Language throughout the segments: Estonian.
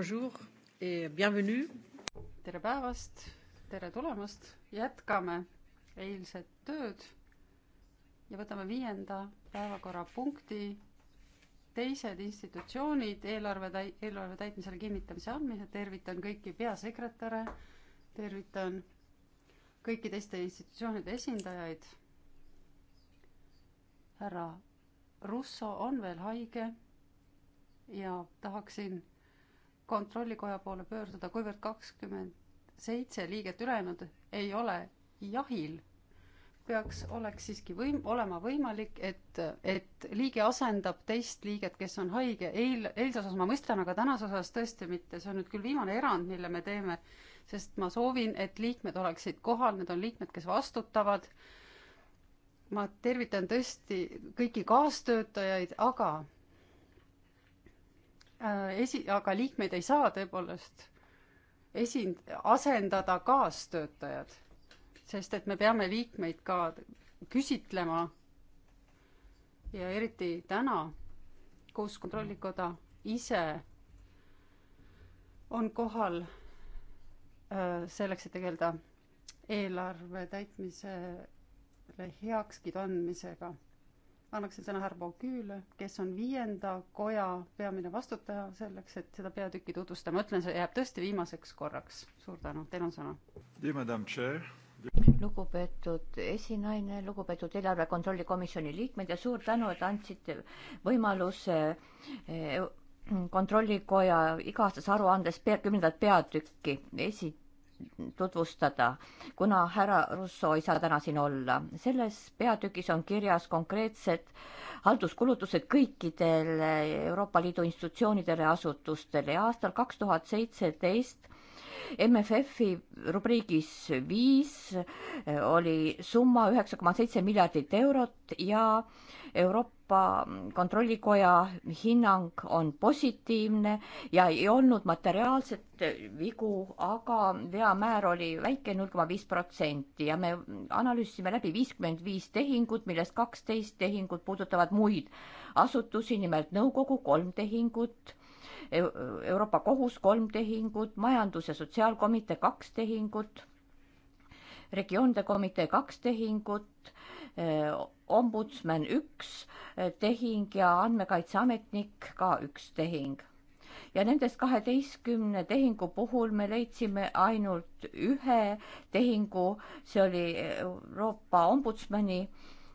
Bonjour et bienvenue. tere päevast, tere tulemast, jätkame eilset tööd ja võtame viienda päevakorrapunkti teised institutsioonid eelarve täi-, eelarve täitmisele kinnitamise andmise, tervitan kõiki peasekretäre, tervitan kõiki teiste institutsioonide esindajaid. härra Russo on veel haige ja tahaksin kontrollikoja poole pöörduda, kuivõrd kakskümmend seitse liiget ülejäänud ei ole jahil, peaks, oleks siiski võim-, olema võimalik, et, et liige asendab teist liiget, kes on haige. eil, eilses osas ma mõistan, aga tänases osas tõesti mitte. see on nüüd küll viimane erand, mille me teeme, sest ma soovin, et liikmed oleksid kohal, need on liikmed, kes vastutavad. ma tervitan tõesti kõiki kaastöötajaid, aga Äh, esi-, aga liikmeid ei saa tõepoolest esind-, asendada kaastöötajad, sest et me peame liikmeid ka küsitlema ja eriti täna, kus Kontrollikoda ise on kohal äh, selleks, et tegeleda eelarve täitmisele heakskiidu andmisega annaksin sõna härra Baugüüle, kes on viienda koja peamine vastutaja selleks, et seda peatükki tutvustada. ma ütlen, see jääb tõesti viimaseks korraks. suur tänu, teil on sõna. lugupeetud esinaine, lugupeetud eelarve kontrolli komisjoni liikmed ja suur tänu, et andsite võimaluse eh, kontrollikoja iga-aastase aruandes pea, kümnendat peatükki esi-, tutvustada, kuna härra Russo ei saa täna siin olla. selles peatükis on kirjas konkreetsed halduskulutused kõikidele Euroopa Liidu institutsioonidele ja asutustele ja aastal kaks tuhat seitseteist MFF-i rubriigis viis eh, oli summa üheksa koma seitse miljardit eurot ja Euroopa Kontrollikoja hinnang on positiivne ja ei olnud materiaalset vigu, aga veamäär oli väike, null koma viis protsenti ja me analüüsisime läbi viiskümmend viis tehingut, millest kaksteist tehingut puudutavad muid asutusi, nimelt nõukogu kolm tehingut Euroopa Kohus kolm tehingut, Majandus- ja Sotsiaalkomitee kaks tehingut, regioonide komitee kaks tehingut, eh, ombudsman üks eh, tehing ja andmekaitseametnik ka üks tehing. ja nendest kaheteistkümne tehingu puhul me leidsime ainult ühe tehingu, see oli Euroopa ombudsmani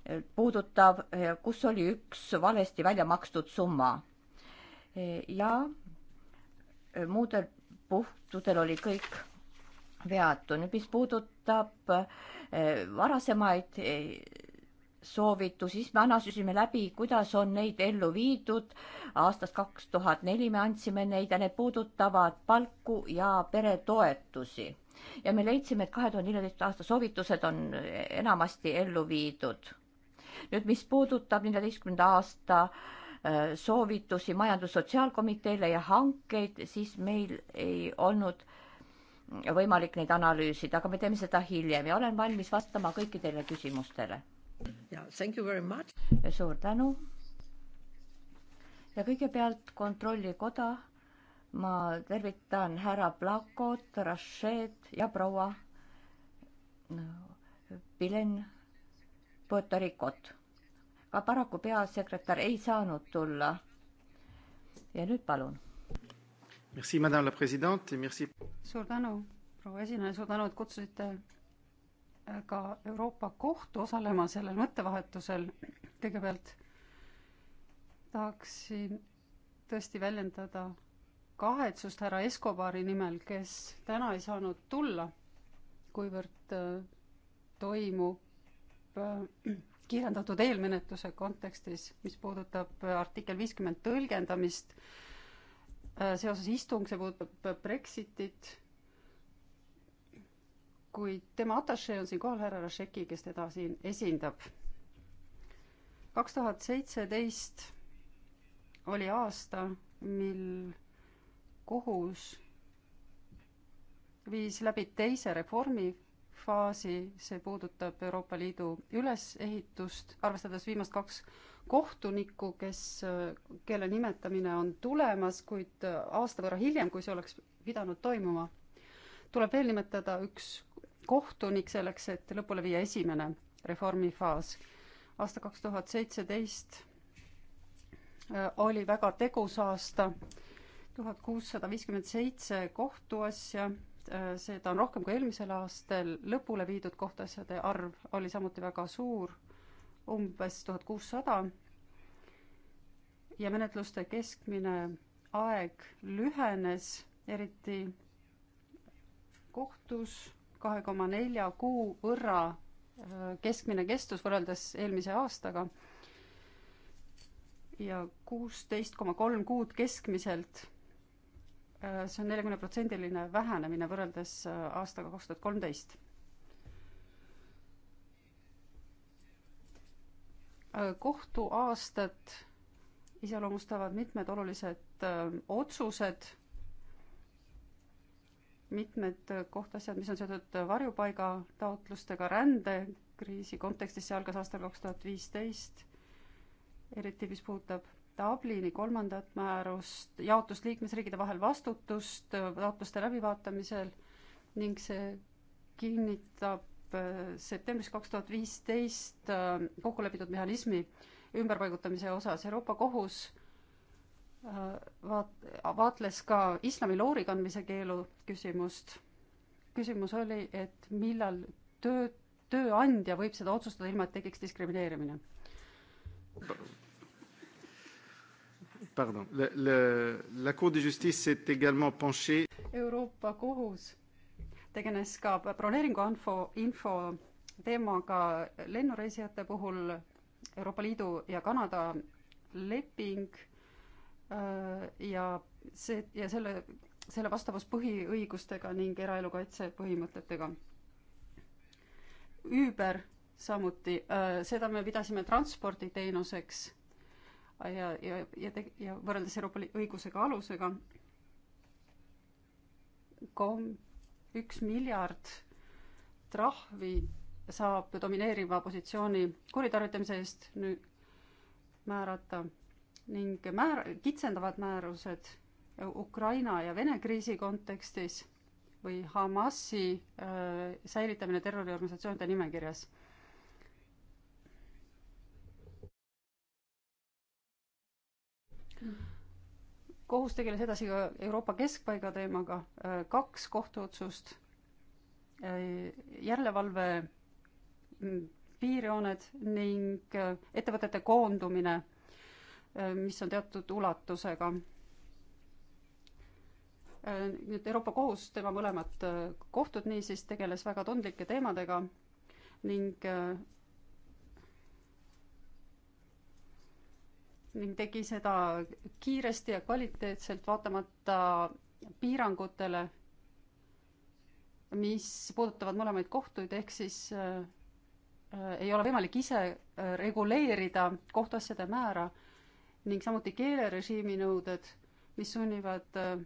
eh, puudutav, kus oli üks valesti välja makstud summa ja äh, muudel puhtudel oli kõik veatu. nüüd, mis puudutab äh, varasemaid äh, soovitu, siis me analüüsime läbi, kuidas on neid ellu viidud. aastast kaks tuhat neli me andsime neid ja need puudutavad palku ja peretoetusi. ja me leidsime, et kahe tuhande neljateist aasta soovitused on enamasti ellu viidud. nüüd, mis puudutab neljateistkümnenda aasta äh, Äh, soovitusi Majandus-Sotsiaalkomiteele ja hankeid, siis meil ei olnud võimalik neid analüüsida, aga me teeme seda hiljem ja olen valmis vastama kõikidele küsimustele. suur tänu. ja kõigepealt Kontrollikoda. ma tervitan härra Plakot, Rashid ja proua Pilen Puerto Ricot aga paraku peasekretär ei saanud tulla. ja nüüd palun. Merci, madame la president ja merci. suur tänu, proua esineja, suur tänu, et kutsusite äh, ka Euroopa Kohtu osalema sellel mõttevahetusel. kõigepealt tahaksin tõesti väljendada kahetsust härra Escobari nimel, kes täna ei saanud tulla, kuivõrd äh, toimub äh, kiirendatud eelmenetluse kontekstis, mis puudutab äh, artikkel viiskümmend tõlgendamist, äh, seoses istung, see puudutab äh, Brexitit, kuid tema atašee on siin kohal härra Rašeki, kes teda siin esindab. kaks tuhat seitseteist oli aasta, mil kohus viis läbi teise reformi faasi, see puudutab Euroopa Liidu ülesehitust, arvestades viimast kaks kohtunikku, kes, kelle nimetamine on tulemas, kuid aasta võrra hiljem, kui see oleks pidanud toimuma, tuleb veel nimetada üks kohtunik selleks, et lõpule viia esimene reformifaas. aasta kaks tuhat seitseteist äh, oli väga tegus aasta, tuhat kuussada viiskümmend seitse kohtuasja Äh, seda on rohkem kui eelmisel aastal, lõpule viidud kohtuasjade arv oli samuti väga suur, umbes tuhat kuussada. ja menetluste keskmine aeg lühenes, eriti kohtus kahe koma nelja kuu võrra äh, keskmine kestus võrreldes eelmise aastaga ja kuusteist koma kolm kuud keskmiselt Äh, see on neljakümneprotsendiline vähenemine võrreldes äh, aastaga kaks tuhat kolmteist. Äh, kohtuaastat iseloomustavad mitmed olulised otsused, mitmed kohtuasjad, mis on seotud varjupaiga taotlustega, rändekriisi kontekstis, see algas aastal kaks tuhat viisteist, eriti mis puudutab Dublini kolmandat määrust, jaotust liikmesriikide vahel vastutust äh, taotluste läbivaatamisel ning see kinnitab äh, septembris kaks tuhat viisteist äh, kokku lepitud mehhanismi ümberpaigutamise osas. Euroopa Kohus vaat-, vaatles ka islami loori kandmise keelu küsimust. küsimus oli, et millal töö, tööandja võib seda otsustada, ilma et tekiks diskrimineerimine pardon, la, la, la Cour de justice s'est également penchée. Euroopa kohus tegeles ka broneeringu info, info teemaga lennureisijate puhul Euroopa Liidu ja Kanada leping äh, ja see, ja selle, selle vastavus põhiõigustega ning eraelu kaitse põhimõtetega. Uber samuti, äh, seda me pidasime transporditeenuseks ja, ja, ja teg-, ja võrreldes Euroopa Liidu õigusega alusega, kom-, üks miljard trahvi saab domineeriva positsiooni kuritarvitamise eest nüüd määrata ning määr-, kitsendavad määrused Ukraina ja Vene kriisi kontekstis või Hamasi äh, säilitamine terroriorganisatsioonide nimekirjas kohus tegeles edasi ka Euroopa Keskpaiga teemaga, äh, kaks kohtuotsust, äh, järelevalve mm, piirjooned ning äh, ettevõtete koondumine, mis on teatud ulatusega. nii et Euroopa Kohus, tema mõlemad kohtud niisiis, tegeles väga tundlike teemadega ning ning tegi seda kiiresti ja kvaliteetselt, vaatamata piirangutele, mis puudutavad mõlemaid kohtuid, ehk siis äh, äh ei ole võimalik ise äh, reguleerida kohtuasjade määra ning samuti keelerežiimi nõuded, mis sunnivad äh,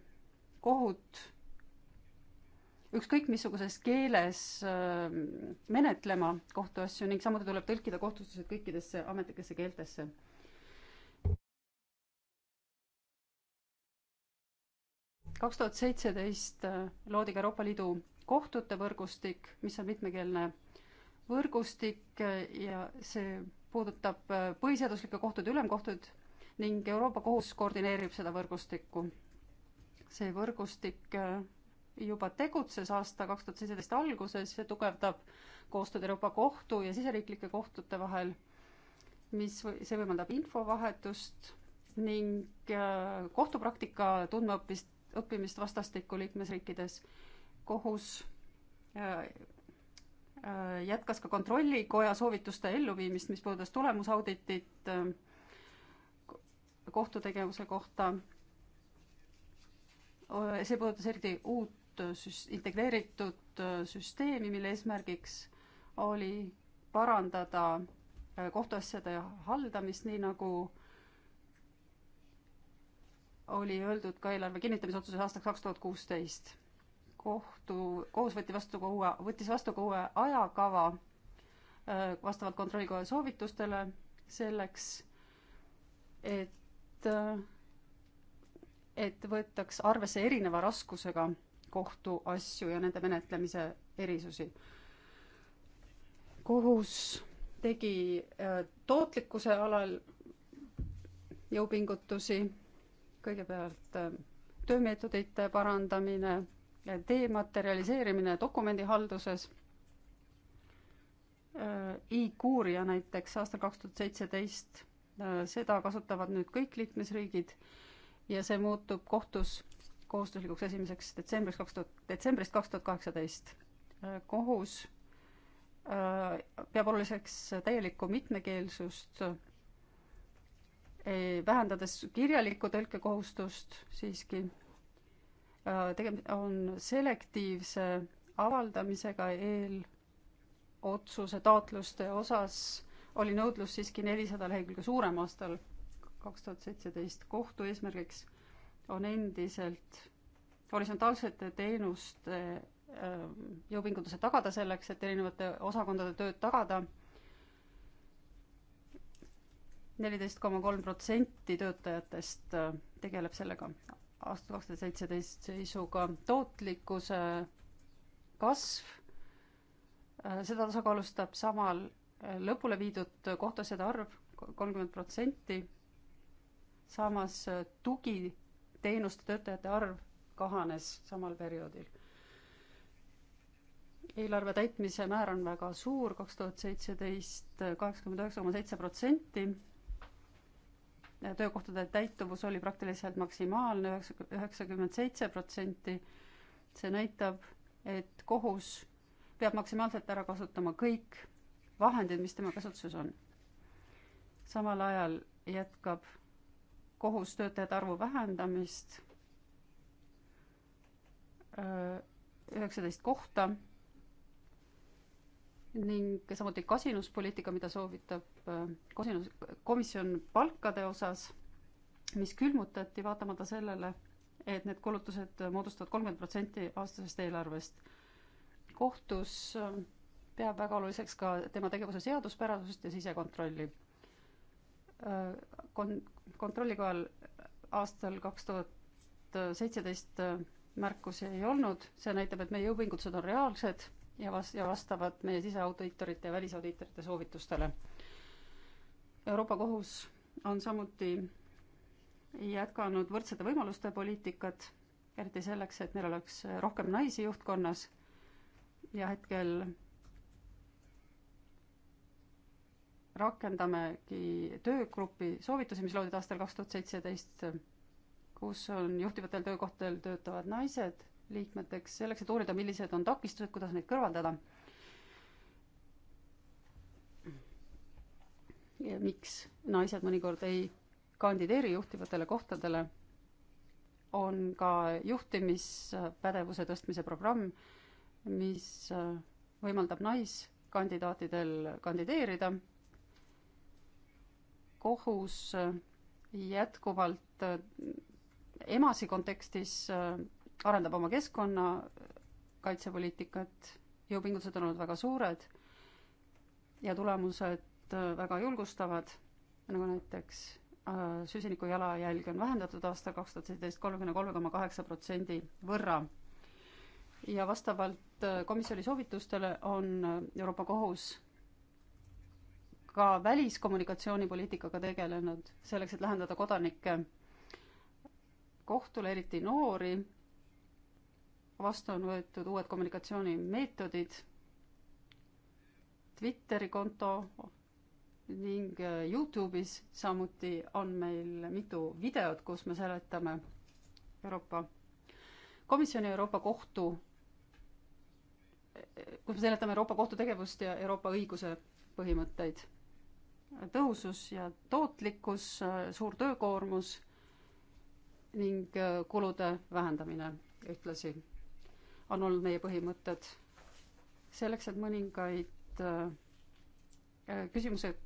kohut ükskõik missuguses keeles äh, menetlema kohtuasju ning samuti tuleb tõlkida kohtustused kõikidesse ametlikesse keeltesse kaks tuhat seitseteist äh, loodi ka Euroopa Liidu kohtute võrgustik, mis on mitmekeelne võrgustik äh, ja see puudutab äh, põhiseaduslikke kohtuid, ülemkohtuid ning Euroopa Kohus koordineerib seda võrgustikku. see võrgustik juba tegutses aasta kaks tuhat seitseteist alguses, see tugevdab koostööd Euroopa Kohtu ja siseriiklike kohtute vahel, mis, see võimaldab infovahetust ning kohtupraktika tundmaõppist õppimist vastastikku liikmesriikides. kohus äh, äh, jätkas ka kontrollikoja soovituste elluviimist, mis puudutas tulemusauditit äh, kohtutegevuse kohta. see puudutas eriti uut süs-, integreeritud süsteemi, mille eesmärgiks oli parandada kohtuasjade haldamist, nii nagu oli öeldud ka eelarve kinnitamisotsuses aastaks kaks tuhat kuusteist. kohtu, kohus võtti vastu ka uue, võttis vastu ka uue ajakava äh, vastavalt kontrollikoja soovitustele selleks, et, äh, et võetaks arvesse erineva raskusega kohtuasju ja nende menetlemise erisusi. kohus tegi äh, tootlikkuse alal jõupingutusi kõigepealt äh, töömeetodite parandamine, äh, dematerialiseerimine dokumendihalduses, e-kuuria äh, näiteks aastal kaks tuhat seitseteist, seda kasutavad nüüd kõik liikmesriigid ja see muutub kohtus kohustuslikuks esimeseks detsembriks kaks tuhat, detsembrist kaks tuhat kaheksateist. kohus peab oluliseks täielikku mitmekeelsust Eh, vähendades kirjalikku tõlkekohustust siiski. Äh, tegem-, on selektiivse avaldamisega eelotsuse taotluste osas oli nõudlus siiski nelisada lehekülge suurem aastal kaks tuhat seitseteist. kohtu eesmärgiks on endiselt horisontaalsete teenuste äh, jõupingutuse tagada selleks, et erinevate osakondade tööd tagada neliteist koma kolm protsenti töötajatest äh, tegeleb sellega. aasta kaks tuhat seitseteist seisuga tootlikkuse kasv, äh, seda tasakaalustab samal äh, lõpule viidud kohtuasjade arv, kolmkümmend protsenti, samas tugiteenuste töötajate arv kahanes samal perioodil. eelarve täitmise määr on väga suur, kaks tuhat seitseteist kaheksakümmend üheksa koma seitse protsenti töökohtade täituvus oli praktiliselt maksimaalne, üheksa, üheksakümmend seitse protsenti. see näitab, et kohus peab maksimaalselt ära kasutama kõik vahendid, mis tema käsutuses on. samal ajal jätkab kohus töötajate arvu vähendamist äh, üheksateist kohta ning samuti kasinuspoliitika, mida soovitab äh, kasinus, komisjon palkade osas, mis külmutati vaatamata sellele, et need kulutused moodustavad kolmkümmend protsenti aastasest eelarvest. kohtus äh, peab väga oluliseks ka tema tegevuse seaduspärasust ja sisekontrolli. Äh, kon-, kontrollikojal aastal kaks tuhat seitseteist märkusi ei olnud, see näitab, et meie jõupingutused on reaalsed ja vas-, ja vastavad meie siseaudiitorite ja välisaudiitorite soovitustele. Euroopa Kohus on samuti jätkanud võrdsete võimaluste poliitikat, eriti selleks, et meil oleks rohkem naisi juhtkonnas ja hetkel rakendamegi töögrupi soovitusi, mis loodi aastal kaks tuhat seitseteist, kus on juhtivatel töökohtadel töötavad naised liikmeteks, selleks, et uurida, millised on takistused, kuidas neid kõrvaldada. ja miks naised mõnikord ei kandideeri juhtivatele kohtadele, on ka juhtimispädevuse tõstmise programm, mis võimaldab naiskandidaatidel kandideerida. kohus jätkuvalt emasi kontekstis arendab oma keskkonnakaitsepoliitikat, jõupingutused on olnud väga suured ja tulemused äh, väga julgustavad, nagu näiteks äh, süsiniku jalajälge on vähendatud aastal kaks tuhat seitseteist kolmekümne kolme koma kaheksa protsendi võrra. ja vastavalt äh, komisjoni soovitustele on Euroopa Kohus ka väliskommunikatsioonipoliitikaga tegelenud, selleks et lähendada kodanikke kohtule, eriti noori vastu on võetud uued kommunikatsioonimeetodid, Twitteri konto ning äh, Youtube'is samuti on meil mitu videot, kus me seletame Euroopa Komisjoni Euroopa Kohtu, kus me seletame Euroopa Kohtu tegevust ja Euroopa õiguse põhimõtteid. tõhusus ja tootlikkus, äh, suur töökoormus ning äh, kulude vähendamine ühtlasi on olnud meie põhimõtted. selleks, et mõningaid äh, äh, küsimused,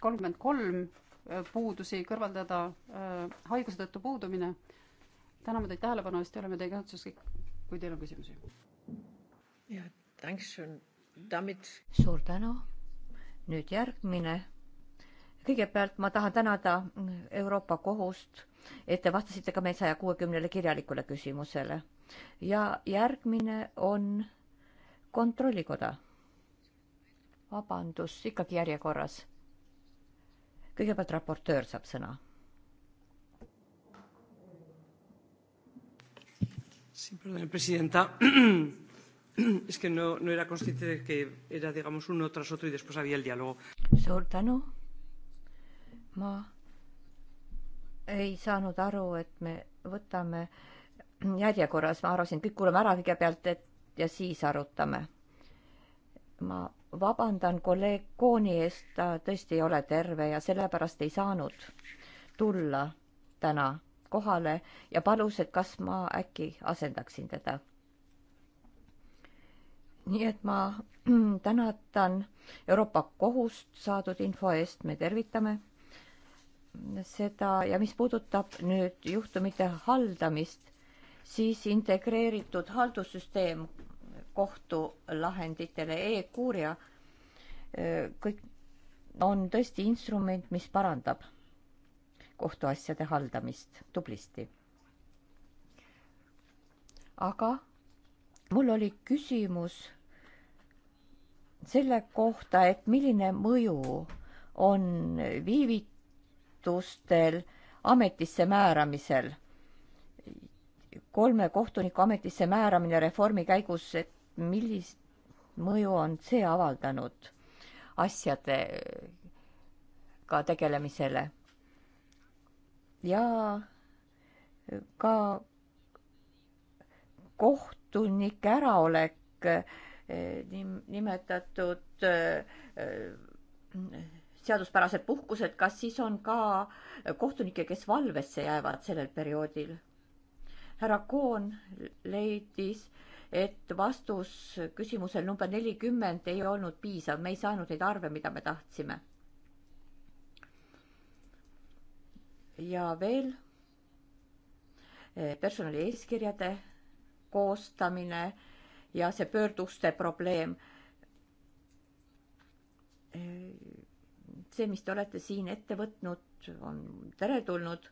kolmkümmend kolm äh, puudusi kõrvaldada, haiguse tõttu puudumine. täname teid tähelepanu eest ja oleme teie käsutuses kõik, kui teil on küsimusi. jah, tänkšön, damit. suur tänu. nüüd järgmine. kõigepealt ma tahan tänada Euroopa Kohust, et te vastasite ka meil saja kuuekümnele kirjalikule küsimusele ja järgmine on kontrollikoda. vabandust, ikkagi järjekorras. kõigepealt raportöör saab sõna. Sí, perdón, presidenta. Es que no, no era consciente de que era, digamos, uno tras otro y después había el diálogo. Suur tänu. Ma ei saanud aru, et me võtame äh, järjekorras, ma arvasin, et kõik kuulame ära kõigepealt, et ja siis arutame. ma vabandan kolleeg Kooni eest, ta tõesti ei ole terve ja sellepärast ei saanud tulla täna kohale ja palus, et kas ma äkki asendaksin teda. nii et ma tänatan Euroopa Kohust saadud info eest, me tervitame seda ja mis puudutab nüüd juhtumite haldamist siis integreeritud haldussüsteem kohtulahenditele e, e-kuurja, kõik on tõesti instrument, mis parandab kohtuasjade haldamist tublisti. aga mul oli küsimus selle kohta, et milline mõju on viivitustel ametisse määramisel kolme kohtuniku ametisse määramine reformi käigus, et millist mõju on see avaldanud asjadega äh, tegelemisele? ja ka kohtunike äraolek äh, nim-, nimetatud äh, seaduspärased puhkused, kas siis on ka kohtunikke, kes valvesse jäävad sellel perioodil? härra Koon leidis, et vastus küsimusel number nelikümmend ei olnud piisav, me ei saanud neid arve, mida me tahtsime. ja veel eh, personali eeskirjade koostamine ja see pöörduste probleem. Eh, see, mis te olete siin ette võtnud, on teretulnud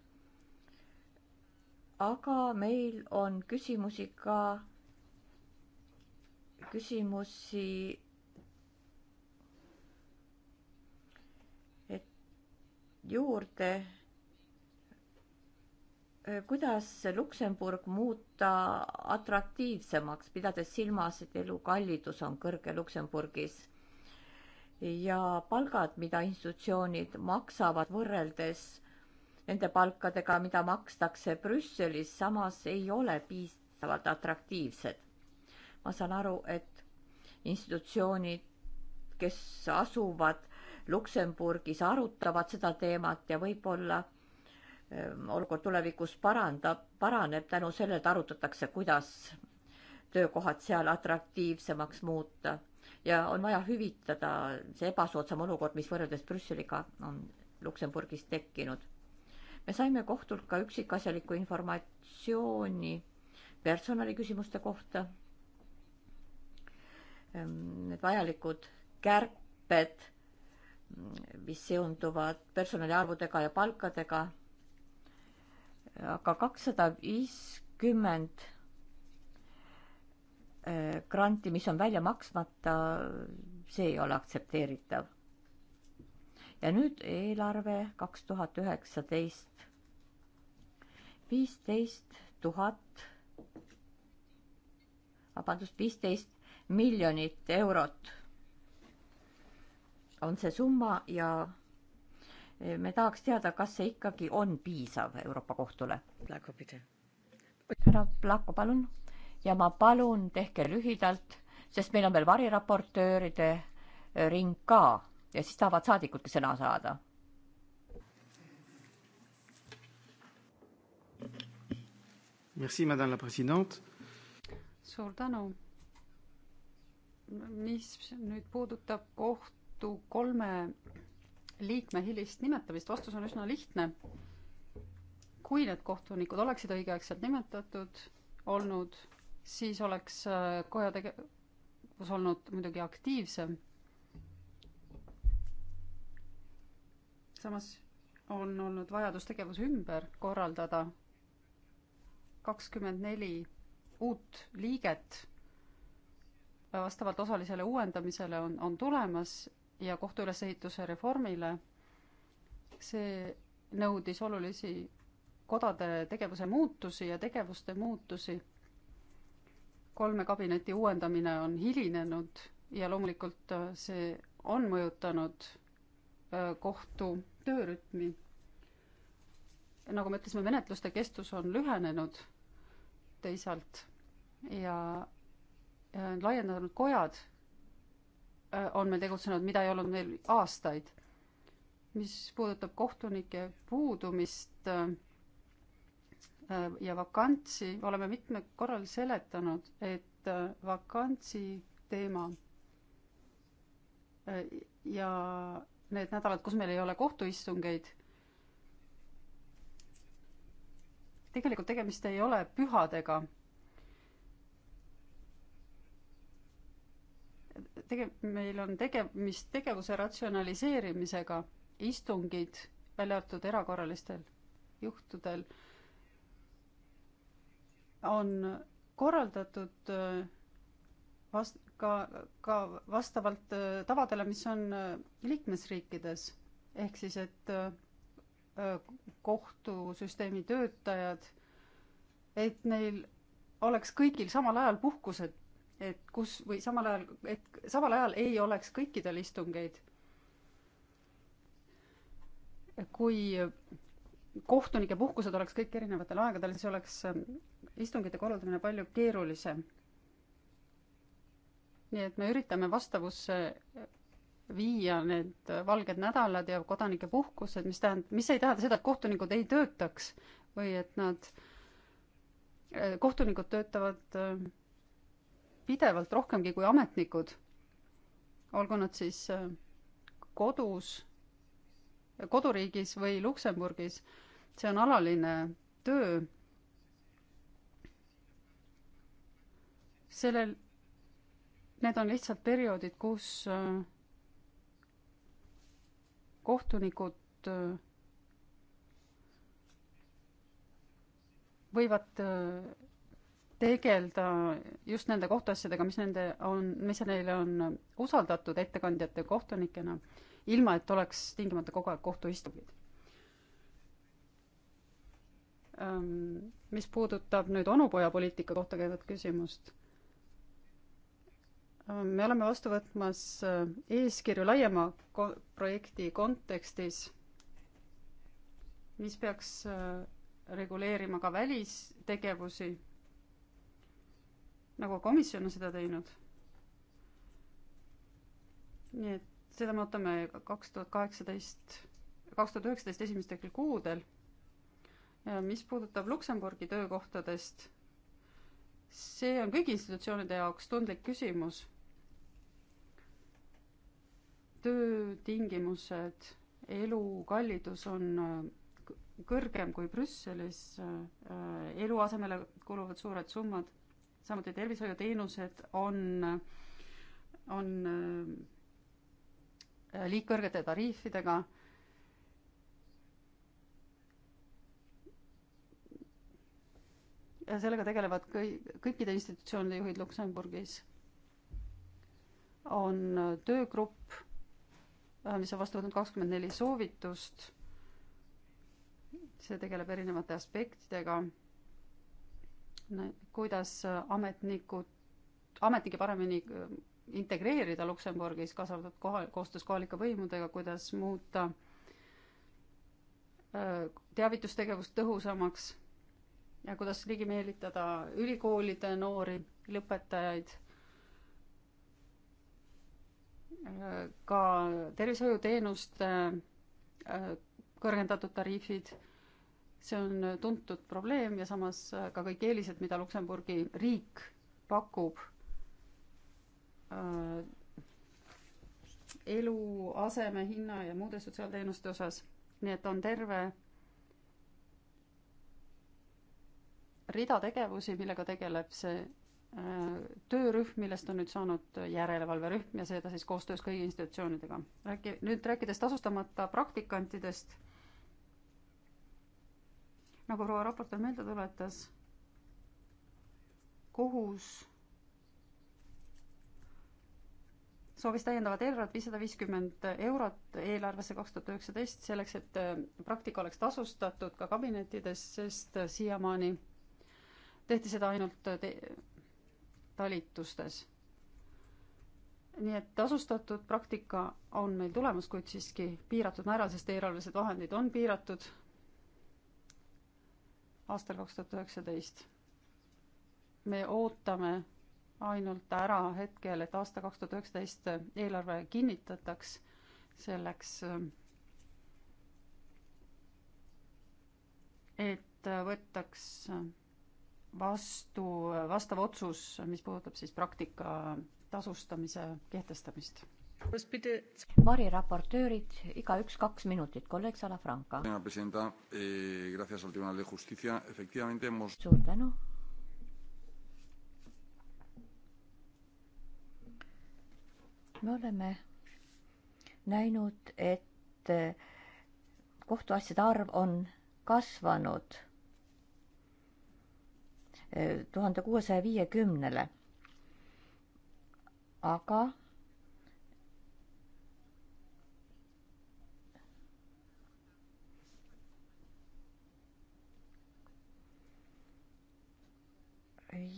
aga meil on küsimusi ka, küsimusi et juurde, äh, kuidas Luksemburg muuta atraktiivsemaks, pidades silmas, et elukallidus on kõrge Luksemburgis ja palgad, mida institutsioonid maksavad võrreldes nende palkadega, mida makstakse Brüsselis, samas ei ole piisavalt atraktiivsed. ma saan aru, et institutsioonid, kes asuvad Luksemburgis, arutavad seda teemat ja võib-olla ähm, olukord tulevikus parandab, paraneb tänu sellele, et arutatakse, kuidas töökohad seal atraktiivsemaks muuta ja on vaja hüvitada see ebasoodsam olukord, mis võrreldes Brüsseliga on Luksemburgis tekkinud me saime kohtult ka üksikasjalikku informatsiooni personaliküsimuste kohta. Ehm, need vajalikud kärped, mis seonduvad personaliarvudega ja palkadega. aga kakssada viiskümmend eh, granti, mis on välja maksmata, see ei ole aktsepteeritav ja nüüd eelarve kaks tuhat üheksateist. viisteist tuhat, vabandust, viisteist miljonit eurot on see summa ja eh, me tahaks teada, kas see ikkagi on piisav Euroopa Kohtule. härra Plako, palun. ja ma palun, tehke lühidalt, sest meil on veel variraportööride ring ka ja siis tahavad saadikudki sõna saada. Merci, madame la president. suur tänu. mis nüüd puudutab kohtu kolme liikme hilist nimetamist, vastus on üsna lihtne. kui need kohtunikud oleksid õigeaegselt nimetatud olnud, siis oleks äh, koja tegevus olnud muidugi aktiivsem samas on olnud vajadus tegevus ümber korraldada. kakskümmend neli uut liiget vastavalt osalisele uuendamisele on, on tulemas ja kohtu ülesehituse reformile. see nõudis olulisi kodade tegevuse muutusi ja tegevuste muutusi. kolme kabineti uuendamine on hilinenud ja loomulikult äh, see on mõjutanud äh, kohtu töörütmi. nagu me ütlesime, menetluste kestus on lühenenud teisalt ja, ja laiendanud kojad äh, on meil tegutsenud, mida ei olnud meil aastaid. mis puudutab kohtunike puudumist äh, ja vakantsi, oleme mitmel korral seletanud, et äh, vakantsi teema ja need nädalad, kus meil ei ole kohtuistungeid. tegelikult tegemist ei ole pühadega. tege-, meil on tegemist tegevuse ratsionaliseerimisega, istungid, välja arvatud erakorralistel juhtudel, on korraldatud äh, vast-, ka, ka vastavalt äh, tavadele, mis on äh, liikmesriikides. ehk siis, et äh, kohtusüsteemi töötajad, et neil oleks kõigil samal ajal puhkused, et kus või samal ajal, et samal ajal ei oleks kõikidel istungeid. kui kohtunike puhkused oleks kõik erinevatel aegadel, siis oleks istungite korraldamine palju keerulisem nii et me üritame vastavusse viia need valged nädalad ja kodanike puhkused, mis tähendab, mis ei tähenda seda, et kohtunikud ei töötaks või et nad, kohtunikud töötavad äh, pidevalt rohkemgi kui ametnikud, olgu nad siis äh, kodus, koduriigis või Luksemburgis, see on alaline töö. sellel need on lihtsalt perioodid, kus äh, kohtunikud äh, võivad äh, tegeleda just nende kohtuasjadega, mis nende on, mis neile on usaldatud ettekandjate kohtunikena, ilma et oleks tingimata kogu aeg kohtuistungid. Ähm, mis puudutab nüüd onupojapoliitika kohta käivat küsimust me oleme vastu võtmas äh, eeskirju laiema ko-, projekti kontekstis, mis peaks äh, reguleerima ka välistegevusi, nagu komisjon on seda teinud. nii et seda me ootame kaks tuhat kaheksateist, kaks tuhat üheksateist esimestel kuudel. ja mis puudutab Luksemburgi töökohtadest, see on kõigi institutsioonide jaoks tundlik küsimus töötingimused, elukallidus on äh, kõrgem kui Brüsselis, äh, eluasemele kuluvad suured summad, samuti tervishoiuteenused on, on äh, liigkõrgete tariifidega ja sellega tegelevad kõi-, kõikide institutsioonide juhid Luksemburgis. on töögrupp Äh, mis on vastu võtnud kakskümmend neli soovitust. see tegeleb erinevate aspektidega. kuidas ametnikud, ametnikke paremini äh, integreerida Luksemburgis, kaasa arvatud koha, koostöös kohalike võimudega, kuidas muuta äh, teavitustegevust tõhusamaks ja kuidas ligi meelitada ülikoolide noori lõpetajaid ka tervishoiuteenuste äh, äh, kõrgendatud tariifid, see on tuntud probleem ja samas äh, ka kõik eelised, mida Luksemburgi riik pakub eluaseme hinna ja muude sotsiaalteenuste osas, nii et on terve rida tegevusi, millega tegeleb see Äh, töörühm, millest on nüüd saanud järelevalverühm ja seda siis koostöös kõigi institutsioonidega. räägi, nüüd rääkides tasustamata praktikantidest, nagu proua raportöör meelde tuletas, kohus soovis täiendavat eelarvet viissada viiskümmend eurot eelarvesse kaks tuhat üheksateist selleks, et äh, praktika oleks tasustatud ka kabinettides, sest äh, siiamaani tehti seda ainult te talitustes. nii et tasustatud praktika on meil tulemas, kuid siiski piiratud määral, sest eelarvelised vahendid on piiratud aastal kaks tuhat üheksateist. me ootame ainult ära hetkel, et aasta kaks tuhat üheksateist eelarve kinnitataks selleks, et võtaks vastu vastav otsus, mis puudutab siis praktika tasustamise kehtestamist. variraportöörid, igaüks kaks minutit, kolleeg Salafranca. Eh, suur tänu. me oleme näinud, et eh, kohtuasjade arv on kasvanud tuhande kuuesaja viiekümnele. aga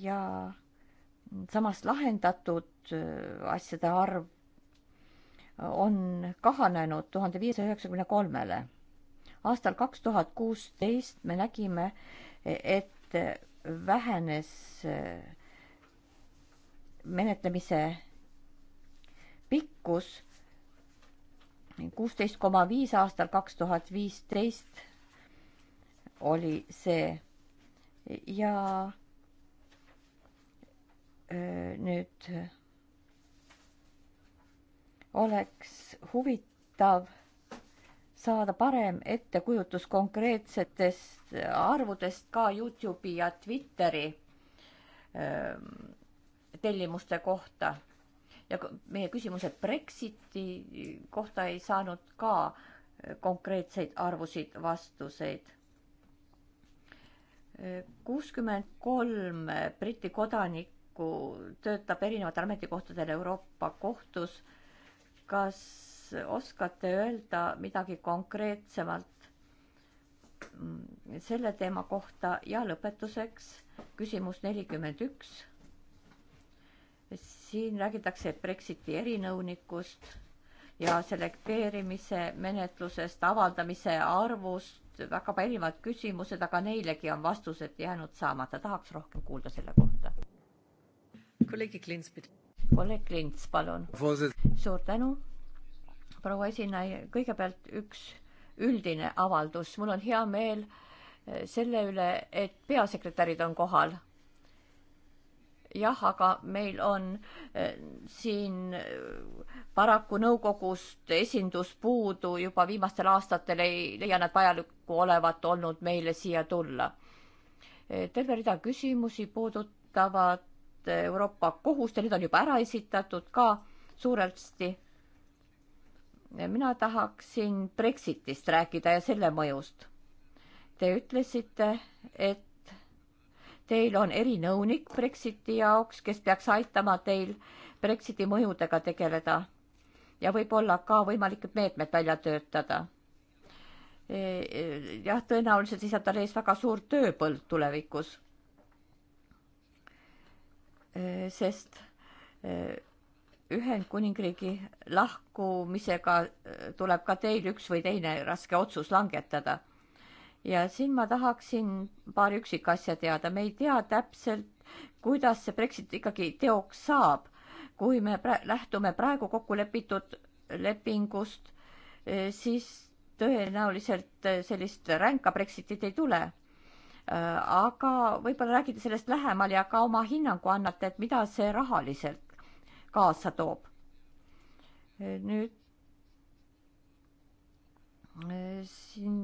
ja samas lahendatud äh, asjade arv on kahanenud tuhande viiesaja üheksakümne kolmele. aastal kaks tuhat kuusteist me nägime, et vähenes äh, menetlemise pikkus kuusteist koma viis aastal kaks tuhat viisteist oli see ja äh, nüüd oleks huvitav saada parem ettekujutus konkreetsetest arvudest ka Youtube'i ja Twitteri ähm, tellimuste kohta. ja meie küsimused Brexiti kohta ei saanud ka äh, konkreetseid arvusid, vastuseid. Äh, kuuskümmend kolm Briti kodanikku töötab erinevatel ametikohtadel Euroopa kohtus. kas oskate öelda midagi konkreetsemalt selle teema kohta ja lõpetuseks küsimus nelikümmend üks. siin räägitakse Brexiti erinõunikust ja selekteerimise menetlusest, avaldamise arvust, väga erinevad küsimused, aga neilegi on vastused jäänud saamata, tahaks rohkem kuulda selle kohta. kolleeg Klints, palun. suur tänu proua esinaine, kõigepealt üks üldine avaldus, mul on hea meel eh, selle üle, et peasekretärid on kohal. jah, aga meil on eh, siin eh, paraku nõukogust esindus puudu juba viimastel aastatel ei leia nad vajalikku olevat olnud meile siia tulla. terve rida küsimusi puudutavad Euroopa kohust ja need on juba ära esitatud ka suuresti mina tahaksin Brexitist rääkida ja selle mõjust. Te ütlesite, et teil on erinõunik Brexiti jaoks, kes peaks aitama teil Brexiti mõjudega tegeleda ja võib-olla ka võimalikud meetmed välja töötada. E, e, jah, tõenäoliselt seisab tal ees väga suur tööpõld tulevikus. E, sest Ühendkuningriigi lahkumisega äh, tuleb ka teil üks või teine raske otsus langetada. ja siin ma tahaksin paari üksikasja teada, me ei tea täpselt, kuidas see Brexit ikkagi teoks saab, kui me pra lähtume praegu kokku lepitud lepingust, äh, siis tõenäoliselt äh, sellist ränka Brexitit ei tule. aga võib-olla räägite sellest lähemal ja ka oma hinnangu annate, et mida see rahaliselt kaasa toob. nüüd siin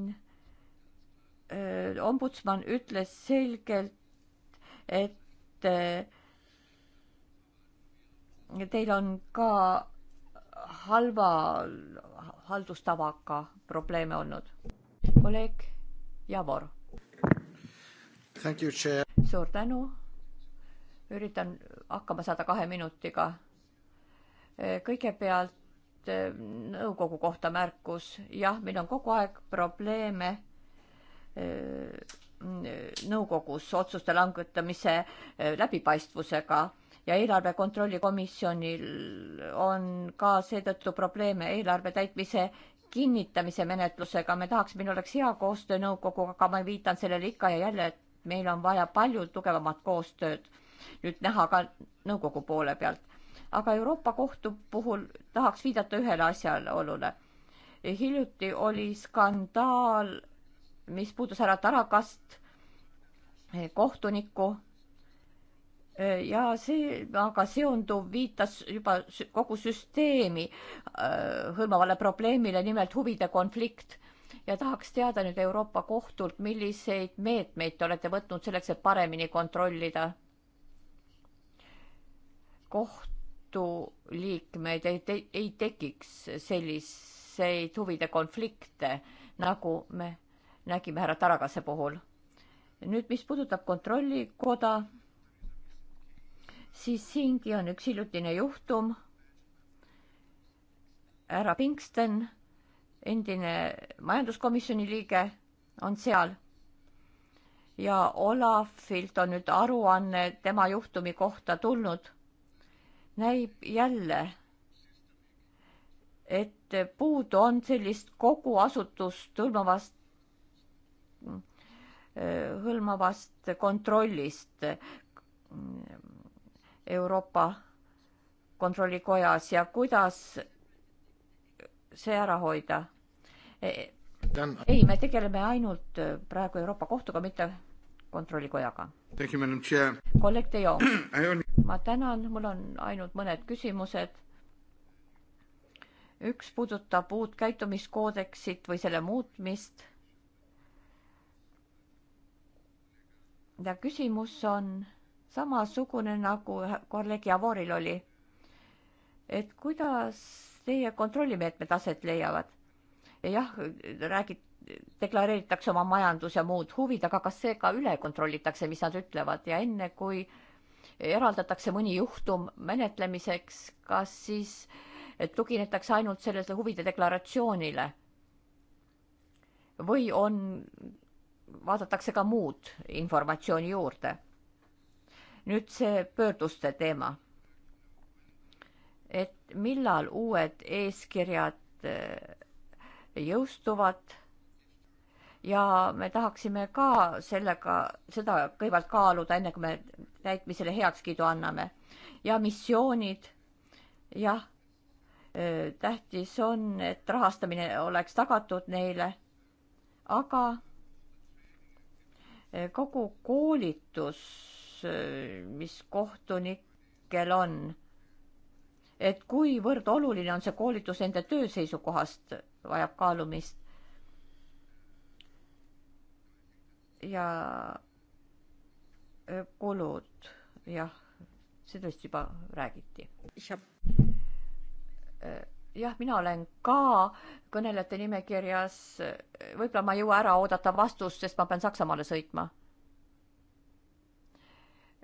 eh, ombudsman ütles selgelt, et eh, teil on ka halva haldustavaga probleeme olnud. kolleeg Javor. suur tänu. üritan hakkama saada kahe minutiga kõigepealt e, nõukogu kohta märkus, jah, meil on kogu aeg probleeme e, nõukogus otsuste langetamise e, läbipaistvusega ja eelarve kontrolli komisjonil on ka seetõttu probleeme eelarve täitmise kinnitamise menetlusega, me tahaks, meil oleks hea koostöö nõukoguga, aga ma viitan sellele ikka ja jälle, et meil on vaja palju tugevamat koostööd nüüd näha ka nõukogu poole pealt aga Euroopa Kohtu puhul tahaks viidata ühele asjaolule. hiljuti oli skandaal, mis puudus härra Tarakast, eh, kohtunikku eh, ja see aga seonduv viitas juba kogu süsteemi eh, hõlmavale probleemile, nimelt huvide konflikt. ja tahaks teada nüüd Euroopa Kohtult, milliseid meetmeid te olete võtnud selleks, et paremini kontrollida koht Liidu liikmeid ei te-, ei tekiks selliseid huvide konflikte, nagu me nägime härra Taragase puhul. nüüd, mis puudutab kontrollikoda, siis siingi on üks hiljutine juhtum. härra Pinkston, endine majanduskomisjoni liige, on seal ja Olafilt on nüüd aruanne tema juhtumi kohta tulnud näib jälle, et puudu on sellist kogu asutust hõlmavast, hõlmavast kontrollist Euroopa kontrollikojas ja kuidas see ära hoida? ei, me tegeleme ainult praegu Euroopa Kohtuga, mitte kontrollikojaga. kolleeg Teio. ma tänan, mul on ainult mõned küsimused. üks puudutab uut käitumiskoodeksit või selle muutmist. ja küsimus on samasugune nagu kolleeg Javoril oli. et kuidas teie kontrollimeetmed aset leiavad? jah, räägid, deklareeritakse oma majandus ja muud huvid, aga kas see ka üle kontrollitakse, mis nad ütlevad ja enne kui äh, eraldatakse mõni juhtum menetlemiseks, kas siis tuginetakse ainult sellele huvide deklaratsioonile? või on, vaadatakse ka muud informatsiooni juurde? nüüd see pöörduste teema. et millal uued eeskirjad äh, jõustuvad ja me tahaksime ka sellega, seda kõigepealt kaaluda, enne kui me täitmisele heakskiidu anname. ja missioonid, jah, tähtis on, et rahastamine oleks tagatud neile, aga kogu koolitus, mis kohtunikel on, et kuivõrd oluline on see koolitus nende töö seisukohast, vajab kaalumist ja kulud, jah, sellest juba räägiti. jah, mina olen ka kõnelejate nimekirjas. võib-olla ma ei jõua ära oodata vastust, sest ma pean Saksamaale sõitma.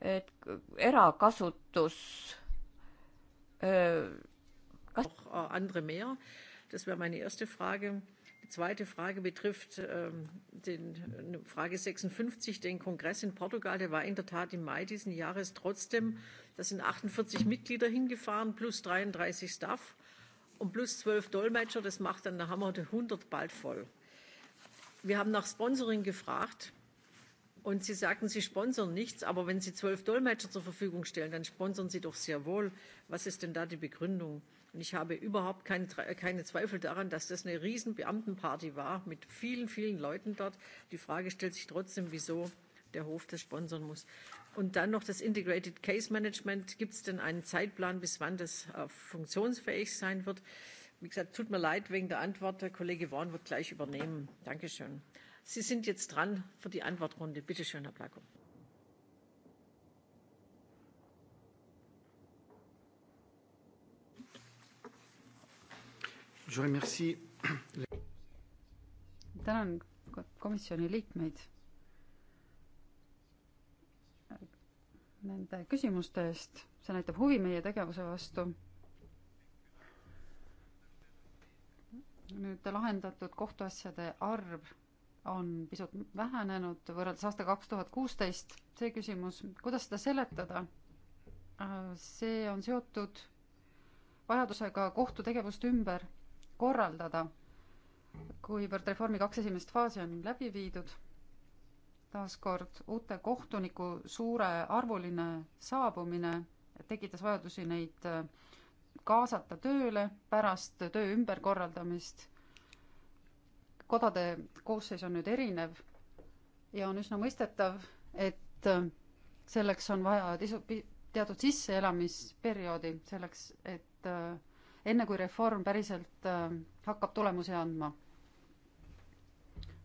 et erakasutus. kas. Äh, andere mehr, das wäre meine erste Frage Die zweite Frage betrifft ähm, den, Frage 56, den Kongress in Portugal. Der war in der Tat im Mai diesen Jahres trotzdem. Da sind 48 Mitglieder hingefahren, plus 33 Staff und plus 12 Dolmetscher. Das macht dann, da haben wir 100 bald voll. Wir haben nach Sponsoring gefragt. Und Sie sagten, Sie sponsern nichts, aber wenn Sie zwölf Dolmetscher zur Verfügung stellen, dann sponsern Sie doch sehr wohl. Was ist denn da die Begründung? Äh, Und ich habe überhaupt kein, keine Zweifel daran, dass das eine riesen Beamtenparty war mit vielen, vielen Leuten dort. Die Frage stellt sich trotzdem, wieso der Hof das sponsern muss. Und dann noch das Integrated Case Management. Gibt es denn einen Zeitplan, bis wann das äh, funktionsfähig sein wird? Wie gesagt, tut mir leid wegen der Antwort. Der Kollege Worn wird gleich übernehmen. Dankeschön. Sie sind jetzt dran für die Antwortrunde. Bitte schön, Herr Plackow. tänan komisjoni liikmeid nende küsimuste eest, see näitab huvi meie tegevuse vastu. nüüd lahendatud kohtuasjade arv on pisut vähenenud võrreldes aasta kaks tuhat kuusteist. see küsimus, kuidas seda seletada? see on seotud vajadusega kohtu tegevust ümber korraldada, kuivõrd reformi kaks esimest faasi on läbi viidud. taaskord uute kohtuniku suurearvuline saabumine tekitas vajadusi neid äh, kaasata tööle pärast töö ümberkorraldamist. kodade koosseis on nüüd erinev ja on üsna mõistetav, et äh, selleks on vaja tisu, teatud sisseelamisperioodi selleks, et äh, enne kui reform päriselt äh, hakkab tulemusi andma.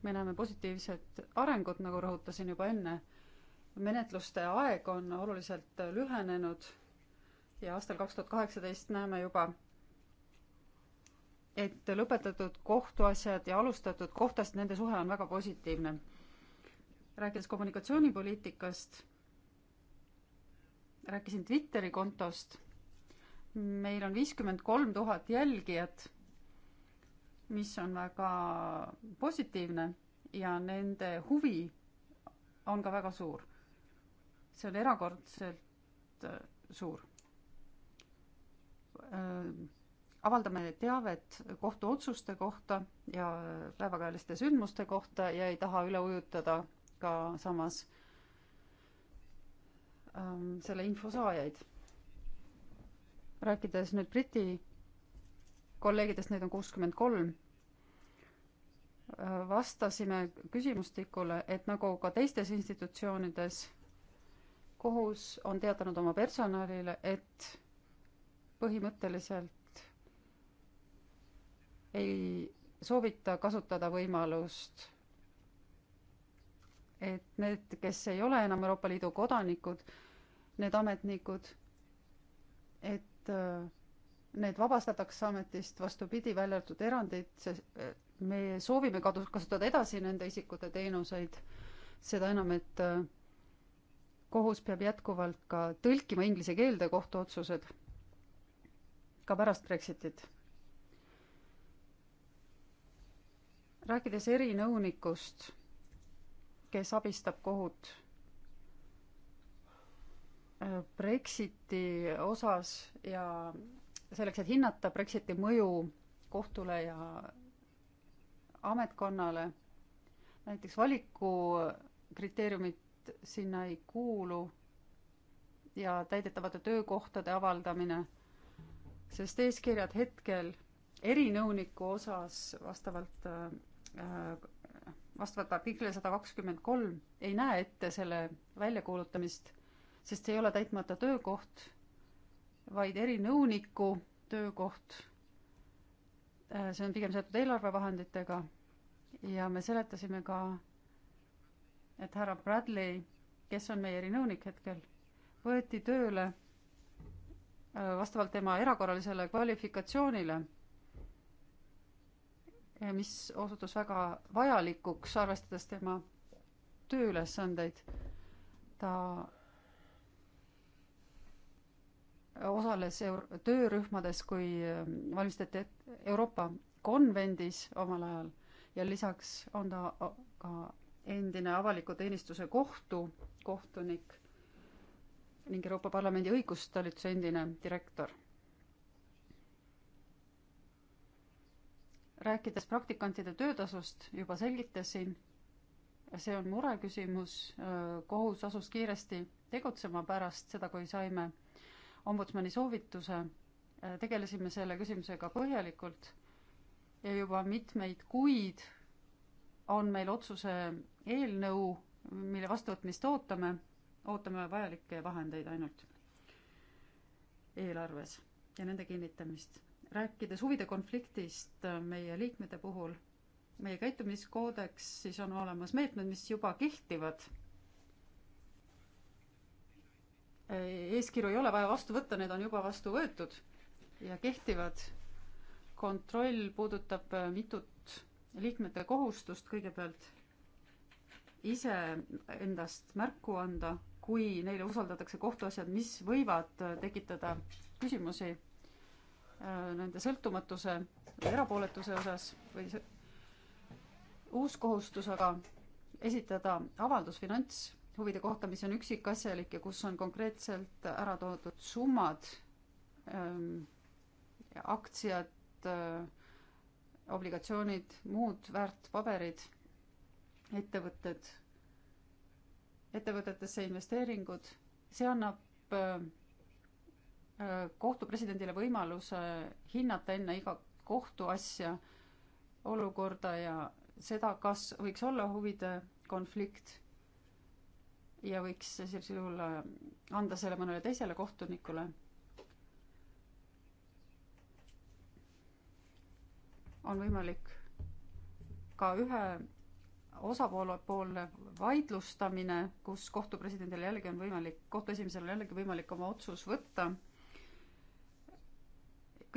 me näeme positiivset arengut, nagu rõhutasin juba enne. menetluste aeg on oluliselt lühenenud ja aastal kaks tuhat kaheksateist näeme juba, et lõpetatud kohtuasjad ja alustatud kohtast, nende suhe on väga positiivne. rääkides kommunikatsioonipoliitikast, rääkisin Twitteri kontost meil on viiskümmend kolm tuhat jälgijat, mis on väga positiivne ja nende huvi on ka väga suur. see on erakordselt äh, suur. Äh, avaldame teavet kohtuotsuste kohta ja päevakajaliste sündmuste kohta ja ei taha üle ujutada ka samas ähm, selle info saajaid rääkides nüüd Briti kolleegidest, neid on kuuskümmend kolm, vastasime küsimustikule, et nagu ka teistes institutsioonides, kohus on teatanud oma personalile, et põhimõtteliselt ei soovita kasutada võimalust, et need, kes ei ole enam Euroopa Liidu kodanikud, need ametnikud, et et äh, need vabastatakse ametist, vastupidi, välja arvatud erandid, see, äh, me soovime kadu-, kasutada edasi nende isikute teenuseid, seda enam, et äh, kohus peab jätkuvalt ka tõlkima inglise keelde kohtuotsused, ka pärast Brexitit. rääkides erinõunikust, kes abistab kohut Brexiti osas ja selleks, et hinnata Brexiti mõju kohtule ja ametkonnale, näiteks valikukriteeriumid sinna ei kuulu ja täidetavate töökohtade avaldamine, sest eeskirjad hetkel erinõuniku osas vastavalt, äh, vastavalt artiklile sada kakskümmend kolm ei näe ette selle väljakuulutamist sest see ei ole täitmata töökoht, vaid erinõuniku töökoht. Äh, see on pigem seotud eelarvevahenditega ja me seletasime ka, et härra Bradley, kes on meie erinõunik hetkel, võeti tööle äh, vastavalt tema erakorralisele kvalifikatsioonile, äh, mis osutus väga vajalikuks, arvestades tema tööülesandeid. ta osales euro-, töörühmades, kui ähm, valmistati Euroopa konvendis omal ajal ja lisaks on ta ka endine avaliku teenistuse kohtu kohtunik ning Euroopa Parlamendi õigustalituse endine direktor. rääkides praktikantide töötasust, juba selgitasin, see on mureküsimus, äh, kohus asus kiiresti tegutsema pärast seda, kui saime ombudsmani soovituse, äh, tegelesime selle küsimusega põhjalikult ja juba mitmeid kuid on meil otsuse eelnõu, mille vastuvõtmist ootame, ootame vajalikke vahendeid ainult eelarves ja nende kinnitamist. rääkides huvide konfliktist äh, meie liikmete puhul, meie käitumiskoodeksis on olemas meetmed, mis juba kehtivad Äh, eeskirju ei ole vaja vastu võtta, need on juba vastu võetud ja kehtivad. kontroll puudutab äh, mitut liikmete kohustust kõigepealt ise endast märku anda, kui neile usaldatakse kohtuasjad, mis võivad äh, tekitada küsimusi nende sõltumatuse või erapooletuse osas või uus kohustus aga esitada avaldus finants huvide kohta, mis on üksikasjalik ja kus on konkreetselt ära toodud summad ähm,, aktsiad äh,, obligatsioonid, muud väärtpaberid, ettevõtted, ettevõtetesse investeeringud, see annab äh, äh kohtupresidendile võimaluse hinnata enne iga kohtuasja olukorda ja seda, kas võiks olla huvide konflikt ja võiks sellisel juhul äh, anda selle mõnele teisele kohtunikule. on võimalik ka ühe osapoolepoolne vaidlustamine, kus kohtupresidendil jällegi on võimalik, kohtu esimesel on jällegi võimalik oma otsus võtta.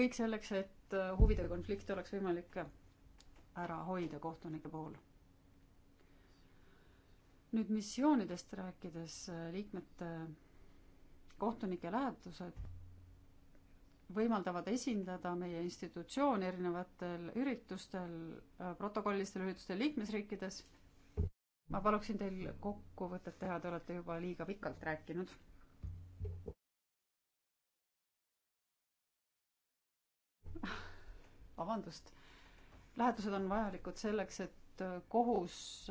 kõik selleks, et äh, huvide konflikte oleks võimalik ära hoida kohtunike puhul nüüd missioonidest rääkides, äh, liikmete kohtunike lähetused võimaldavad esindada meie institutsiooni erinevatel üritustel, äh, protokollilistel üritustel liikmesriikides. ma paluksin teil kokkuvõtet teha, te olete juba liiga pikalt rääkinud. vabandust, lähetused on vajalikud selleks, et äh, kohus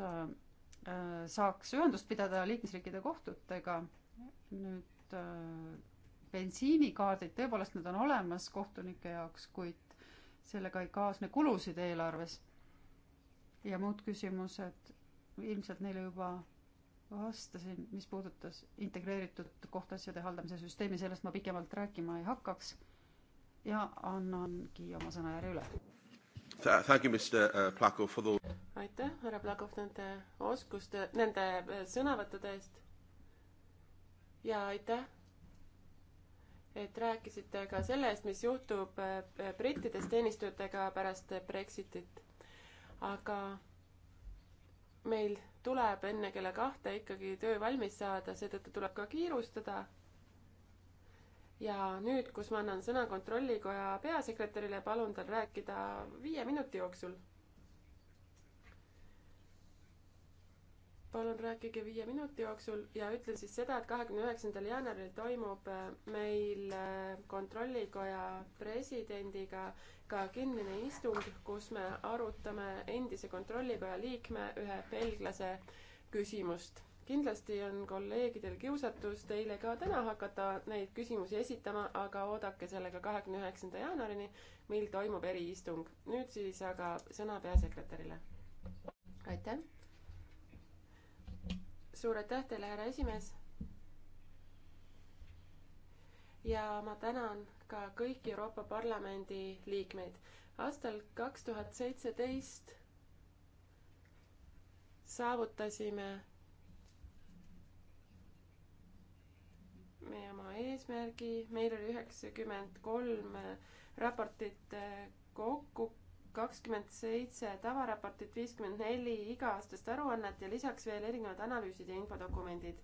Äh, saaks ühendust pidada liikmesriikide kohtutega. nüüd äh, bensiinikaardid, tõepoolest need on olemas kohtunike jaoks, kuid sellega ei kaasne kulusid eelarves. ja muud küsimused, ilmselt neile juba vastasin, mis puudutas integreeritud kohtuasjade haldamise süsteemi, sellest ma pikemalt rääkima ei hakkaks. ja annangi oma sõnajärje üle Uh, aitäh, härra Plakov, nende oskuste, nende äh, sõnavõttude eest. ja aitäh, et rääkisite ka selle eest, mis juhtub äh, brittidest teenistujatega pärast Brexitit. aga meil tuleb enne kella kahte ikkagi töö valmis saada, seetõttu tuleb ka kiirustada ja nüüd, kus ma annan sõna Kontrollikoja peasekretärile, palun tal rääkida viie minuti jooksul. palun rääkige viie minuti jooksul ja ütlen siis seda, et kahekümne üheksandal jaanuaril toimub äh, meil äh, Kontrollikoja presidendiga ka kinnine istung, kus me arutame endise Kontrollikoja liikme, ühe belglase küsimust kindlasti on kolleegidel kiusatus teile ka täna hakata neid küsimusi esitama, aga oodake sellega kahekümne üheksanda jaanuarini, mil toimub eriistung. nüüd siis aga sõna peasekretärile. aitäh. suur aitäh teile, härra esimees. ja ma tänan ka kõiki Euroopa Parlamendi liikmeid. aastal kaks tuhat seitseteist saavutasime meie oma eesmärgi, meil oli üheksakümmend kolm äh, raportit äh, kokku, kakskümmend seitse tavaraportit, viiskümmend neli iga-aastast aruannet ja lisaks veel erinevad analüüsid ja infodokumendid.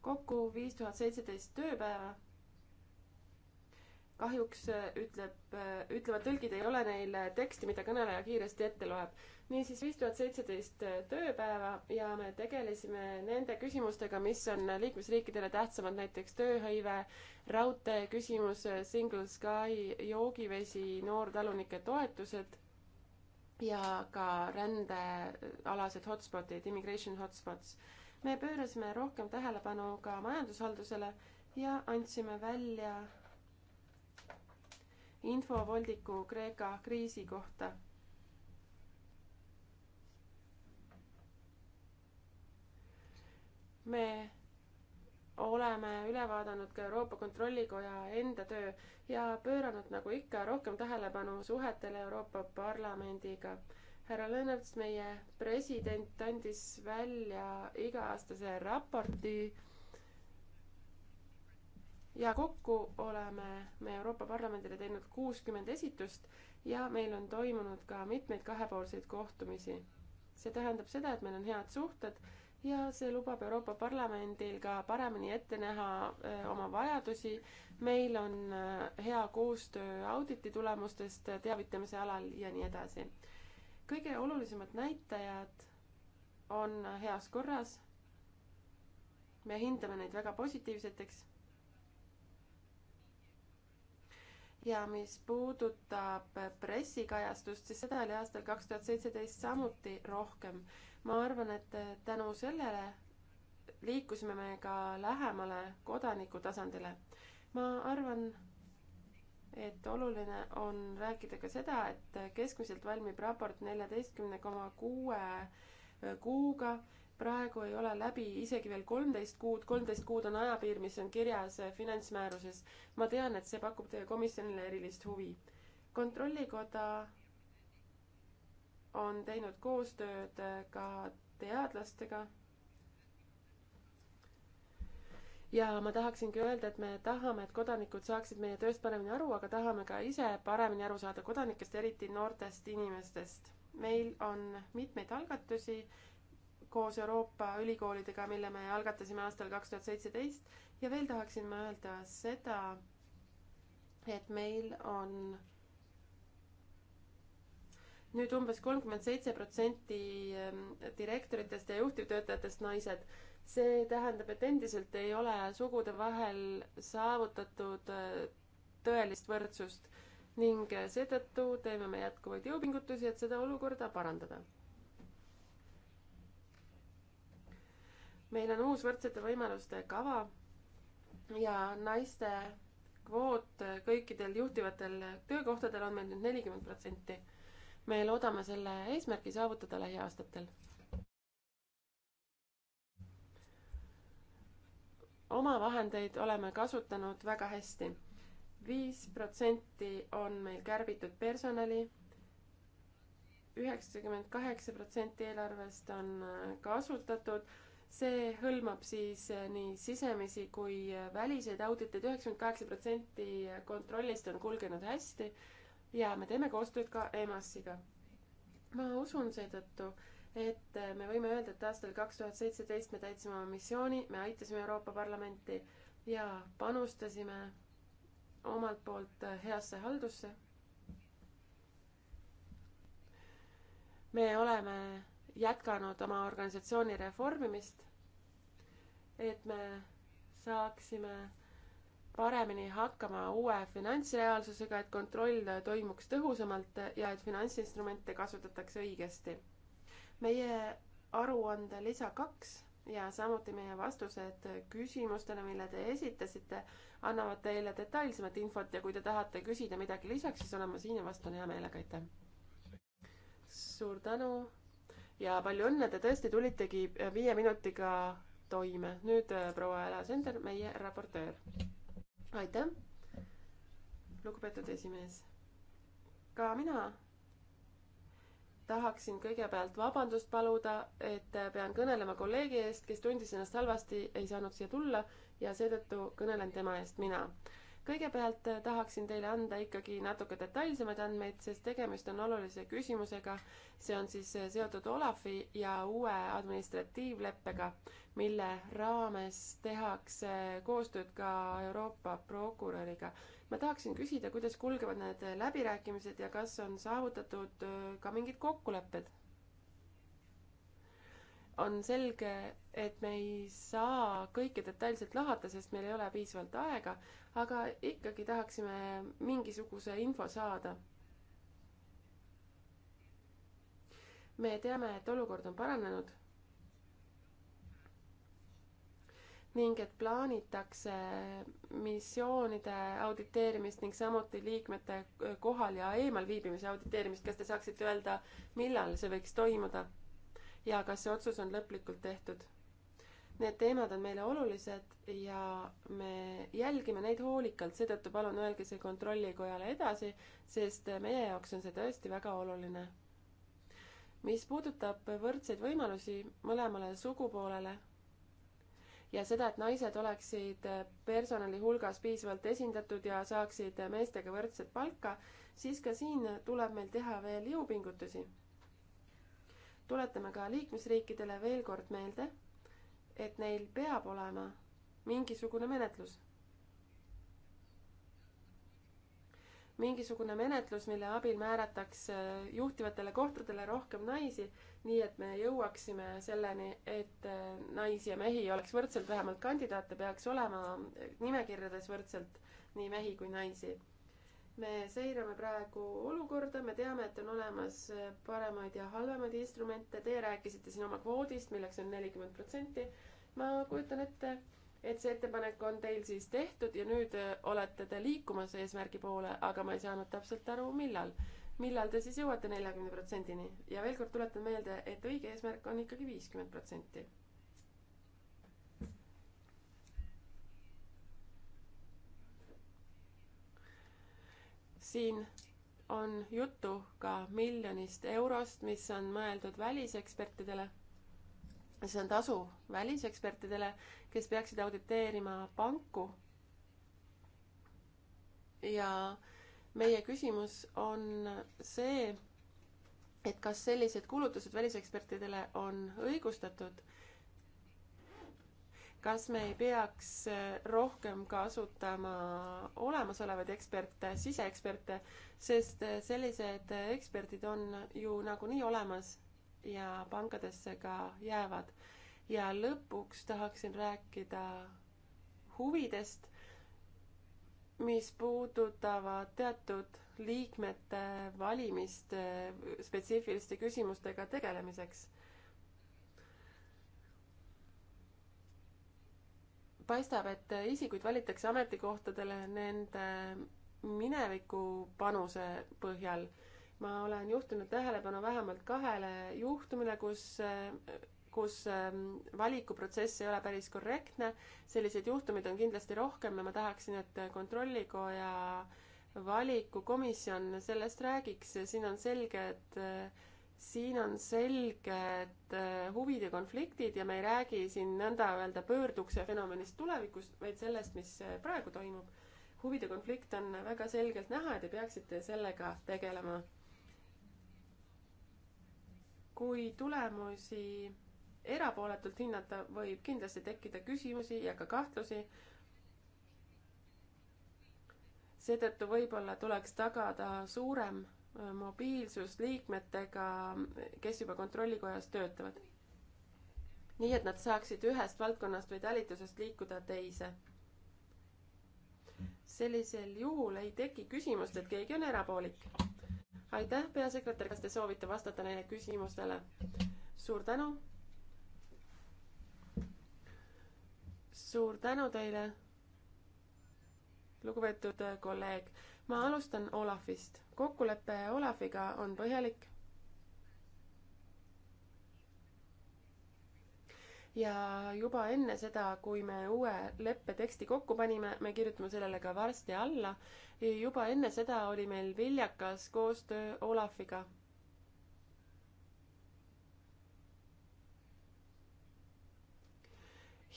kokku viis tuhat seitseteist tööpäeva kahjuks äh, ütleb, ütlevad tõlgid, ei ole neil teksti, mida kõneleja kiiresti ette loeb niisiis viis tuhat seitseteist äh, tööpäeva ja me tegelesime nende küsimustega, mis on liikmesriikidele tähtsamad, näiteks tööhõive, raudtee küsimus, äh, Single Sky, joogivesi, noortalunike toetused ja ka rändealased hotspotid, immigration hotspots. me pöörasime rohkem tähelepanu ka majandushaldusele ja andsime välja infovoldiku Kreeka kriisi kohta me oleme üle vaadanud ka Euroopa Kontrollikoja enda töö ja pööranud nagu ikka rohkem tähelepanu suhetele Euroopa Parlamendiga. härra Lõõnats, meie president andis välja iga-aastase raporti ja kokku oleme me Euroopa Parlamendile teinud kuuskümmend esitust ja meil on toimunud ka mitmeid kahepoolseid kohtumisi. see tähendab seda, et meil on head suhted ja see lubab Euroopa Parlamendil ka paremini ette näha oma vajadusi. meil on hea koostöö auditi tulemustest teavitamise alal ja nii edasi. kõige olulisemad näitajad on heas korras. me hindame neid väga positiivseteks. ja mis puudutab pressikajastust, siis seda oli aastal kaks tuhat seitseteist samuti rohkem ma arvan, et tänu sellele liikusime me ka lähemale kodaniku tasandile. ma arvan, et oluline on rääkida ka seda, et keskmiselt valmib raport neljateistkümne koma kuue kuuga praegu ei ole läbi isegi veel kolmteist kuud, kolmteist kuud on ajapiir, mis on kirjas finantsmääruses. ma tean, et see pakub teie komisjonile erilist huvi. kontrollikoda on teinud koostööd äh, ka teadlastega. ja ma tahaksingi öelda, et me tahame, et kodanikud saaksid meie tööst paremini aru, aga tahame ka ise paremini aru saada kodanikest, eriti noortest inimestest. meil on mitmeid algatusi koos Euroopa ülikoolidega, mille me algatasime aastal kaks tuhat seitseteist ja veel tahaksin ma öelda seda, et meil on nüüd umbes kolmkümmend seitse protsenti ehm, direktoritest ja juhtivtöötajatest naised. see tähendab, et endiselt ei ole sugude vahel saavutatud eh, tõelist võrdsust ning eh, seetõttu teeme me jätkuvaid jõupingutusi, et seda olukorda parandada. meil on uus võrdsete võimaluste kava ja naiste kvoot kõikidel juhtivatel töökohtadel on meil nüüd nelikümmend protsenti me loodame selle eesmärgi saavutada lähiaastatel. oma vahendeid oleme kasutanud väga hästi. viis protsenti on meil kärbitud personali, üheksakümmend kaheksa protsenti eelarvest on äh, kasutatud see hõlmab siis äh, nii sisemisi kui väliseid auditeid, üheksakümmend kaheksa protsenti kontrollist on kulgenud hästi ja me teeme koostööd ka EMAS-iga. ma usun seetõttu, et me võime öelda, et aastal kaks tuhat seitseteist me täitsime oma missiooni, me aitasime Euroopa Parlamenti ja panustasime omalt poolt heasse haldusse. me oleme jätkanud oma organisatsiooni reformimist, et me saaksime paremini hakkama uue finantsreaalsusega, et kontroll toimuks tõhusamalt ja et finantsinstrumente kasutatakse õigesti. meie aruande lisa kaks ja samuti meie vastused küsimustele, mille te esitasite, annavad teile detailsemat infot ja kui te tahate küsida midagi lisaks, siis olen ma siin ja vastan hea meelega, aitäh! suur tänu ja palju õnne, te tõesti tulitegi viie minutiga toime. nüüd proua Ela Sender, meie raportöör aitäh, lugupeetud esimees. ka mina tahaksin kõigepealt vabandust paluda, et pean kõnelema kolleegi eest, kes tundis ennast halvasti, ei saanud siia tulla ja seetõttu kõnelen tema eest mina kõigepealt äh, tahaksin teile anda ikkagi natuke detailsemaid andmeid, sest tegemist on olulise küsimusega. see on siis äh, seotud Olafi ja uue administratiivleppega, mille raames tehakse äh, koostööd ka Euroopa prokuröriga. ma tahaksin küsida, kuidas kulgevad need läbirääkimised ja kas on saavutatud ka mingid kokkulepped on selge, et me ei saa kõike detailselt lahata, sest meil ei ole piisavalt aega, aga ikkagi tahaksime mingisuguse info saada. me teame, et olukord on paranenud ning et plaanitakse missioonide auditeerimist ning samuti liikmete kohal ja eemalviibimise auditeerimist. kas te saaksite öelda, millal see võiks toimuda? ja kas see otsus on lõplikult tehtud. Need teemad on meile olulised ja me jälgime neid hoolikalt, seetõttu palun öelge see kontrollikojale edasi, sest meie jaoks on see tõesti väga oluline. mis puudutab võrdseid võimalusi mõlemale sugupoolele ja seda, et naised oleksid personali hulgas piisavalt esindatud ja saaksid meestega võrdset palka, siis ka siin tuleb meil teha veel jõupingutusi tuletame ka liikmesriikidele veel kord meelde, et neil peab olema mingisugune menetlus. mingisugune menetlus, mille abil määratakse juhtivatele kohtadele rohkem naisi, nii et me jõuaksime selleni, et äh, naisi ja mehi oleks võrdselt, vähemalt kandidaate peaks olema nimekirjades võrdselt nii mehi kui naisi me seirame praegu olukorda, me teame, et on olemas paremaid ja halvemaid instrumente, teie rääkisite siin oma kvoodist, milleks on nelikümmend protsenti. ma kujutan ette, et see ettepanek on teil siis tehtud ja nüüd äh, olete te liikumas eesmärgi poole, aga ma ei saanud täpselt aru, millal. millal te siis jõuate neljakümne protsendini ja veel kord tuletan meelde, et õige eesmärk on ikkagi viiskümmend protsenti siin on juttu ka miljonist eurost, mis on mõeldud välisekspertidele. see on tasu välisekspertidele, kes peaksid auditeerima panku. ja meie küsimus on see, et kas sellised kulutused välisekspertidele on õigustatud kas me ei peaks rohkem kasutama olemasolevaid eksperte, siseeksperte, sest sellised eksperdid on ju nagunii olemas ja pankadesse ka jäävad. ja lõpuks tahaksin rääkida huvidest, mis puudutavad teatud liikmete valimist spetsiifiliste küsimustega tegelemiseks paistab, et isikuid valitakse ametikohtadele nende mineviku panuse põhjal. ma olen juhtinud tähelepanu vähemalt kahele juhtumile, kus kus ähm, valikuprotsess ei ole päris korrektne. selliseid juhtumeid on kindlasti rohkem ja ma tahaksin, et Kontrollikoja valikukomisjon sellest räägiks. siin on selged siin on selged äh, huvide konfliktid ja me ei räägi siin nõnda-öelda pöördukse fenomenist tulevikus, vaid sellest, mis äh, praegu toimub. huvide konflikt on väga selgelt näha ja te peaksite sellega tegelema. kui tulemusi erapooletult hinnata, võib kindlasti tekkida küsimusi ja ka kahtlusi. seetõttu võib-olla tuleks tagada suurem mobiilsus liikmetega, kes juba kontrollikojas töötavad. nii et nad saaksid ühest valdkonnast või talitusest liikuda teise. sellisel juhul ei teki küsimust, et keegi on erapoolik. aitäh, peasekretär, kas te soovite vastata neile küsimustele? suur tänu. suur tänu teile, lugupeetud kolleeg ma alustan Olafist. kokkulepe Olafiga on põhjalik. ja juba enne seda, kui me uue leppeteksti kokku panime, me kirjutame sellele ka varsti alla, juba enne seda oli meil viljakas koostöö Olafiga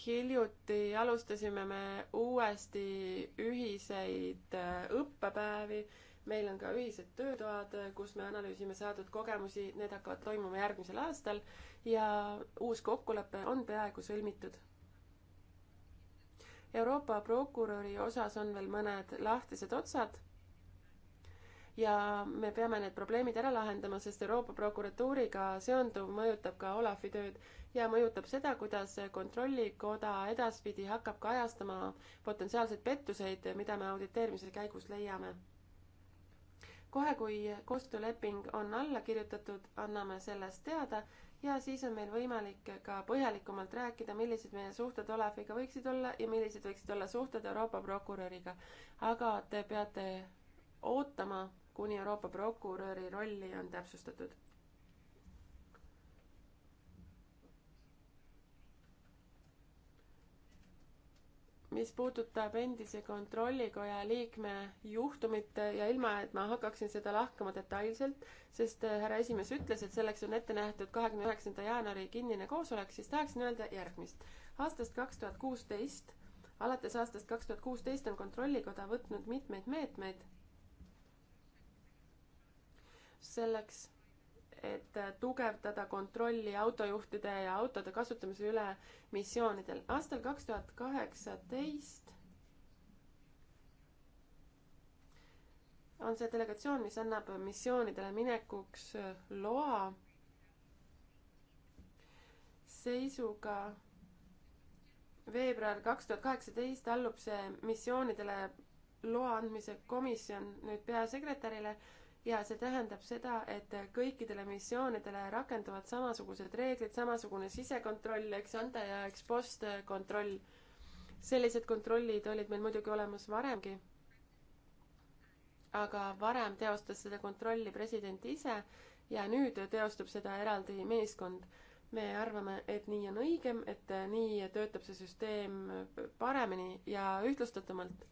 hiljuti alustasime me uuesti ühiseid äh, õppepäevi, meil on ka ühised töötoad, äh, kus me analüüsime saadud kogemusi, need hakkavad toimuma järgmisel aastal ja uus kokkulepe on peaaegu sõlmitud. Euroopa prokuröri osas on veel mõned lahtised otsad ja me peame need probleemid ära lahendama, sest Euroopa prokuratuuriga seonduv mõjutab ka Olafi tööd ja mõjutab seda, kuidas Kontrollikoda edaspidi hakkab kajastama potentsiaalseid pettuseid, mida me auditeerimise käigus leiame. kohe, kui koostööleping on alla kirjutatud, anname sellest teada ja siis on meil võimalik ka põhjalikumalt rääkida, millised meie suhted Olafiga võiksid olla ja millised võiksid olla suhted Euroopa prokuröriga. aga te peate ootama kuni Euroopa prokuröri rolli on täpsustatud. mis puudutab endise kontrollikoja liikme juhtumit ja ilma, et ma hakkaksin seda lahkama detailselt, sest äh, härra esimees ütles, et selleks on ette nähtud kahekümne üheksanda jaanuari kinnine koosolek, siis tahaksin öelda järgmist. aastast kaks tuhat kuusteist alates aastast kaks tuhat kuusteist on Kontrollikoda võtnud mitmeid meetmeid selleks, et tugevdada kontrolli autojuhtide ja autode kasutamise üle missioonidel. aastal kaks tuhat kaheksateist on see delegatsioon, mis annab missioonidele minekuks loa seisuga veebruar kaks tuhat kaheksateist allub see missioonidele loa andmise komisjon nüüd peasekretärile ja see tähendab seda, et kõikidele missioonidele rakenduvad samasugused reeglid, samasugune sisekontroll, eks anda ja eks post kontroll. sellised kontrollid olid meil muidugi olemas varemgi. aga varem teostas seda kontrolli president ise ja nüüd teostab seda eraldi meeskond. me arvame, et nii on õigem, et nii töötab see süsteem paremini ja ühtlustatumalt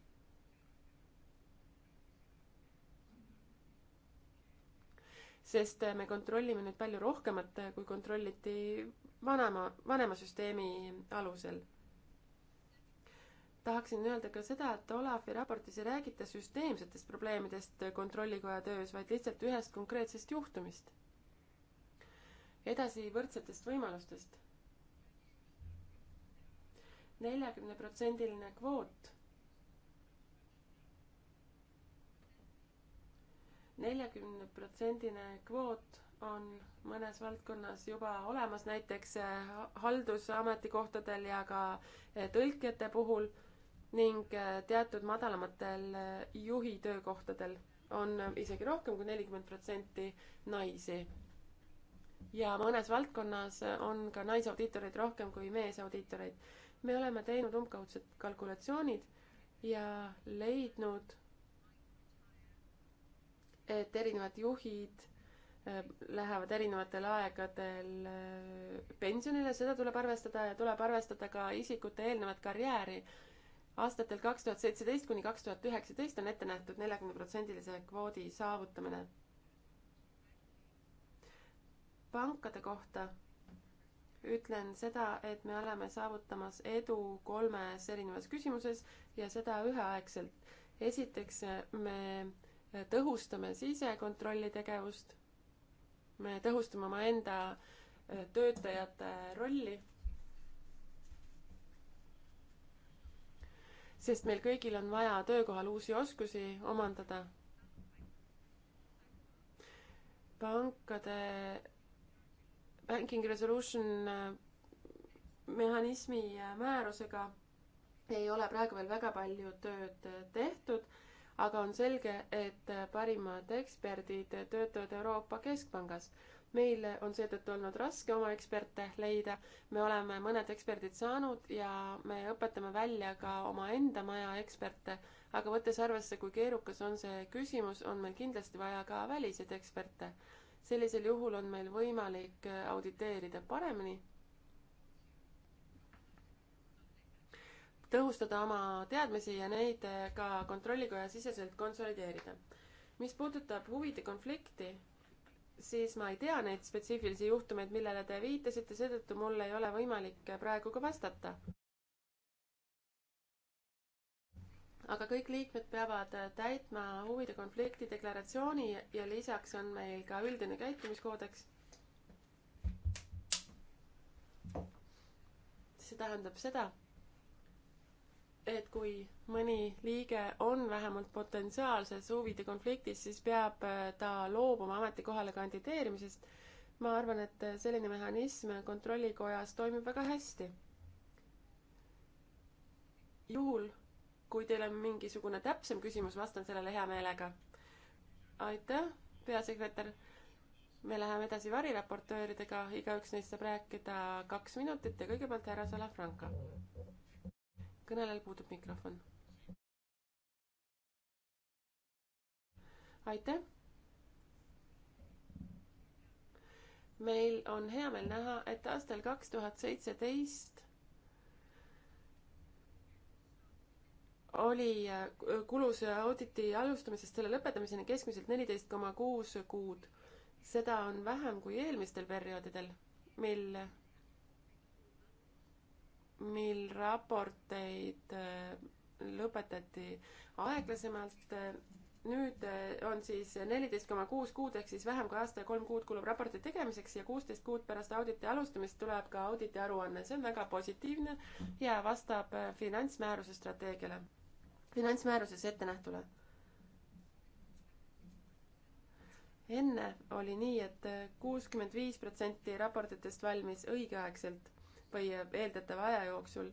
sest me kontrollime nüüd palju rohkemat, kui kontrolliti vanema, vanema süsteemi alusel. tahaksin öelda ka seda, et Olavi raportis ei räägita süsteemsetest probleemidest kontrollikoja töös, vaid lihtsalt ühest konkreetsest juhtumist. edasi võrdsetest võimalustest. neljakümne protsendiline kvoot neljakümne protsendine kvoot on mõnes valdkonnas juba olemas, näiteks eh, haldusametikohtadel ja ka eh, tõlkijate puhul ning eh, teatud madalamatel juhi töökohtadel on isegi rohkem kui nelikümmend protsenti naisi. ja mõnes valdkonnas on ka naisaudiitoreid rohkem kui meesaudiitoreid. me oleme teinud umbkaudsed kalkulatsioonid ja leidnud et erinevad juhid äh, lähevad erinevatel aegadel äh, pensionile, seda tuleb arvestada ja tuleb arvestada ka isikute eelnevat karjääri. aastatel kaks tuhat seitseteist kuni kaks tuhat üheksateist on ette nähtud neljakümneprotsendilise kvoodi saavutamine. pankade kohta ütlen seda, et me oleme saavutamas edu kolmes erinevas küsimuses ja seda üheaegselt. esiteks äh, me tõhustame sisekontrolli tegevust, me tõhustame omaenda eh, töötajate rolli, sest meil kõigil on vaja töökohal uusi oskusi omandada. pankade banking resolution eh, mehhanismi eh, määrusega ei ole praegu veel väga palju tööd tehtud aga on selge, et parimad eksperdid töötavad Euroopa Keskpangas. meil on seetõttu olnud raske oma eksperte leida, me oleme mõned eksperdid saanud ja me õpetame välja ka omaenda maja eksperte, aga võttes arvesse, kui keerukas on see küsimus, on meil kindlasti vaja ka väliseid eksperte. sellisel juhul on meil võimalik auditeerida paremini tõhustada oma teadmisi ja neid äh, ka kontrollikoja siseselt konsolideerida. mis puudutab huvide konflikti, siis ma ei tea neid spetsiifilisi juhtumeid, millele te viitasite, seetõttu mul ei ole võimalik äh, praegu ka vastata. aga kõik liikmed peavad äh, täitma huvide konflikti deklaratsiooni ja lisaks on meil ka üldine käitumiskoodeks. see tähendab seda et kui mõni liige on vähemalt potentsiaalses huvide konfliktis, siis peab äh, ta loobuma ametikohale kandideerimisest. ma arvan, et äh, selline mehhanism Kontrollikojas toimib väga hästi. juhul, kui teil on mingisugune täpsem küsimus, vastan sellele hea meelega. aitäh, peasekretär. me läheme edasi variraportööridega, igaüks neist saab rääkida kaks minutit ja kõigepealt härra Salafranca kõnelejal puudub mikrofon. aitäh. meil on hea meel näha, et aastal kaks tuhat seitseteist oli äh, kulus auditi alustamisest selle lõpetamiseni keskmiselt neliteist koma kuus kuud. seda on vähem kui eelmistel perioodidel, mil mil raporteid äh, lõpetati aeglasemalt. nüüd äh, on siis neliteist koma kuus kuud ehk siis vähem kui aasta ja kolm kuud kulub raporti tegemiseks ja kuusteist kuud pärast auditi alustamist tuleb ka auditi aruanne. see on väga positiivne ja vastab äh, finantsmääruse strateegiale, finantsmääruses ettenähtule enne oli nii et, et kuuskümmend viis protsenti raportitest valmis õigeaegselt või eeldatava aja jooksul.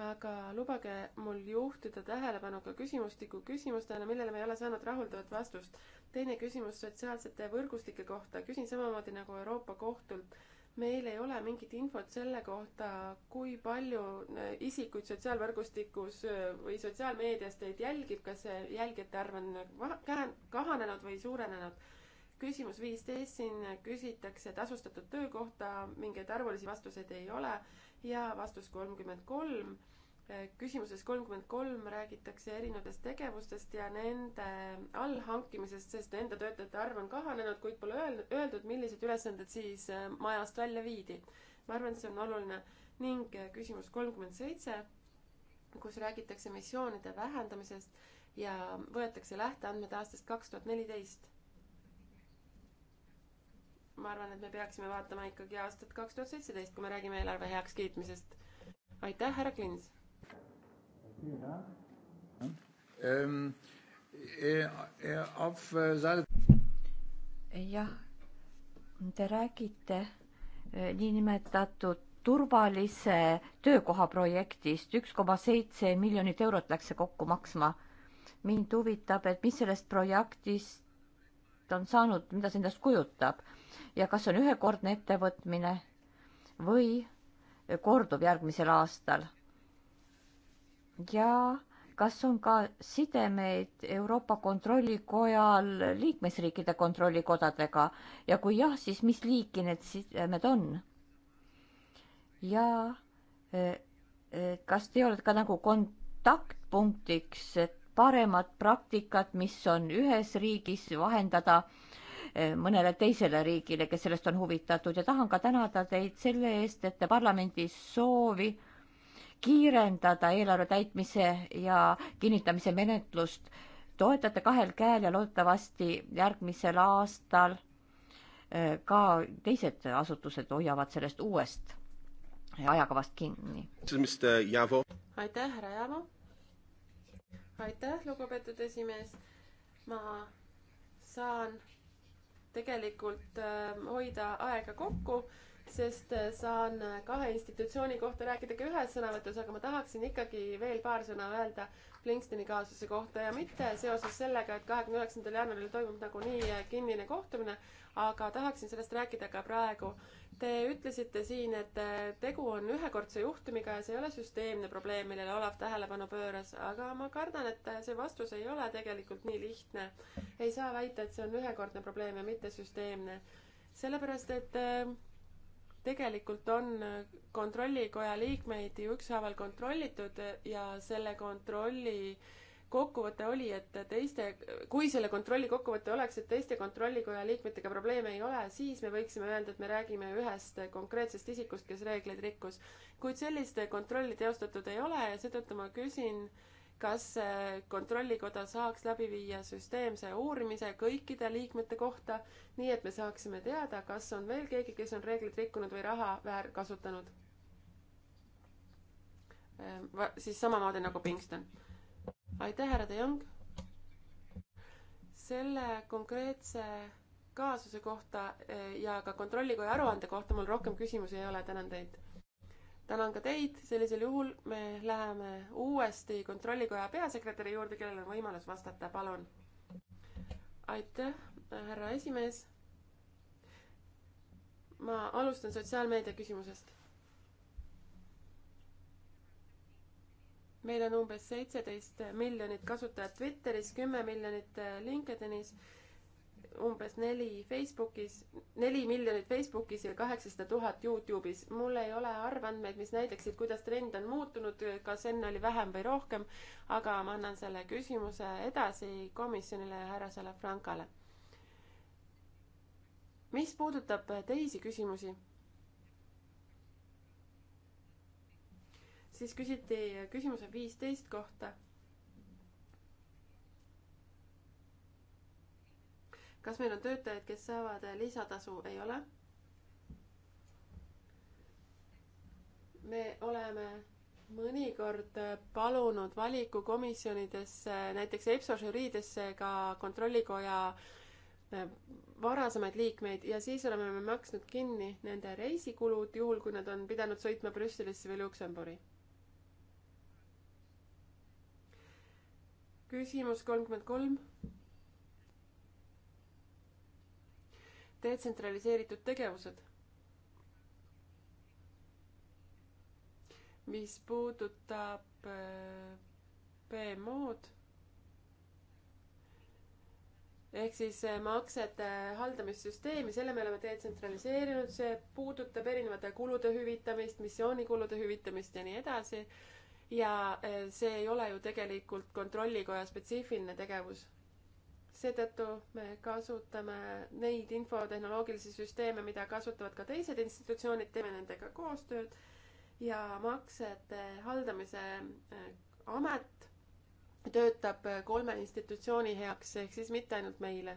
aga lubage mul juhtida tähelepanu ka küsimustiku küsimustele, millele me ei ole saanud rahuldavat vastust. teine küsimus sotsiaalsete võrgustike kohta, küsin samamoodi nagu Euroopa Kohtult meil ei ole mingit infot selle kohta, kui palju äh, isikuid sotsiaalvõrgustikus äh, või sotsiaalmeedias teid jälgib, kas see jälgijate arv on kahanenud või suurenenud küsimus viisteist, siin küsitakse tasustatud töö kohta, mingeid arvulisi vastuseid ei ole ja vastus kolmkümmend kolm. küsimuses kolmkümmend kolm räägitakse erinevatest tegevustest ja nende allhankimisest, sest enda töötajate arv on kahanenud, kuid pole öelnud, öeldud, millised ülesanded siis äh, majast välja viidi. ma arvan, et see on oluline ning äh, küsimus kolmkümmend seitse, kus räägitakse missioonide vähendamisest ja võetakse lähteandmed aastast kaks tuhat neliteist ma arvan, et me peaksime vaatama ikkagi aastat kaks tuhat seitseteist, kui me räägime eelarve heakskiitmisest. aitäh, härra Klins. Ehm, eh, eh, eh, jah, te räägite niinimetatud turvalise töökoha projektist, üks koma seitse miljonit eurot läks see kokku maksma. mind huvitab, et mis sellest projektist on saanud, mida see endast kujutab ja kas on ühekordne ettevõtmine või kordub järgmisel aastal. ja kas on ka sidemeid Euroopa Kontrollikojal liikmesriikide kontrollikodadega ja kui jah, siis mis liiki need sidemed on? ja e, e, kas te olete ka nagu kontaktpunktiks, et paremat praktikat, mis on ühes riigis, vahendada äh, Eh, mõnele teisele riigile, kes sellest on huvitatud ja tahan ka tänada teid selle eest, et te parlamendi soovi kiirendada eelarve täitmise ja kinnitamise menetlust toetate kahel käel ja loodetavasti järgmisel aastal eh, ka teised asutused hoiavad sellest uuest ajakavast kinni. aitäh, härra Javo. aitäh, lugupeetud esimees. ma saan tegelikult äh, hoida aega kokku sest äh, saan äh, kahe institutsiooni kohta rääkida ka ühes sõnavõtus, aga ma tahaksin ikkagi veel paar sõna öelda Blinksteni kaasuse kohta ja mitte seoses sellega, et kahekümne üheksandal jaanuaril toimub nagunii äh, kinnine kohtumine, aga tahaksin sellest rääkida ka praegu. Te ütlesite siin, et tegu on ühekordse juhtumiga ja see ei ole süsteemne probleem, millele Olav tähelepanu pööras, aga ma kardan, et see vastus ei ole tegelikult nii lihtne. ei saa väita, et see on ühekordne probleem ja mitte süsteemne. sellepärast, et tegelikult on kontrollikoja liikmeid ju ükshaaval kontrollitud ja selle kontrolli kokkuvõte oli, et teiste, kui selle kontrolli kokkuvõte oleks, et teiste kontrollikoja liikmetega probleeme ei ole, siis me võiksime öelda, et me räägime ühest konkreetsest isikust, kes reegleid rikkus. kuid sellist kontrolli teostatud ei ole ja seetõttu ma küsin äh, kas Kontrollikoda saaks läbi viia süsteemse uurimise kõikide liikmete kohta, nii et me saaksime teada, kas on veel keegi, kes on reegleid rikkunud või raha väärkasutanud? Ehm, siis samamoodi nagu Pingston. aitäh, härra De Jong! selle konkreetse kaasuse kohta eh, ja ka Kontrollikoja aruande kohta mul rohkem küsimusi ei ole, tänan teid tänan ka teid, sellisel juhul me läheme uuesti Kontrollikoja peasekretäri juurde, kellel on võimalus vastata, palun. aitäh, härra esimees. ma alustan sotsiaalmeedia küsimusest. meil on umbes seitseteist miljonit kasutajat Twitteris, kümme miljonit LinkedInis umbes neli Facebookis, neli miljonit Facebookis ja kaheksasada tuhat Youtube'is. mul ei ole arvandmeid, mis näitaksid, kuidas trend on muutunud, kas enne oli vähem või rohkem, aga ma annan selle küsimuse edasi komisjonile ja härra Salafrankale. mis puudutab teisi küsimusi, siis küsiti küsimuse viisteist kohta kas meil on töötajaid, kes saavad äh, lisatasu, ei ole. me oleme mõnikord äh, palunud valikukomisjonidesse, näiteks EPSO žüriidesse ka kontrollikoja äh, varasemaid liikmeid ja siis oleme me maksnud kinni nende reisikulud, juhul kui nad on pidanud sõitma Brüsselisse või Luksemburgi. küsimus kolmkümmend kolm detsentraliseeritud tegevused. mis puudutab äh, PMO-d ehk siis äh, maksete äh, haldamissüsteemi, selle me oleme detsentraliseerinud, see puudutab erinevate kulude hüvitamist, missioonikulude hüvitamist ja nii edasi. ja see ei ole ju tegelikult Kontrollikoja spetsiifiline tegevus seetõttu me kasutame neid infotehnoloogilisi süsteeme, mida kasutavad ka teised institutsioonid, teeme nendega koostööd ja maksete haldamise äh, amet töötab kolme institutsiooni heaks, ehk siis mitte ainult meile.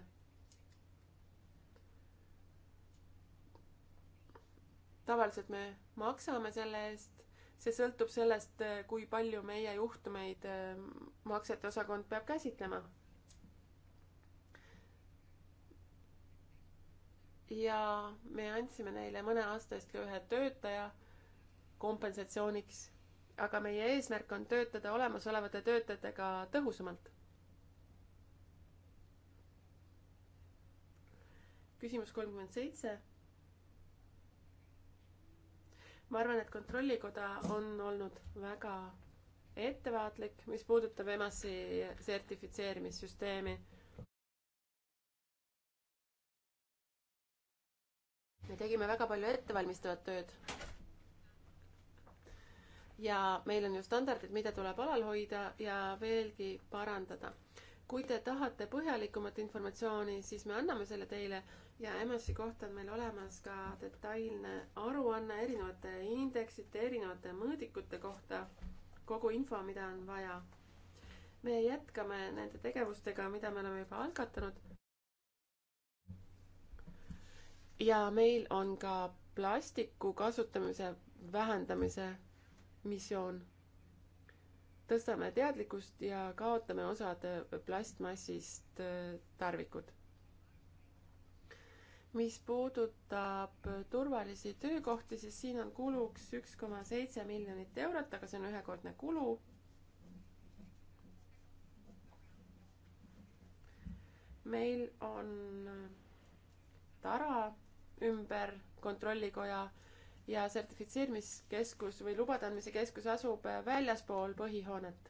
tavaliselt me maksame selle eest, see sõltub sellest, äh, kui palju meie juhtumeid äh, maksete osakond peab käsitlema ja me andsime neile mõne aasta eest ka ühe töötaja kompensatsiooniks. aga meie eesmärk on töötada olemasolevate töötajatega tõhusamalt. küsimus kolmkümmend seitse. ma arvan, et Kontrollikoda on olnud väga ettevaatlik, mis puudutab EMAS-i sertifitseerimissüsteemi me tegime väga palju ettevalmistavat tööd. ja meil on ju standardid, mida tuleb alal hoida ja veelgi parandada. kui te tahate põhjalikumat informatsiooni, siis me anname selle teile ja EMS-i kohta on meil olemas ka detailne aruanne erinevate indeksite, erinevate mõõdikute kohta, kogu info, mida on vaja. me jätkame nende tegevustega, mida me oleme juba algatanud ja meil on ka plastiku kasutamise vähendamise missioon. tõstame teadlikkust ja kaotame osad plastmassist äh, tarvikud. mis puudutab turvalisi töökohti, siis siin on kuluks üks koma seitse miljonit eurot, aga see on ühekordne kulu. meil on tara ümber kontrollikoja ja sertifitseerimiskeskus või lubade andmise keskus asub äh, väljaspool põhihoonet.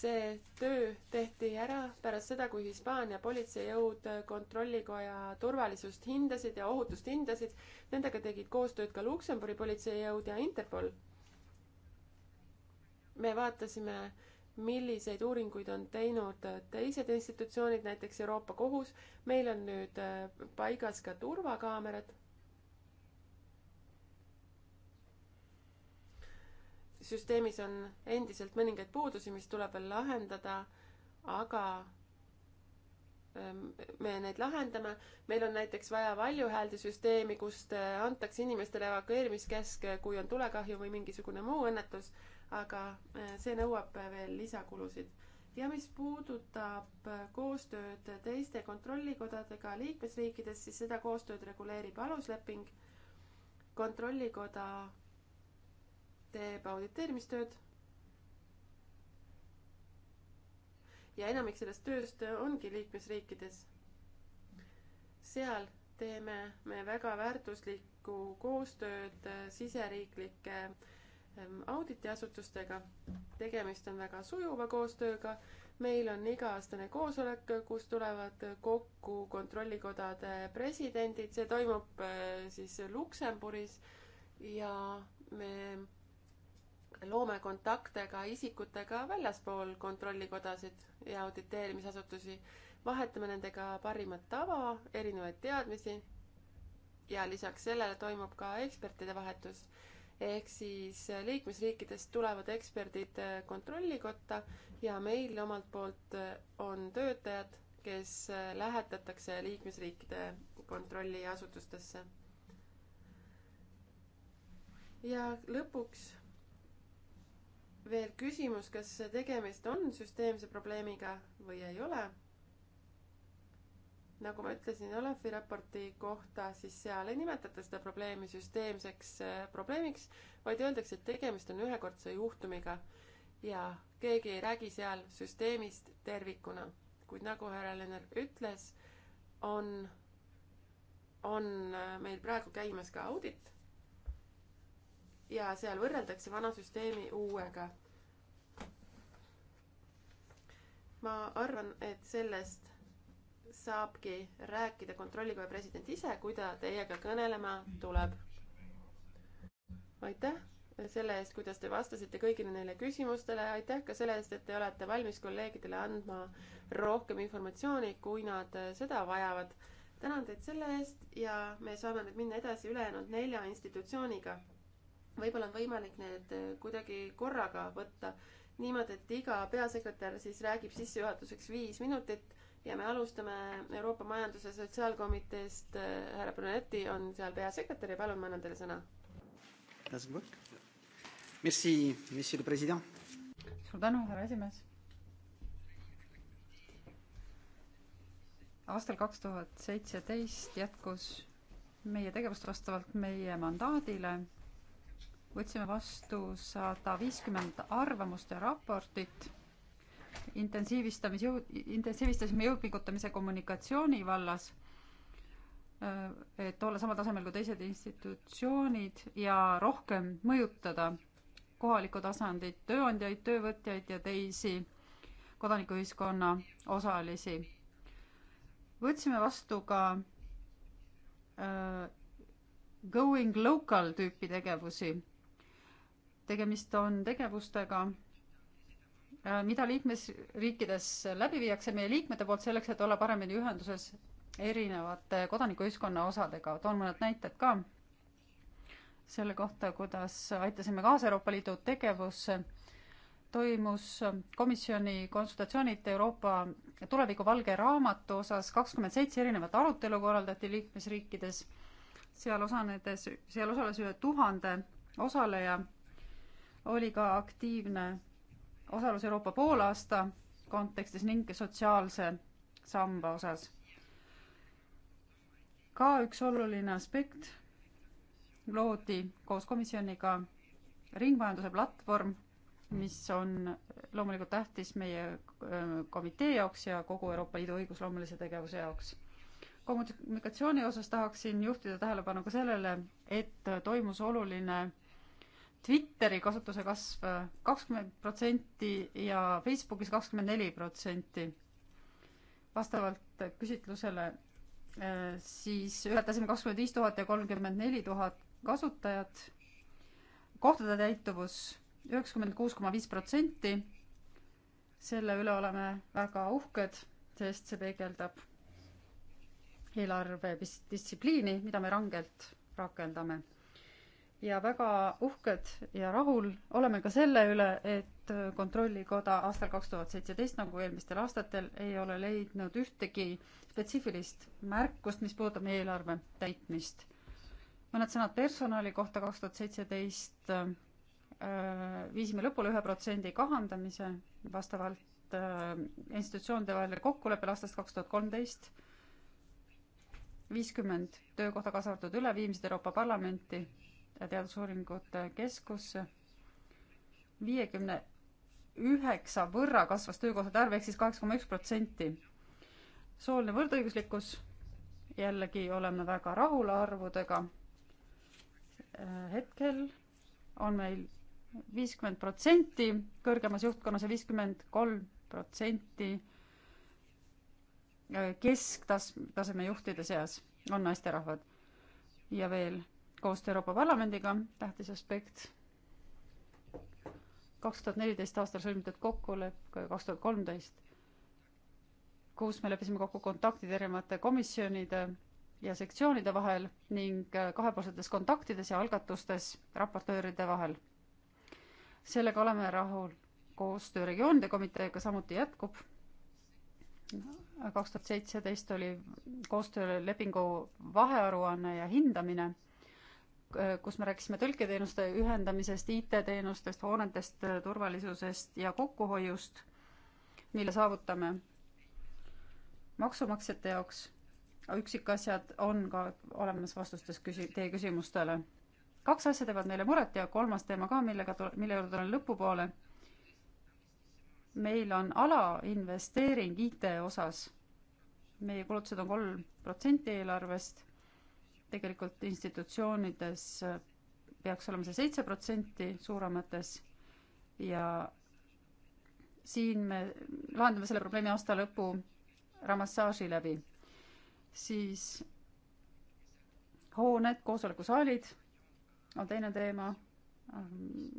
see töö tehti ära pärast seda, kui Hispaania politseijõud äh, kontrollikoja turvalisust hindasid ja ohutust hindasid. Nendega tegid koostööd ka Luksemburi politseijõud ja Interpol. me vaatasime äh, milliseid uuringuid on teinud teised institutsioonid, näiteks Euroopa Kohus. meil on nüüd äh, paigas ka turvakaamerad. süsteemis on endiselt mõningaid puudusi, mis tuleb veel lahendada, aga ähm, me neid lahendame. meil on näiteks vaja valjuhääldesüsteemi, kust äh, antakse inimestele evakueerimiskäsk, äh, kui on tulekahju või mingisugune muu õnnetus aga äh, see nõuab äh, veel lisakulusid. ja mis puudutab äh, koostööd teiste kontrollikodadega liikmesriikides, siis seda koostööd reguleerib alusleping. kontrollikoda teeb auditeerimistööd. ja enamik sellest tööst ongi liikmesriikides. seal teeme me väga väärtuslikku koostööd siseriiklike äh, Ehm, auditiasutustega. tegemist on väga sujuva koostööga. meil on iga-aastane koosolek, kus tulevad kokku kontrollikodade presidendid, see toimub eh, siis Luksemburis ja me loome kontakte ka isikutega väljaspool kontrollikodasid ja auditeerimisasutusi. vahetame nendega parimat tava, erinevaid teadmisi ja lisaks sellele toimub ka ekspertide vahetus ehk siis äh, liikmesriikidest tulevad eksperdid äh, kontrollikotta ja meil omalt poolt äh, on töötajad, kes lähetatakse liikmesriikide kontrolliasutustesse. ja lõpuks veel küsimus, kas tegemist on süsteemse probleemiga või ei ole nagu ma ütlesin Olefi raporti kohta, siis seal ei nimetata seda probleemi süsteemseks äh, probleemiks, vaid öeldakse, et tegemist on ühekordse juhtumiga ja keegi ei räägi seal süsteemist tervikuna. kuid nagu härra Lenner ütles, on, on äh, meil praegu käimas ka audit ja seal võrreldakse vana süsteemi uuega. ma arvan, et sellest saabki rääkida kontrollikoja president ise, kui ta teiega kõnelema tuleb. aitäh selle eest, kuidas te vastasite kõigile neile küsimustele, aitäh ka selle eest, et te olete valmis kolleegidele andma rohkem informatsiooni, kui nad seda vajavad. tänan teid selle eest ja me saame nüüd minna edasi ülejäänud nelja institutsiooniga. võib-olla on võimalik need kuidagi korraga võtta niimoodi, et iga peasekretär siis räägib sissejuhatuseks viis minutit ja me alustame Euroopa Majandus- ja Sotsiaalkomiteest. Äh, härra Brunetti on seal peasekretär ja palun, ma annan teile sõna. Merci, monsieur le president. suur tänu, härra esimees. aastal kaks tuhat seitseteist jätkus meie tegevust vastavalt meie mandaadile. võtsime vastu sada viiskümmend arvamust ja raportit intensiivistamis, intensiivistasime jõupingutamise kommunikatsiooni vallas, et olla samal tasemel kui teised institutsioonid ja rohkem mõjutada kohalikku tasandit, tööandjaid, töövõtjaid ja teisi kodanikuühiskonna osalisi. võtsime vastu ka äh, going local tüüpi tegevusi. tegemist on tegevustega Äh, mida liikmesriikides läbi viiakse meie liikmete poolt selleks, et olla paremini ühenduses erinevate kodanikuühiskonna osadega. toon mõned näited ka selle kohta, kuidas aitasime kaasa Euroopa Liidu tegevusse. toimus komisjoni konsultatsioonid Euroopa tuleviku valge raamatu osas, kakskümmend seitse erinevat arutelu korraldati liikmesriikides, seal osanedes, seal osales üle tuhande osaleja, oli ka aktiivne osalus Euroopa poolaasta kontekstis ning sotsiaalse samba osas. ka üks oluline aspekt loodi koos komisjoniga ringmajanduse platvorm, mis on loomulikult tähtis meie komitee jaoks ja kogu Euroopa Liidu õigusloomelise tegevuse jaoks. kommunikatsiooni osas tahaksin juhtida tähelepanu ka sellele, et toimus oluline Twitteri kasutuse kasv äh, kakskümmend protsenti ja Facebookis kakskümmend neli protsenti. vastavalt küsitlusele äh, siis ületasime kakskümmend viis tuhat ja kolmkümmend neli tuhat kasutajat. kohtade täituvus üheksakümmend kuus koma viis protsenti. selle üle oleme väga uhked, sest see peegeldab eelarvedistsipliini, mida me rangelt rakendame ja väga uhked ja rahul oleme ka selle üle, et Kontrollikoda aastal kaks tuhat seitseteist, nagu eelmistel aastatel, ei ole leidnud ühtegi spetsiifilist märkust, mis puudutab meie eelarve täitmist. mõned sõnad personali kohta kaks tuhat seitseteist äh, viisime lõpule ühe protsendi kahandamise vastavalt äh, institutsioonide vaheline kokkuleppele aastast kaks tuhat kolmteist viiskümmend töökohta, kaasa arvatud üleviimsed Euroopa Parlamenti, Teadusuuringute Keskus. viiekümne üheksa võrra kasvas töökohtade arv ehk siis kaheksa koma üks protsenti. sooline võrdõiguslikkus, jällegi oleme väga rahul arvudega. hetkel on meil viiskümmend protsenti kõrgemas juhtkonnas ja viiskümmend kolm protsenti kesktas-, taseme juhtide seas on naisterahvad. ja veel koostöö Euroopa Parlamendiga, tähtis aspekt. kaks tuhat neliteist aastal sõlmitud kokkulepe, kaks tuhat kolmteist, kus me leppisime kokku kontaktid erinevate komisjonide ja sektsioonide vahel ning äh, kahepoolsetes kontaktides ja algatustes raportööride vahel. sellega oleme rahul. koostöö regioonide komiteega samuti jätkub kaks tuhat seitseteist oli koostöölepingu vahearuanne ja hindamine Äh, kus me rääkisime tõlketeenuste ühendamisest, IT-teenustest, hoonetest, äh, turvalisusest ja kokkuhoiust, mille saavutame maksumaksjate jaoks. üksikasjad on ka olemas vastustes küsi-, teie küsimustele. kaks asja teevad meile muret ja kolmas teema ka, millega tule-, mille juurde tulen lõpupoole. meil on alainvesteering IT osas. meie kulutused on kolm protsenti eelarvest tegelikult institutsioonides peaks olema see seitse protsenti suuremates ja siin me lahendame selle probleemi aasta lõpu ramassaaži läbi. siis hooned, koosolekusaalid on teine teema,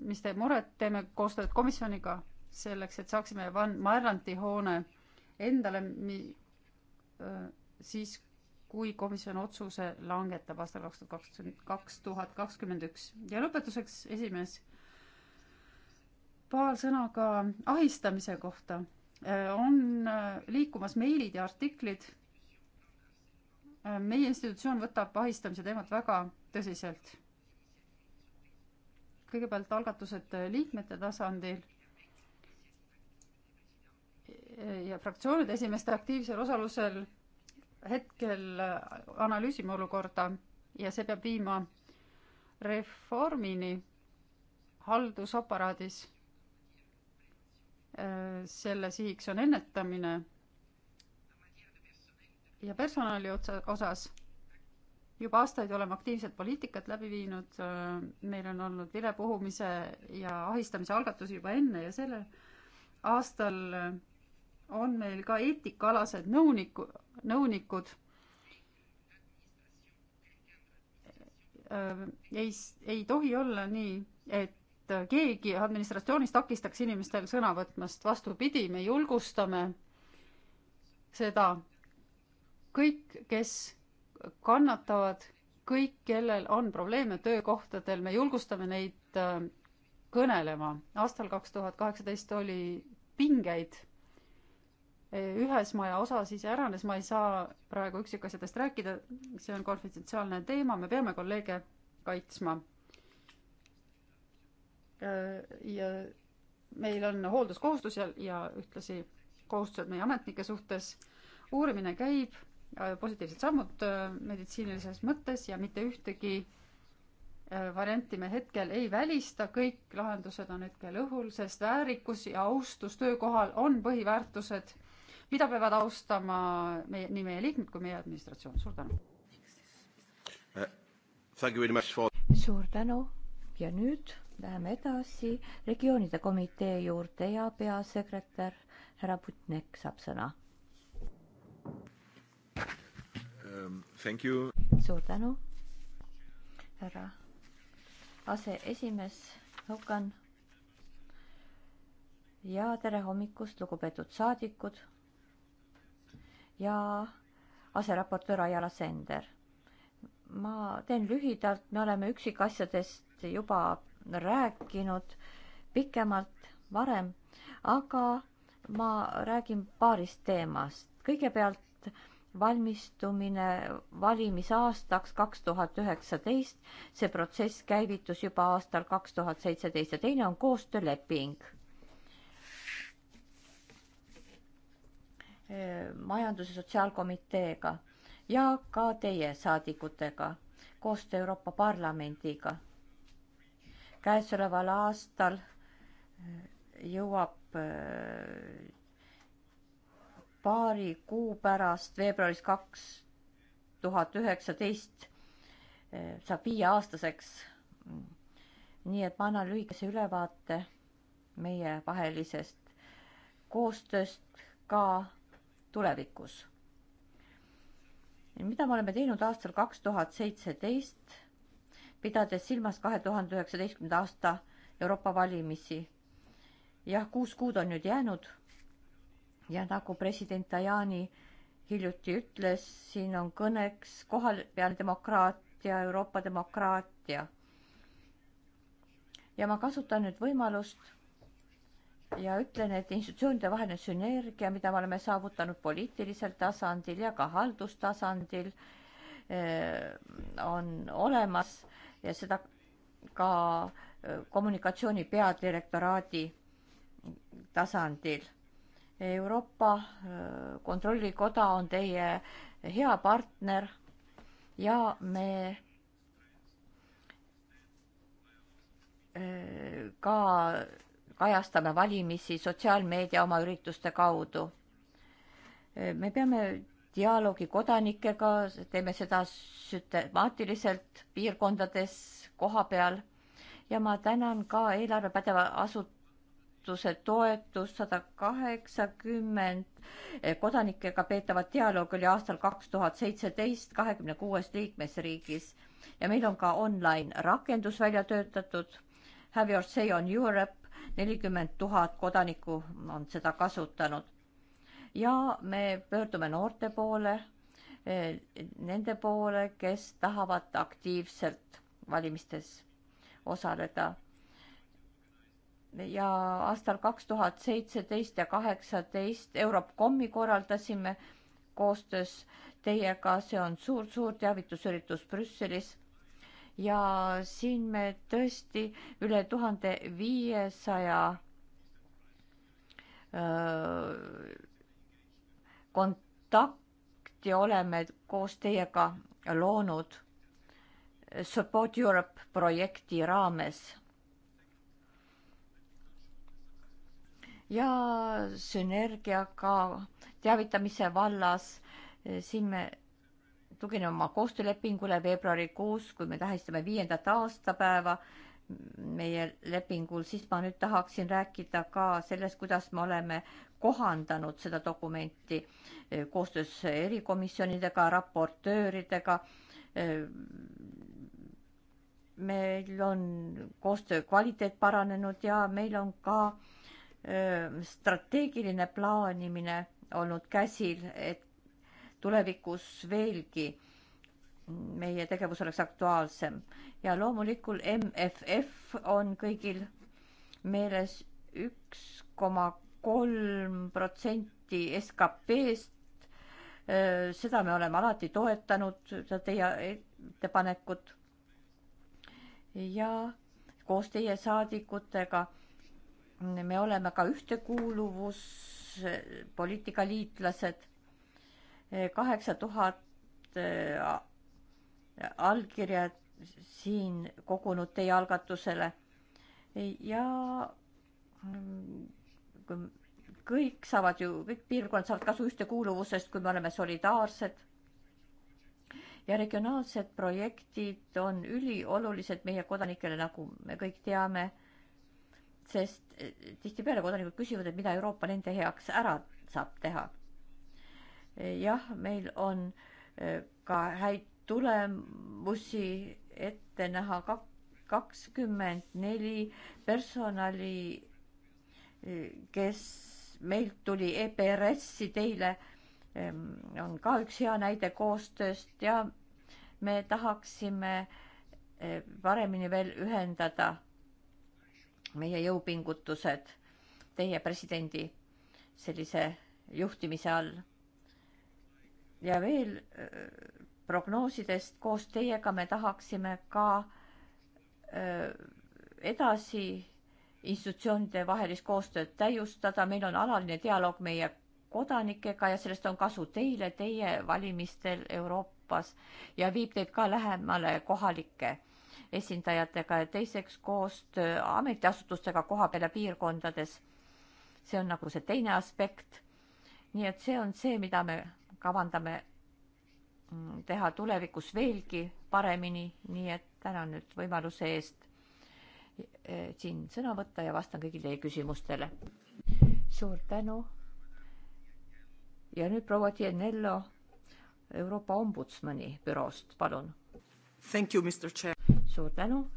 mis teeb muret, teeme koostööd komisjoniga selleks, et saaksime Van Marranti hoone endale mi-, siis kui komisjon otsuse langetab aastal kaks tuhat kakskümmend, kaks tuhat kakskümmend üks. ja lõpetuseks, esimees, paar sõna ka ahistamise kohta. Äh, on äh, liikumas meilid ja artiklid. Äh, meie institutsioon võtab ahistamise teemat väga tõsiselt. kõigepealt algatused liikmete tasandil ja fraktsioonide esimeeste aktiivsel osalusel hetkel äh, analüüsime olukorda ja see peab viima reformini haldusaparaadis. Äh, selle sihiks on ennetamine ja personali otsa, osas juba aastaid oleme aktiivset poliitikat läbi viinud, äh, meil on olnud vilepuhumise ja ahistamise algatusi juba enne ja sellel aastal on meil ka eetikaalased nõuniku, nõunikud. Äh, ei, ei tohi olla nii, et keegi administratsioonis takistaks inimestel sõna võtmast, vastupidi, me julgustame seda. kõik, kes kannatavad, kõik, kellel on probleeme töökohtadel, me julgustame neid äh, kõnelema. aastal kaks tuhat kaheksateist oli pingeid ühes maja osa siis äranes, ma ei saa praegu üksikasjadest rääkida, see on konfidentsiaalne teema, me peame kolleege kaitsma. ja meil on hoolduskohustus ja, ja ühtlasi kohustused meie ametnike suhtes. uurimine käib, positiivsed sammud äh, meditsiinilises mõttes ja mitte ühtegi äh, varianti me hetkel ei välista, kõik lahendused on hetkel õhul, sest väärikus ja austus töökohal on põhiväärtused mida peavad austama meie, nii meie liikmed kui meie administratsioon. suur tänu uh,! For... suur tänu ja nüüd läheme edasi regioonide komitee juurde ja peasekretär härra Putnek saab sõna um,. suur tänu, härra aseesimees Hukan ja tere hommikust, lugupeetud saadikud ja aseraportöör Ajala Sender. ma teen lühidalt, me oleme üksikasjadest juba rääkinud pikemalt varem, aga ma räägin paarist teemast. kõigepealt valmistumine valimisaastaks kaks tuhat üheksateist, see protsess käivitus juba aastal kaks tuhat seitseteist ja teine on koostööleping majandus- ja sotsiaalkomiteega ja ka teie saadikutega koostöö Euroopa Parlamendiga. käesoleval aastal eh, jõuab eh, paari kuu pärast, veebruaris kaks tuhat üheksateist, eh, saab viieaastaseks. nii et ma annan lühikese ülevaate meievahelisest koostööst ka tulevikus. mida me oleme teinud aastal kaks tuhat seitseteist, pidades silmas kahe tuhande üheksateistkümnenda aasta Euroopa valimisi? jah, kuus kuud on nüüd jäänud ja nagu president Tajani hiljuti ütles, siin on kõneks kohalpeal demokraatia, Euroopa demokraatia. ja ma kasutan nüüd võimalust ja ütlen, et institutsioonide vaheline sünergia, mida me oleme saavutanud poliitilisel tasandil ja ka haldustasandil, eh, on olemas ja seda ka eh, kommunikatsiooni peadirektoraadi tasandil. Euroopa eh, Kontrollikoda on teie hea partner ja me ka kajastame valimisi sotsiaalmeedia oma ürituste kaudu. me peame dialoogi kodanikega, teeme seda süstemaatiliselt piirkondades, koha peal ja ma tänan ka eelarvepädeva asutuse toetust sada kaheksakümmend kodanikega peetavat dialoogi oli aastal kaks tuhat seitseteist kahekümne kuues liikmesriigis ja meil on ka online rakendus välja töötatud. Have your say on Europe, nelikümmend tuhat kodanikku on seda kasutanud. ja me pöördume noorte poole, eh, nende poole, kes tahavad aktiivselt valimistes osaleda. ja aastal kaks tuhat seitseteist ja kaheksateist Europcomi korraldasime koostöös teiega, see on suur-suur teavitusüritus Brüsselis ja siin me tõesti üle tuhande viiesaja kontakti oleme koos teiega loonud Support Europe projekti raames. ja sünergiaga teavitamise vallas eh, siin me tugineme oma koostöölepingule veebruarikuus, kui me tähistame viiendat aastapäeva meie lepingul, siis ma nüüd tahaksin rääkida ka sellest, kuidas me oleme kohandanud seda dokumenti eh, koostöös erikomisjonidega, raportööridega. Eh, meil on koostöö kvaliteet paranenud ja meil on ka eh, strateegiline plaanimine olnud käsil, et tulevikus veelgi meie tegevus oleks aktuaalsem ja loomulikul MFF on kõigil meeles üks koma kolm protsenti SKP-st. SKP seda me oleme alati toetanud, seda teie ettepanekut. ja koos teie saadikutega me oleme ka ühtekuuluvuspoliitika liitlased kaheksa tuhat eh, allkirja siin kogunud teie algatusele ja mm, kõik saavad ju, kõik piirkonnad saavad kasu ühtekuuluvusest, kui me oleme solidaarsed. ja regionaalsed projektid on üliolulised meie kodanikele, nagu me kõik teame, sest eh, tihtipeale kodanikud küsivad, et mida Euroopa nende heaks ära saab teha jah, meil on e, ka häid tulemusi ette näha kakskümmend neli personali, e, kes meilt tuli EPRS-i teile, e, on ka üks hea näide koostööst ja me tahaksime paremini veel ühendada meie jõupingutused teie presidendi sellise juhtimise all ja veel äh, prognoosidest koos teiega me tahaksime ka äh, edasi institutsioonide vahelist koostööd täiustada, meil on alaline dialoog meie kodanikega ja sellest on kasu teile, teie valimistel Euroopas ja viib teid ka lähemale kohalike esindajatega ja teiseks koostöö ametiasutustega kohapeal ja piirkondades. see on nagu see teine aspekt. nii et see on see, mida me kavandame mm, teha tulevikus veelgi paremini, nii et tänan nüüd võimaluse eest e, siin sõna võtta ja vastan kõigile teie küsimustele. suur tänu. ja nüüd proua Tienello Euroopa Ombudsmani büroost, palun. Thank you, Mr Chair. suur tänu.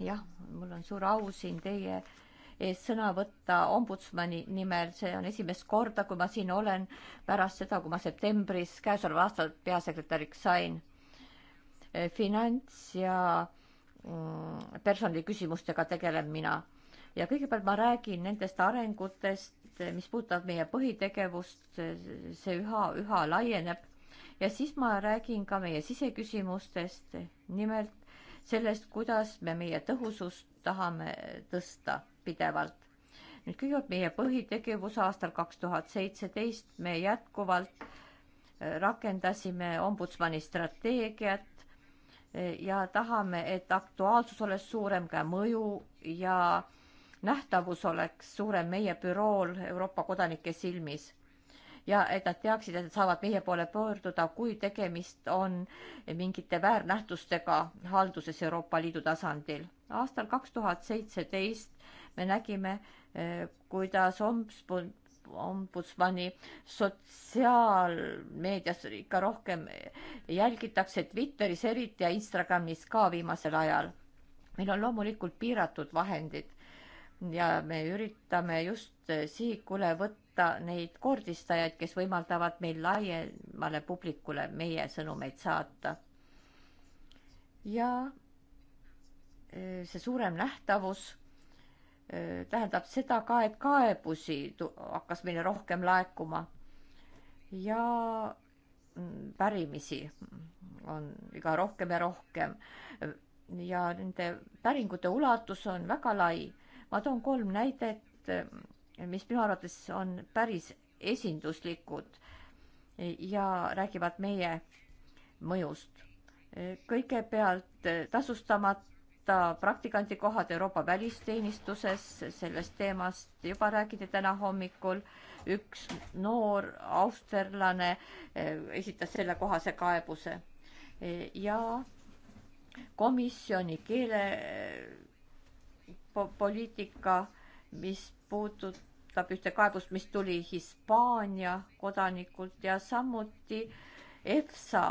jah, mul on suur au siin teie äh, eest sõna võtta ombudsmani nimel, see on esimest korda, kui ma siin olen pärast seda, kui ma septembris käesoleval aastal peasekretäriks sain. Eh, finants ja mm, personaliküsimustega tegelen mina ja kõigepealt ma räägin nendest arengutest, eh, mis puudutab meie põhitegevust, see üha, üha laieneb ja siis ma räägin ka meie siseküsimustest, nimelt sellest, kuidas me meie tõhusust tahame tõsta pidevalt. nüüd kõigepealt meie põhitegevus aastal kaks tuhat seitseteist, me jätkuvalt äh, rakendasime ombudsmani strateegiat äh, ja tahame, et aktuaalsus oleks suurem, ka mõju ja nähtavus oleks suurem meie bürool Euroopa kodanike silmis ja et nad teaksid, et nad saavad meie poole pöörduda, kui tegemist on mingite väärnähtustega halduses Euroopa Liidu tasandil. aastal kaks tuhat seitseteist me nägime, eh, kuidas ombudsman, ombudsmani sotsiaalmeedias ikka rohkem eh, jälgitakse Twitteris eriti ja Instagramis ka viimasel ajal. meil on loomulikult piiratud vahendid ja me üritame just eh, sihikule võtta neid kordistajaid, kes võimaldavad meil laiemale publikule meie sõnumeid saata. ja see suurem nähtavus Äh, tähendab seda ka, et kaebusi hakkas meile rohkem laekuma ja mm, pärimisi on iga rohkem ja rohkem ja nende päringute ulatus on väga lai. ma toon kolm näidet, äh, mis minu arvates on päris esinduslikud ja räägivad meie mõjust. Äh, kõigepealt tasustamata võtta praktikandikohad Euroopa välisteenistuses, sellest teemast juba räägiti täna hommikul. üks noor austerlane eh, esitas sellekohase kaebuse eh, ja komisjoni keelepoliitika, eh, mis puudutab ühte kaebust, mis tuli Hispaania kodanikult ja samuti EFSA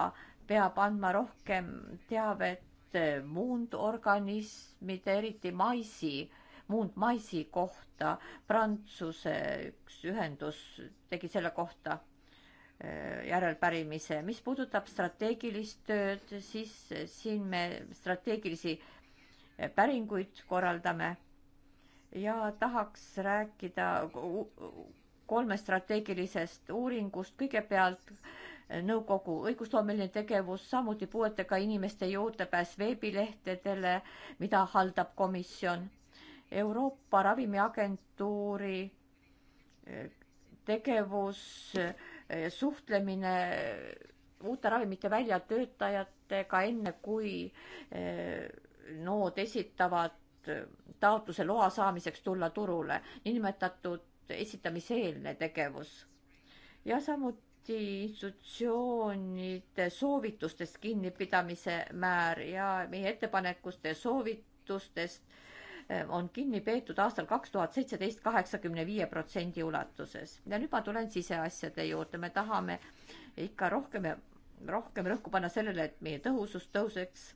peab andma rohkem teavet Eh, muundorganismide, eriti maisi, muundmaisi kohta. Prantsuse üks ühendus tegi selle kohta eh, järelpärimise. mis puudutab strateegilist tööd, siis siin me strateegilisi eh, päringuid korraldame ja tahaks rääkida kolmest strateegilisest uuringust. kõigepealt nõukogu õigusloomeline tegevus, samuti puuetega inimeste juurdepääs veebilehtedele, mida haldab komisjon. Euroopa Ravimiagentuuri eh, tegevus, eh, suhtlemine uute ravimite väljatöötajatega, enne kui eh, nood esitavad taotluse loa saamiseks tulla turule, niinimetatud esitamise eelne tegevus. ja samuti võeti institutsioonide soovitustest kinnipidamise määr ja meie ettepanekust ja soovitustest eh, on kinni peetud aastal kaks tuhat seitseteist kaheksakümne viie protsendi ulatuses. ja nüüd ma tulen siseasjade juurde, me tahame ikka rohkem ja rohkem rõhku panna sellele, et meie tõhusus tõuseks.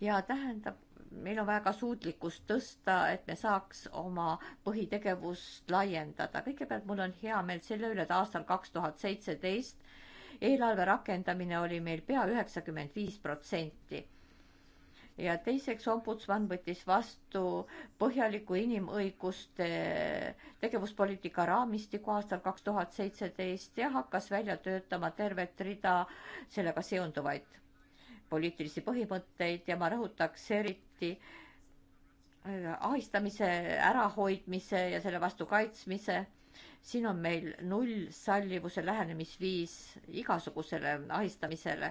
ja tähendab meil on vaja ka suutlikkust tõsta, et me saaks oma põhitegevust laiendada. kõigepealt mul on hea meel selle üle, et aastal kaks tuhat seitseteist eelarve rakendamine oli meil pea üheksakümmend viis protsenti. ja teiseks, ombudsman võttis vastu põhjaliku inimõiguste tegevuspoliitika raamistiku aastal kaks tuhat seitseteist ja hakkas välja töötama tervet rida sellega seonduvaid poliitilisi põhimõtteid ja ma rõhutaks eriti äh, ahistamise ärahoidmise ja selle vastu kaitsmise. siin on meil nullsallivuse lähenemisviis igasugusele ahistamisele.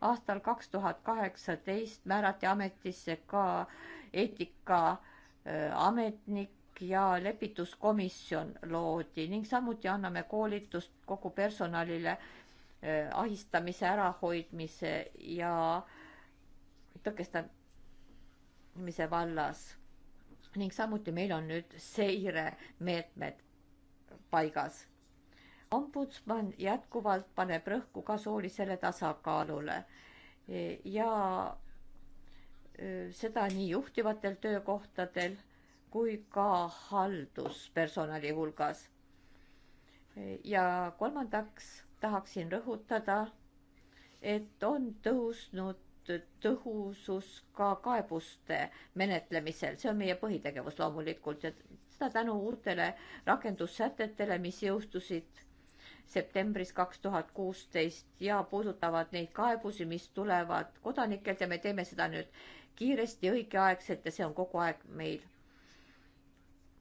aastal kaks tuhat kaheksateist määrati ametisse ka eetikaametnik äh, ja lepituskomisjon loodi ning samuti anname koolitust kogu personalile Äh, ahistamise ärahoidmise ja tõkestamise vallas. ning samuti meil on nüüd seiremeetmed paigas. ombudsman jätkuvalt paneb rõhku ka soolisele tasakaalule e, ja e, seda nii juhtivatel töökohtadel kui ka halduspersonali hulgas. E, ja kolmandaks tahaksin rõhutada, et on tõusnud tõhusus ka kaebuste menetlemisel, see on meie põhitegevus loomulikult ja seda tänu uutele rakendussätetele, mis jõustusid septembris kaks tuhat kuusteist ja puudutavad neid kaebusi, mis tulevad kodanikelt ja me teeme seda nüüd kiiresti, õigeaegselt ja see on kogu aeg meil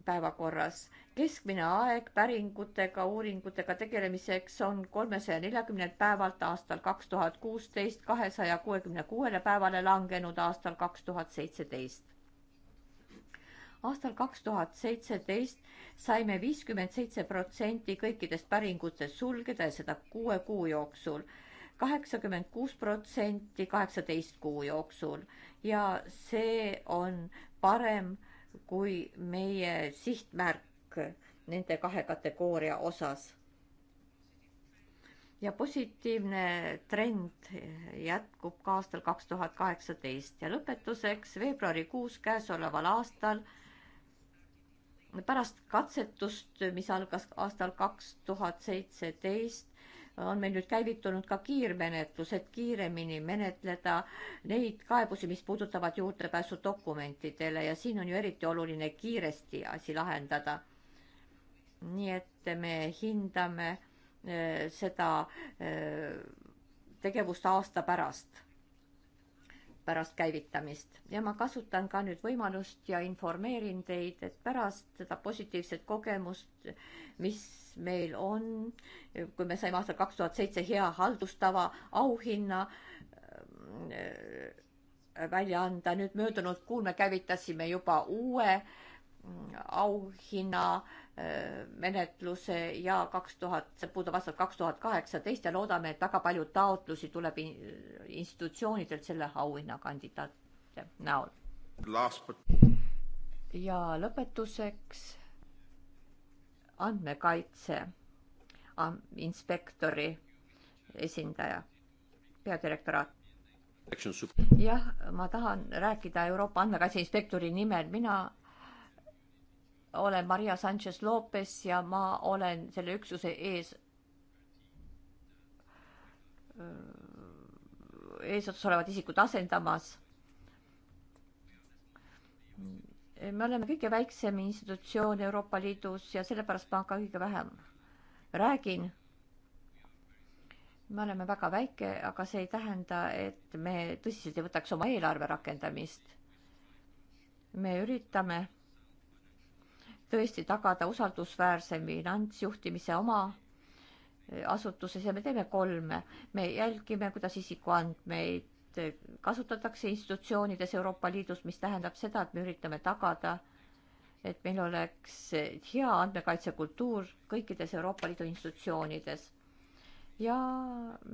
päevakorras keskmine aeg päringutega, uuringutega tegelemiseks on kolmesaja neljakümnelt päevalt aastal kaks tuhat kuusteist kahesaja kuuekümne kuuele päevale langenud aastal kaks tuhat seitseteist. aastal kaks tuhat seitseteist saime viiskümmend seitse protsenti kõikidest päringutest sulgeda ja seda kuue kuu jooksul, kaheksakümmend kuus protsenti kaheksateist kuu jooksul ja see on parem kui meie sihtmärk kõik nende kahe kategooria osas. ja positiivne trend jätkub ka aastal kaks tuhat kaheksateist ja lõpetuseks veebruarikuus käesoleval aastal pärast katsetust, mis algas aastal kaks tuhat seitseteist, on meil nüüd käivitunud ka kiirmenetlus, et kiiremini menetleda neid kaebusi, mis puudutavad juurdepääsu dokumentidele ja siin on ju eriti oluline kiiresti asi lahendada nii et me hindame äh, seda äh, tegevust aasta pärast, pärast käivitamist ja ma kasutan ka nüüd võimalust ja informeerin teid, et pärast seda positiivset kogemust, mis meil on, kui me saime aastal kaks tuhat seitse hea haldustava auhinna äh, välja anda, nüüd möödunud kuul me käivitasime juba uue äh, auhinna äh, menetluse ja kaks tuhat, see puudub aastat kaks tuhat kaheksateist ja loodame, et väga palju taotlusi tuleb institutsioonidelt selle auhinnakandidaate näol. ja lõpetuseks andmekaitse inspektori esindaja, peadirektoraat jah, ma tahan rääkida Euroopa Andmekaitse Inspektori nimel, mina olen Maria Sanchez Lopez ja ma olen selle üksuse ees eesotsas olevat isikut asendamas. me oleme kõige väiksem institutsioon Euroopa Liidus ja sellepärast ma ka kõige vähem räägin. me oleme väga väike, aga see ei tähenda, et me tõsiselt ei võtaks oma eelarve rakendamist. me üritame tõesti tagada usaldusväärse finantsjuhtimise oma eh, asutuses ja me teeme kolme. me jälgime, kuidas isikuandmeid eh, kasutatakse institutsioonides Euroopa Liidus, mis tähendab seda, et me üritame tagada, et meil oleks hea andmekaitsekultuur kõikides Euroopa Liidu institutsioonides. ja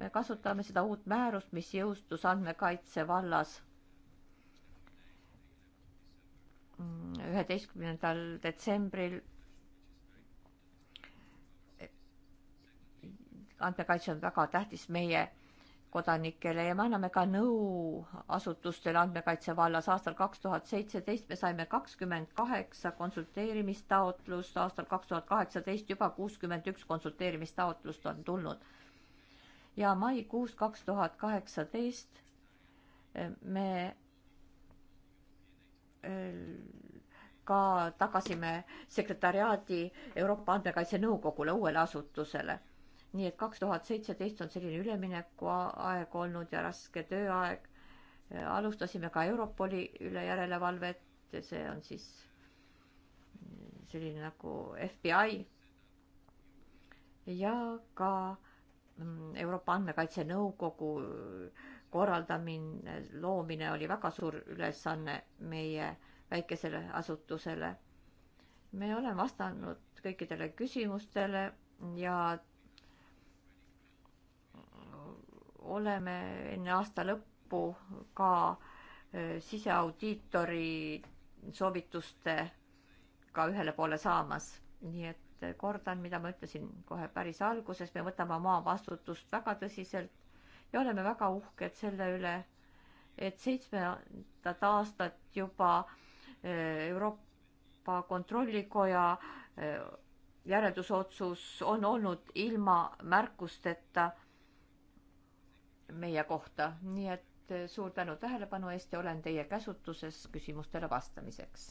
me kasutame seda uut määrust, mis jõustus andmekaitse vallas üheteistkümnendal detsembril andmekaitse on väga tähtis meie kodanikele ja me anname ka nõu asutustele andmekaitse vallas. aastal kaks tuhat seitseteist me saime kakskümmend kaheksa konsulteerimistaotlust, aastal kaks tuhat kaheksateist juba kuuskümmend üks konsulteerimistaotlust on tulnud. ja maikuus kaks tuhat kaheksateist me Äh, ka tagasime sekretariaadi Euroopa Andmekaitse Nõukogule, uuele asutusele. nii et kaks tuhat seitseteist on selline üleminekuaeg olnud ja raske tööaeg. Äh, alustasime ka Europoli üle järelevalvet, see on siis mm, selline nagu FBI ja ka mm, Euroopa Andmekaitse Nõukogu korraldamine, loomine oli väga suur ülesanne meie väikesele asutusele. me oleme vastanud kõikidele küsimustele ja oleme enne aasta lõppu ka e, siseaudiitori soovitustega ühele poole saamas, nii et kordan, mida ma ütlesin kohe päris alguses, me võtame oma vastutust väga tõsiselt ja oleme väga uhked selle üle, et seitsmendat aastat juba e, Euroopa Kontrollikoja e, järeldusotsus on olnud ilma märkusteta meie kohta, nii et e, suur tänu tähelepanu eest ja olen teie käsutuses küsimustele vastamiseks.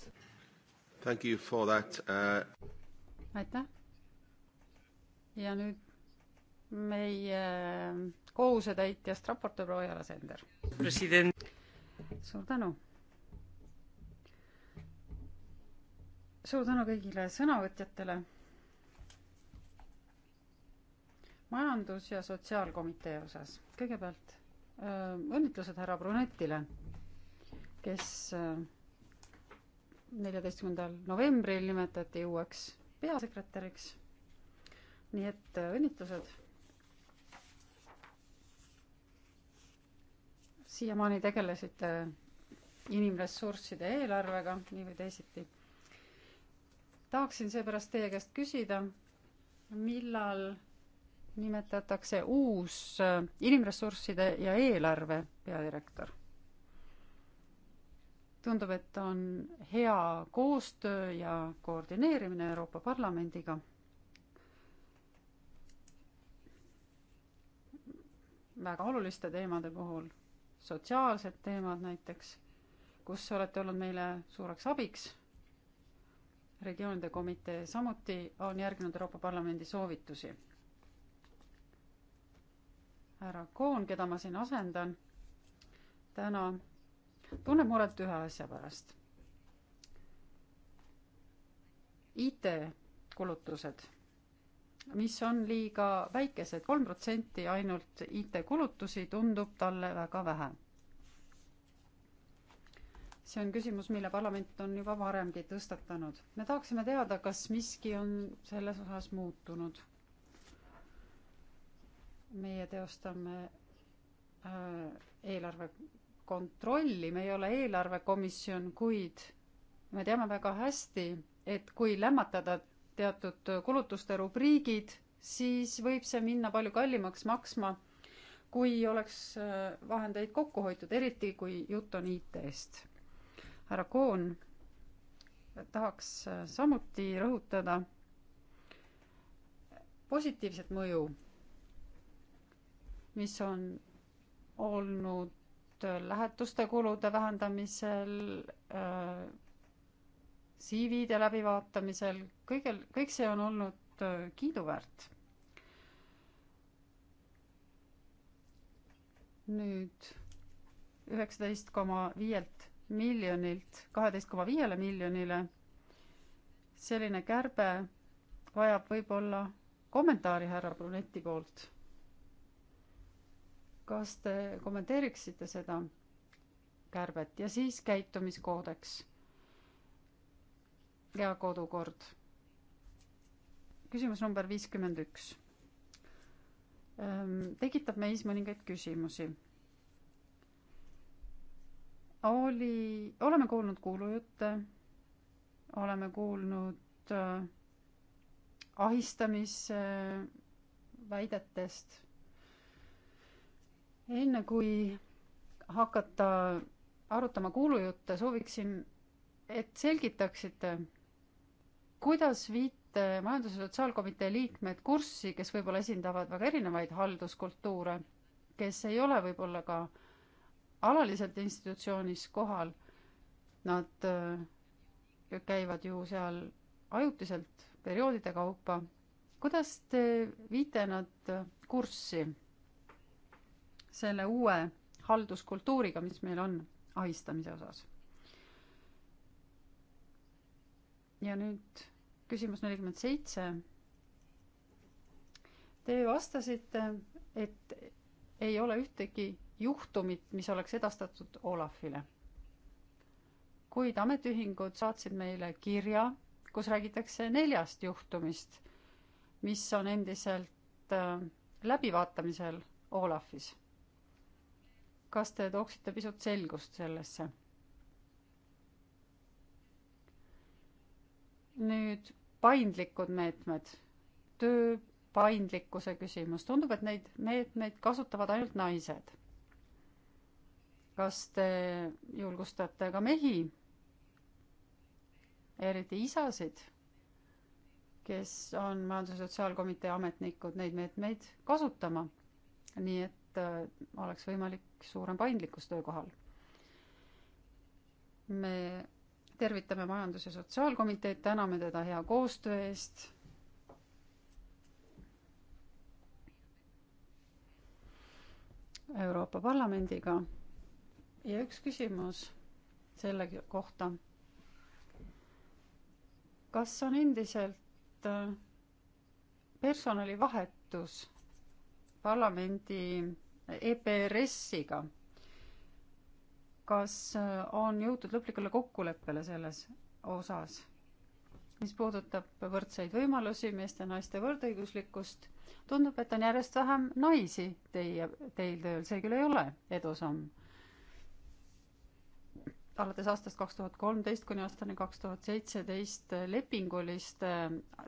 Uh... aitäh. ja nüüd meie ehm, kohusetäitjast raportöör proua Jala Sender. suur tänu. suur tänu kõigile sõnavõtjatele. majandus- ja sotsiaalkomitee osas kõigepealt ehm, õnnitlused härra Brunetile, kes ehm, neljateistkümnendal novembril nimetati uueks peasekretäriks. nii et õnnitlused siiamaani tegelesite inimressursside eelarvega nii või teisiti. tahaksin seepärast teie käest küsida, millal nimetatakse uus äh, inimressursside ja eelarve peadirektor? tundub, et on hea koostöö ja koordineerimine Euroopa Parlamendiga. väga oluliste teemade puhul sotsiaalsed teemad näiteks, kus olete olnud meile suureks abiks. regioonide komitee samuti on järginud Euroopa Parlamendi soovitusi. härra Koon, keda ma siin asendan täna, tunneb muret ühe asja pärast. IT-kulutused mis on liiga väikesed, kolm protsenti ainult IT-kulutusi tundub talle väga vähe. see on küsimus, mille parlament on juba varemgi tõstatanud. me tahaksime teada, kas miski on selles osas muutunud. meie teostame äh, eelarve kontrolli, me ei ole eelarvekomisjon, kuid me teame väga hästi, et kui lämmatada teatud kulutuste rubriigid, siis võib see minna palju kallimaks maksma, kui oleks äh, vahendeid kokku hoitud, eriti kui jutt on IT-st. härra Koon äh, tahaks äh, samuti rõhutada positiivset mõju, mis on olnud lähetuste kulude vähendamisel äh, CV-de läbivaatamisel, kõigel, kõik see on olnud äh, kiiduväärt. nüüd üheksateist koma viielt miljonilt kaheteist koma viiele miljonile. selline kärbe vajab võib-olla kommentaari härra Bruneti poolt. kas te kommenteeriksite seda kärbet ja siis käitumiskoodeks ja kodukord. küsimus number viiskümmend üks. Ehm, tekitab meis mõningaid küsimusi. oli, oleme kuulnud kuulujutte, oleme kuulnud äh, ahistamisväidetest äh,. enne kui hakata arutama kuulujutte, sooviksin, et selgitaksite kuidas viite Majandus- ja Sotsiaalkomitee liikmed kurssi, kes võib-olla esindavad väga erinevaid halduskultuure, kes ei ole võib-olla ka alaliselt institutsioonis kohal, nad äh, käivad ju seal ajutiselt, perioodide kaupa. kuidas te viite nad äh, kurssi selle uue halduskultuuriga, mis meil on ahistamise osas? ja nüüd küsimus nelikümmend seitse. Te vastasite, et ei ole ühtegi juhtumit, mis oleks edastatud Olafile. kuid ametiühingud saatsid meile kirja, kus räägitakse neljast juhtumist, mis on endiselt äh, läbivaatamisel Olafis. kas te tooksite pisut selgust sellesse? nüüd paindlikud meetmed, töö paindlikkuse küsimus, tundub, et neid meetmeid kasutavad ainult naised. kas te julgustate ka mehi, eriti isasid, kes on Majandus- ja Sotsiaalkomitee ametnikud, neid meetmeid kasutama, nii et äh, oleks võimalik suurem paindlikkus töökohal? me tervitame Majandus- ja Sotsiaalkomiteed, täname teda hea koostöö eest. Euroopa Parlamendiga. ja üks küsimus selle kohta. kas on endiselt äh, personalivahetus parlamendi EPRS-iga? kas äh, on jõutud lõplikule kokkuleppele selles osas, mis puudutab võrdseid võimalusi, meeste ja naiste võrdõiguslikkust? tundub, et on järjest vähem naisi teie, teil tööl, see küll ei ole edusamm. alates aastast kaks tuhat kolmteist kuni aastani kaks tuhat seitseteist lepinguliste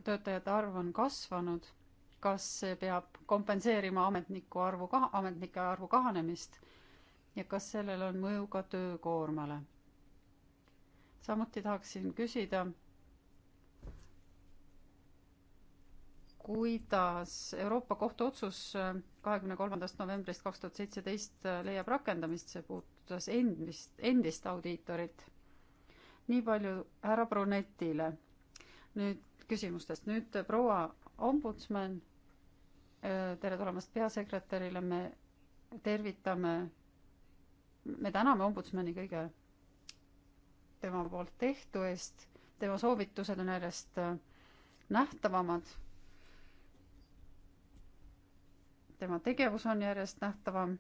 töötajate arv on kasvanud. kas see peab kompenseerima ametniku arvu, ametnike arvu kahanemist? ja kas sellel on mõju ka töökoormale? samuti tahaksin küsida, kuidas Euroopa Kohtu otsus äh, kahekümne kolmandast novembrist kaks tuhat seitseteist äh, leiab rakendamist, see puudutas endist, endist audiitorit. nii palju härra Brunetile. nüüd küsimustest, nüüd äh, proua ombudsman, tere tulemast peasekretärile, me tervitame me täname ombudsmani kõige tema poolt tehtu eest, tema soovitused on järjest äh, nähtavamad. tema tegevus on järjest nähtavam,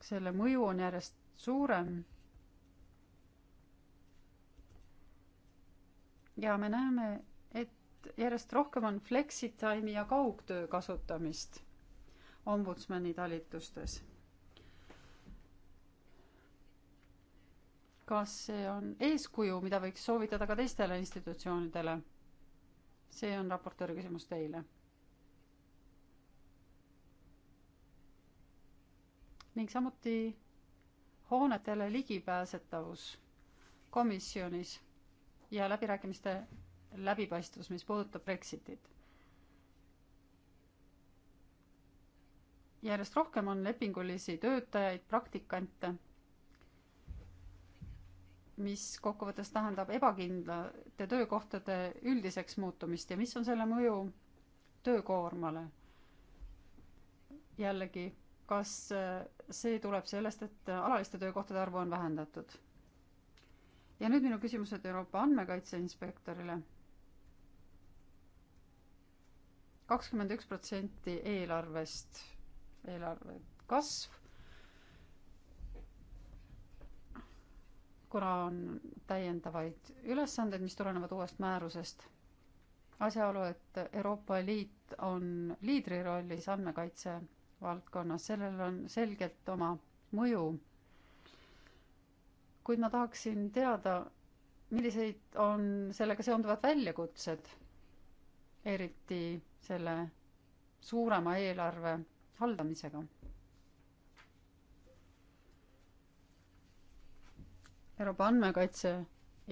selle mõju on järjest suurem. ja me näeme, et järjest rohkem on flexitime'i ja kaugtöö kasutamist ombudsmani talitustes kas see on eeskuju, mida võiks soovitada ka teistele institutsioonidele? see on raportööri küsimus teile. ning samuti hoonetele ligipääsetavus komisjonis ja läbirääkimiste läbipaistvus, mis puudutab Brexitit. järjest rohkem on lepingulisi töötajaid, praktikante mis kokkuvõttes tähendab ebakindlate töökohtade üldiseks muutumist ja mis on selle mõju töökoormale? jällegi, kas äh, see tuleb sellest, et alaliste töökohtade arvu on vähendatud? ja nüüd minu küsimused Euroopa Andmekaitse Inspektorile. kakskümmend üks protsenti eelarvest, eelarve kasv kuna on täiendavaid ülesandeid, mis tulenevad uuest määrusest. asjaolu, et Euroopa Liit on liidri rollis andmekaitse valdkonnas, sellel on selgelt oma mõju. kuid ma tahaksin teada, milliseid on sellega seonduvad väljakutsed, eriti selle suurema eelarve haldamisega Euroopa andmekaitse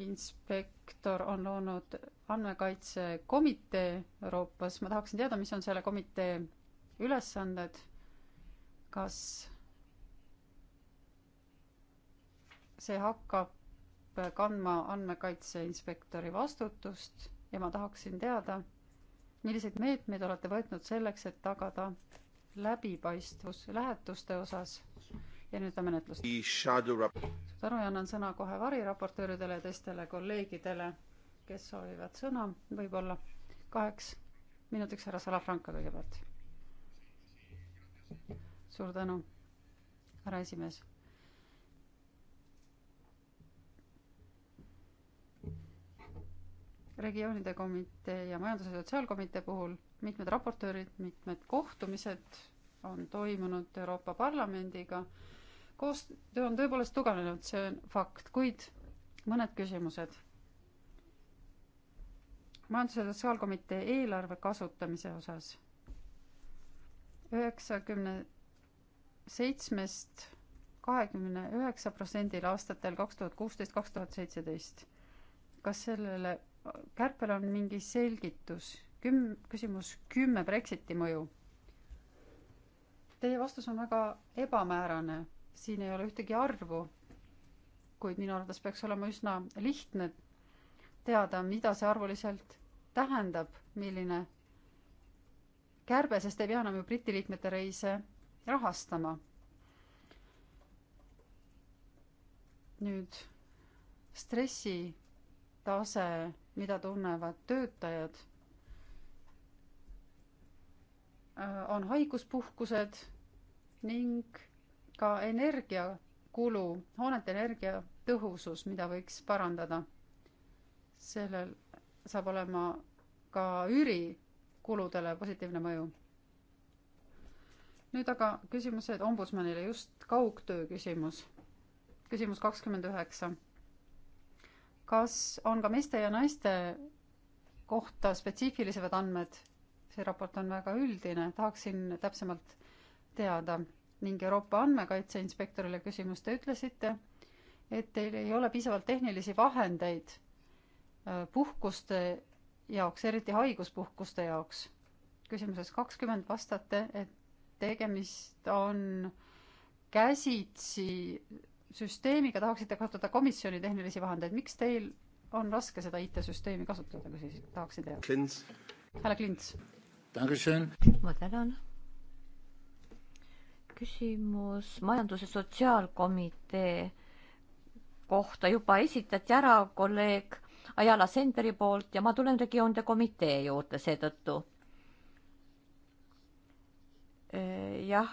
inspektor on loonud andmekaitsekomitee Euroopas, ma tahaksin teada, mis on selle komitee ülesanded, kas see hakkab kandma andmekaitse inspektori vastutust ja ma tahaksin teada, milliseid meetmeid olete võtnud selleks, et tagada läbipaistvus lähetuste osas ja nüüd on menetlus. suur tänu ja annan sõna kohe variraportööridele ja teistele kolleegidele, kes soovivad sõna, võib-olla kaheks minutiks härra Salafranca kõigepealt. suur tänu, härra esimees. regioonide komitee ja majandus- ja sotsiaalkomitee puhul mitmed raportöörid, mitmed kohtumised on toimunud Euroopa Parlamendiga koostöö on tõepoolest tugevnenud, see on fakt, kuid mõned küsimused. majandus- ja sotsiaalkomitee eelarve kasutamise osas üheksakümne seitsmest kahekümne üheksa protsendil aastatel kaks tuhat kuusteist, kaks tuhat seitseteist. kas sellele kärpele on mingi selgitus? Küm-, küsimus kümme Brexiti mõju. Teie vastus on väga ebamäärane siin ei ole ühtegi arvu, kuid minu arvates peaks olema üsna lihtne teada, mida see arvuliselt tähendab, milline kärbe, sest ei pea enam ju Briti liikmete reise rahastama. nüüd stressitase, mida tunnevad töötajad, äh, on haiguspuhkused ning ka energiakulu, hoonete energiatõhusus, mida võiks parandada. sellel saab olema ka üürikuludele positiivne mõju. nüüd aga küsimused ombudsmanile, just kaugtöö küsimus. küsimus kakskümmend üheksa. kas on ka meeste ja naiste kohta spetsiifilisemad andmed? see raport on väga üldine, tahaksin täpsemalt teada ning Euroopa Andmekaitse Inspektorile küsimus. Te ütlesite, et teil ei ole piisavalt tehnilisi vahendeid äh, puhkuste jaoks, eriti haiguspuhkuste jaoks. küsimuses kakskümmend vastate, et tegemist on käsitsi süsteemiga, tahaksite kasutada komisjoni tehnilisi vahendeid, miks teil on raske seda IT-süsteemi kasutada, kui siis tahaksid teha? härra Klints. ma tänan küsimus majandus- ja sotsiaalkomitee kohta juba esitati ära kolleeg Ajala Senderi poolt ja ma tulen regioonide komitee juurde seetõttu. jah,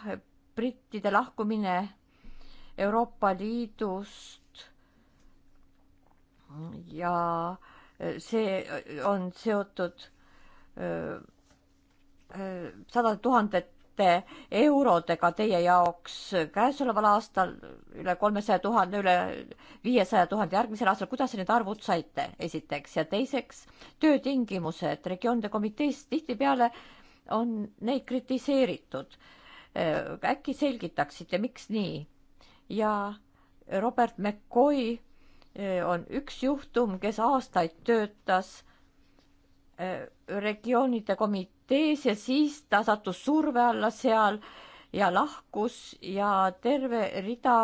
brittide lahkumine Euroopa Liidust ja see on seotud äh, äh, sadade tuhandete uute eurodega teie jaoks käesoleval aastal üle kolmesaja tuhande, üle viiesaja tuhande järgmisel aastal, kuidas need arvud saite, esiteks, ja teiseks töötingimused regioonide komitees tihtipeale on neid kritiseeritud. äkki selgitaksite, miks nii? ja Robert McCoy eh, on üks juhtum, kes aastaid töötas eh, regioonide komitees ees ja siis ta sattus surve alla seal ja lahkus ja terve rida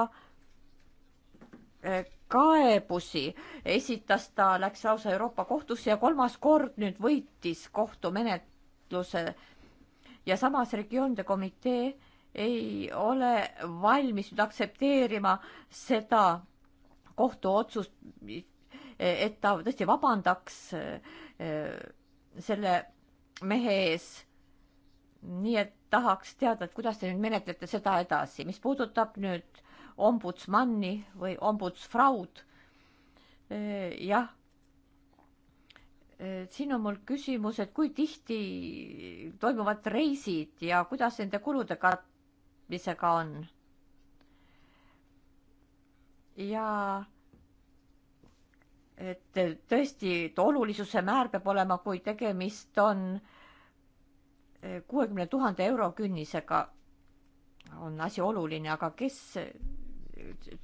eh, kaebusi esitas ta, läks lausa Euroopa kohtusse ja kolmas kord nüüd võitis kohtumenetluse. ja samas regioonide komitee ei ole valmis nüüd aktsepteerima seda kohtuotsust, et ta tõesti vabandaks eh, selle mehe ees. nii et tahaks teada, et kuidas te nüüd menetlete seda edasi, mis puudutab nüüd ombudsmanni või ombudsfraud. E, jah. E, siin on mul küsimus, et kui tihti toimuvad reisid ja kuidas nende kulude katmisega on? ja et tõesti et olulisuse määr peab olema, kui tegemist on eh, kuuekümne tuhande euro künnisega, on asi oluline, aga kes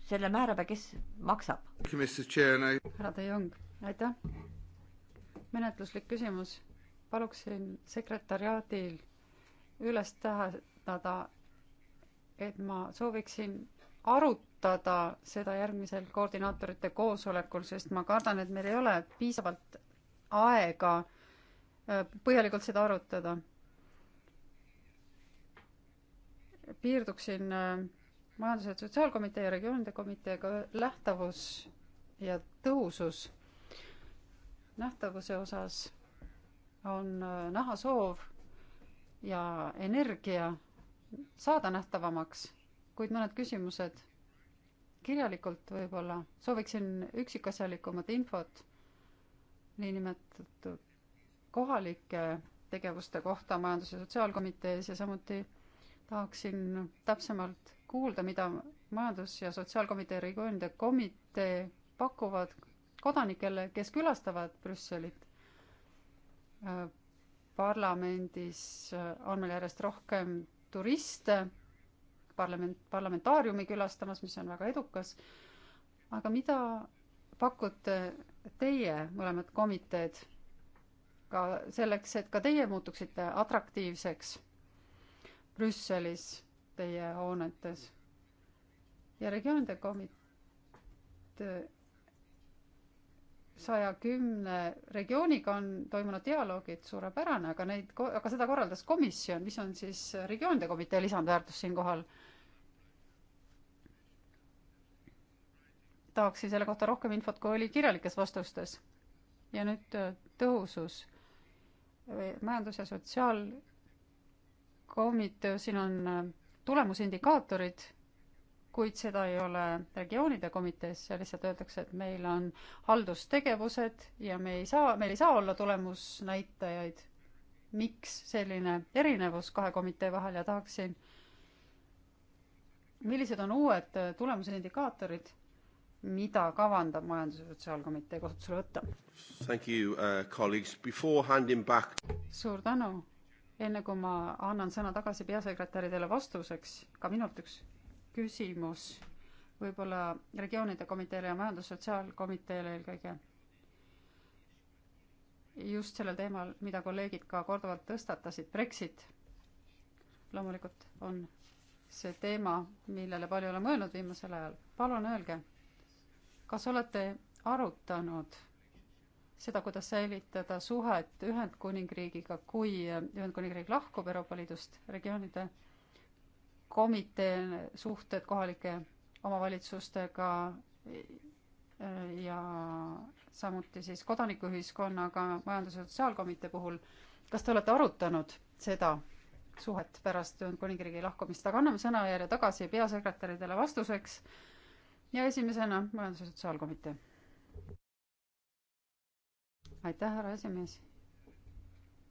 selle määrab ja kes maksab? härra De Jong, aitäh. menetluslik küsimus. paluksin sekretäriaadil üles tähendada, et ma sooviksin arutada seda järgmisel koordinaatorite koosolekul, sest ma kardan, et meil ei ole piisavalt aega äh, põhjalikult seda arutada. piirduksin äh, majandus- ja sotsiaalkomitee ja regioonide komiteega lähtavus ja tõhusus. nähtavuse osas on äh, näha soov ja energia saada nähtavamaks kuid mõned küsimused kirjalikult võib-olla. sooviksin üksikasjalikumat infot niinimetatud kohalike tegevuste kohta Majandus- ja Sotsiaalkomitees ja samuti tahaksin täpsemalt kuulda, mida Majandus- ja Sotsiaalkomitee regioonide komitee pakuvad kodanikele, kes külastavad Brüsselit. Äh, parlamendis äh, on meil järjest rohkem turiste parlament, parlamentaariumi külastamas, mis on väga edukas. aga mida pakute teie, mõlemad komiteed, ka selleks, et ka teie muutuksite atraktiivseks Brüsselis, teie hoonetes ja regioonide komitee saja kümne regiooniga on toimunud dialoogid, suurepärane, aga neid, aga seda korraldas komisjon, mis on siis regioonide komitee lisandväärtus siinkohal? tahaksin selle kohta rohkem infot, kui oli kirjalikes vastustes. ja nüüd äh, tõhusus või majandus- ja sotsiaalkomitee, siin on äh, tulemusindikaatorid, kuid seda ei ole regioonide komitees, seal lihtsalt öeldakse, et meil on haldustegevused ja me ei saa, meil ei saa olla tulemusnäitajaid. miks selline erinevus kahe komitee vahel ja tahaksin millised on uued äh, tulemusindikaatorid mida kavandab Majandus- ja Sotsiaalkomitee kasutusele võtta? Uh, suur tänu! enne kui ma annan sõna tagasi peasekretäridele vastuseks, ka minult üks küsimus võib-olla regioonide komiteele ja Majandus-Sotsiaalkomiteele eelkõige. just sellel teemal, mida kolleegid ka korduvalt tõstatasid, Brexit. loomulikult on see teema, millele palju olen mõelnud viimasel ajal. palun öelge kas olete arutanud seda, kuidas säilitada suhet Ühendkuningriigiga, kui Ühendkuningriik lahkub Euroopa Liidust, regioonide komitee suhted kohalike omavalitsustega ja samuti siis kodanikuühiskonnaga majandus- ja sotsiaalkomitee puhul. kas te olete arutanud seda suhet pärast Ühendkuningriigi lahkumist, aga anname sõnajärje tagasi peasekretäridele vastuseks ja esimesena Majandus- ja Sotsiaalkomitee. aitäh, härra esimees.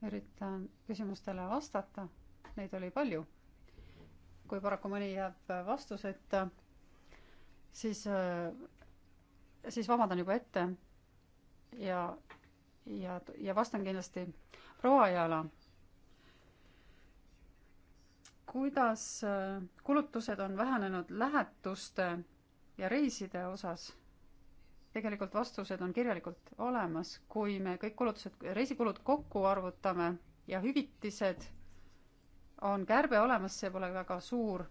üritan küsimustele vastata, neid oli palju. kui paraku mõni jääb vastuseta, siis, äh, siis vabandan juba ette ja, ja, ja vastan kindlasti proua Ajala. kuidas äh, kulutused on vähenenud lähetuste ja reiside osas tegelikult vastused on kirjalikult olemas, kui me kõik kulutused, reisikulud kokku arvutame ja hüvitised, on kärbe olemas, see pole väga suur,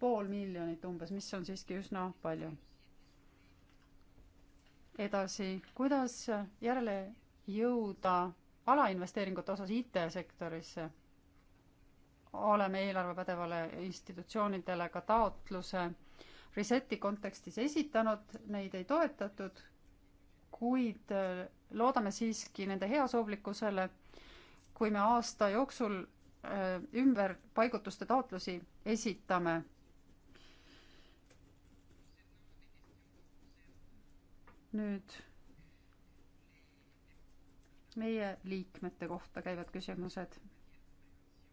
pool miljonit umbes, mis on siiski üsna palju. edasi, kuidas järele jõuda alainvesteeringute osas IT-sektorisse? oleme eelarvepädevale institutsioonidele ka taotluse reseti kontekstis esitanud, neid ei toetatud, kuid äh, loodame siiski nende heasoovlikkusele, kui me aasta jooksul äh, ümberpaigutuste taotlusi esitame. nüüd meie liikmete kohta käivad küsimused.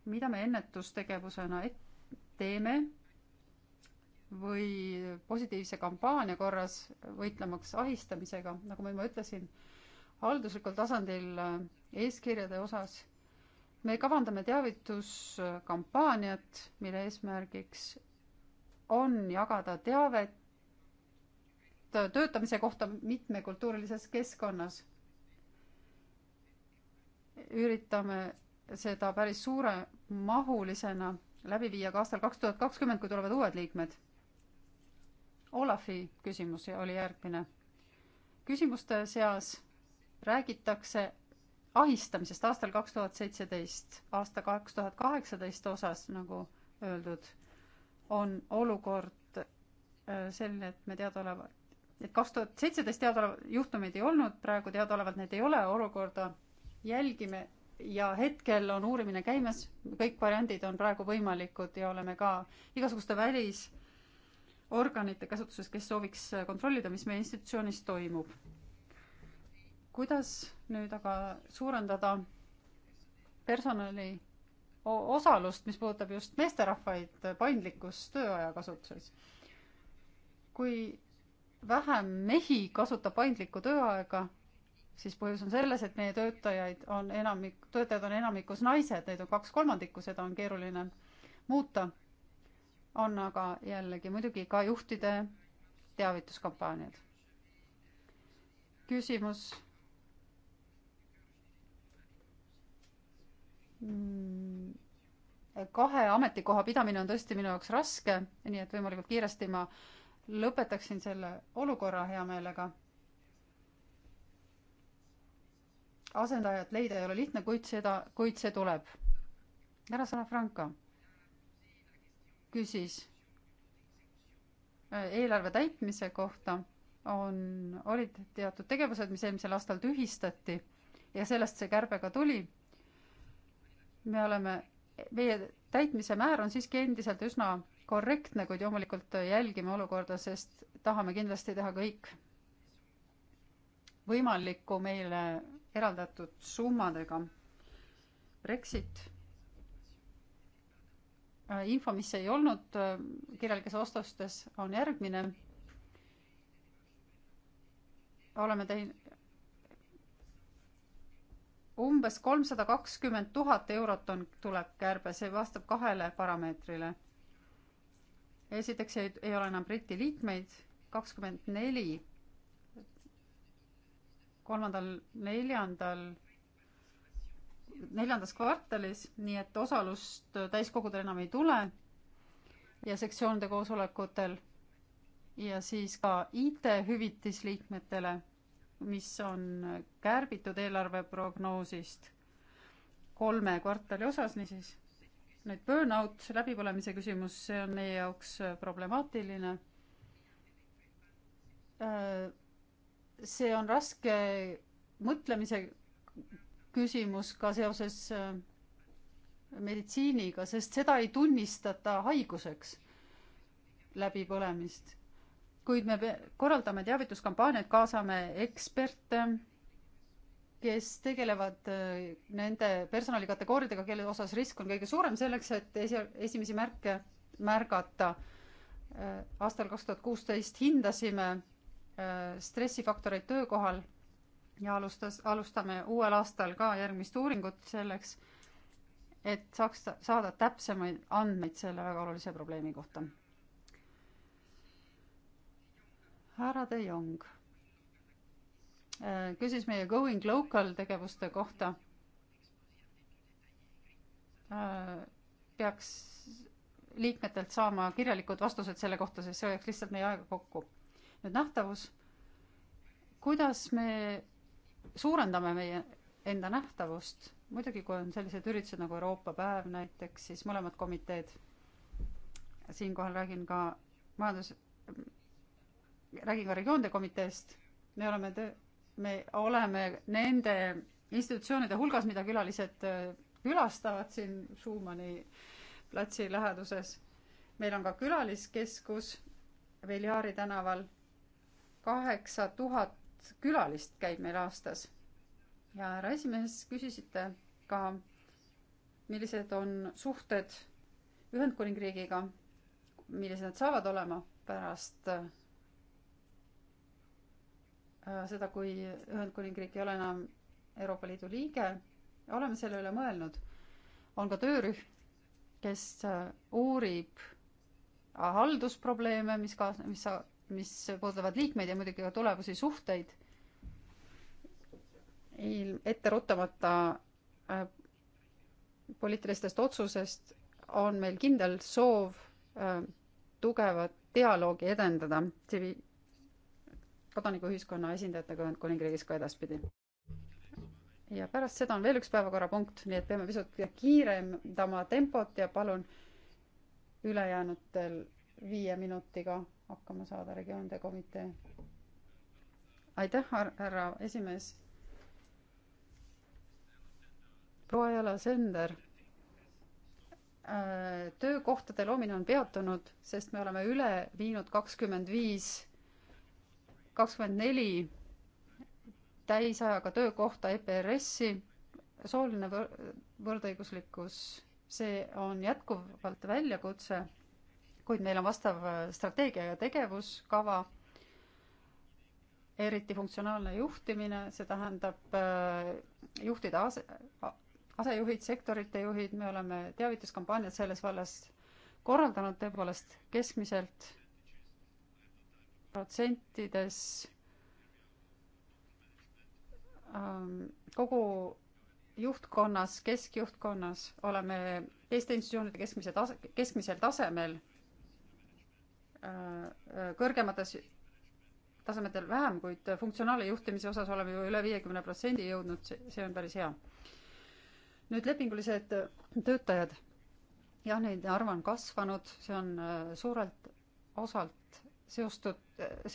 mida me ennetustegevusena teeme? või positiivse kampaania korras võitlemaks ahistamisega, nagu ma juba ütlesin, halduslikul tasandil äh, eeskirjade osas me kavandame teavituskampaaniat, mille eesmärgiks on jagada teavet töötamise kohta mitmekultuurilises keskkonnas. üritame seda päris suuremahulisena läbi viia ka aastal kaks tuhat kakskümmend, kui tulevad uued liikmed Olafi küsimus oli järgmine. küsimuste seas räägitakse ahistamisest aastal kaks tuhat seitseteist, aasta kaks tuhat kaheksateist osas, nagu öeldud, on olukord äh, selline, et me teadaolevalt, et kaks tuhat seitseteist teadaolevat juhtumeid ei olnud, praegu teadaolevalt neid ei ole, olukorda jälgime ja hetkel on uurimine käimas, kõik variandid on praegu võimalikud ja oleme ka igasuguste välis- organite käsutuses, kes sooviks äh, kontrollida, mis meie institutsioonis toimub. kuidas nüüd aga suurendada personali osalust, mis puudutab just meesterahvaid, äh, paindlikkust tööaja kasutuses? kui vähem mehi kasutab paindlikku tööaega, siis põhjus on selles, et meie töötajaid on enamik, töötajad on enamikus naised, neid on kaks kolmandikku, seda on keeruline muuta on aga jällegi muidugi ka juhtide teavituskampaaniad. küsimus. Mm, kahe ametikoha pidamine on tõesti minu jaoks raske, nii et võimalikult kiiresti ma lõpetaksin selle olukorra hea meelega. asendajat leida ei ole lihtne, kuid seda, kuid see tuleb. härra Salafranca küsis äh, eelarve täitmise kohta, on, olid teatud tegevused, mis eelmisel aastal tühistati ja sellest see kärbe ka tuli. me oleme, meie täitmise määr on siiski endiselt üsna korrektne, kuid loomulikult jälgime olukorda, sest tahame kindlasti teha kõik võimalikku meile eraldatud summadega. Brexit Äh, info, mis ei olnud äh, kirjalikes ostustes, on järgmine. oleme teinud umbes kolmsada kakskümmend tuhat eurot on, tuleb kärbe, see vastab kahele parameetrile. esiteks ei, ei ole enam Briti liikmeid, kakskümmend neli, kolmandal, neljandal neljandas kvartalis, nii et osalust täiskogudel enam ei tule ja sektsioonide koosolekutel ja siis ka IT-hüvitis liikmetele, mis on kärbitud eelarveprognoosist kolme kvartali osas, niisiis nüüd burnout, läbipõlemise küsimus, see on meie jaoks problemaatiline. Äh, see on raske mõtlemise küsimus ka seoses äh, meditsiiniga, sest seda ei tunnistata haiguseks, läbipõlemist. kuid me korraldame teavituskampaaniaid, kaasame eksperte, kes tegelevad äh, nende personalikategooriadega, kelle osas risk on kõige suurem, selleks et esi, esimesi märke märgata. Äh, aastal kaks tuhat kuusteist hindasime stressifaktoreid töökohal ja alustas, alustame uuel aastal ka järgmist uuringut selleks, et saaks saada täpsemaid andmeid selle väga olulise probleemi kohta. härra De Jong äh, küsis meie Going Local tegevuste kohta. Äh, peaks liikmetelt saama kirjalikud vastused selle kohta, sest see hoiaks lihtsalt meie aega kokku. nüüd nähtavus. kuidas me suurendame meie enda nähtavust, muidugi kui on sellised üritused nagu Euroopa päev näiteks, siis mõlemad komiteed, siinkohal räägin ka majandus, räägin ka regioonide komiteest, me oleme töö, me oleme nende institutsioonide hulgas, mida külalised äh, külastavad siin Schumanni platsi läheduses. meil on ka külaliskeskus Veljaari tänaval, kaheksa tuhat tuhat külalist käib meil aastas. ja härra esimees, küsisite ka, millised on suhted Ühendkuningriigiga, millised nad saavad olema pärast äh, seda, kui Ühendkuningriik ei ole enam Euroopa Liidu liige, oleme selle üle mõelnud. on ka töörühm, kes äh, uurib äh, haldusprobleeme, mis kaas-, mis sa-, mis puudutavad liikmeid ja muidugi ka tulevasi suhteid. ilm, etteruttamata äh, poliitilistest otsusest on meil kindel soov äh, tugevat dialoogi edendada tsivi-, kodanikuühiskonna esindajatega Ühendkuningriigis ka edaspidi. ja pärast seda on veel üks päevakorrapunkt, nii et peame pisut kiirendama tempot ja palun ülejäänutel viie minutiga hakkama saada regioonide komitee. aitäh, härra esimees. proua Jala Sender. Äh, töökohtade loomine on peatunud, sest me oleme üle viinud kakskümmend viis, kakskümmend neli täisajaga töökohta EPRS-i, sooline võr-, võrdõiguslikkus, see on jätkuvalt väljakutse kuid meil on vastav äh, strateegia ja tegevuskava, eriti funktsionaalne juhtimine, see tähendab äh, juhtida ase, asejuhid, sektorite juhid, me oleme teavituskampaaniad selles vallas korraldanud tõepoolest keskmiselt protsentides ähm, kogu juhtkonnas, keskjuhtkonnas oleme teiste institutsioonide keskmise tase, keskmisel tasemel Äh, äh, kõrgemates tasemetel vähem, kuid funktsionaalne juhtimise osas oleme ju üle viiekümne protsendi jõudnud, see on päris hea. nüüd lepingulised töötajad. jah, nende arv on kasvanud, see on äh, suurelt osalt seostud,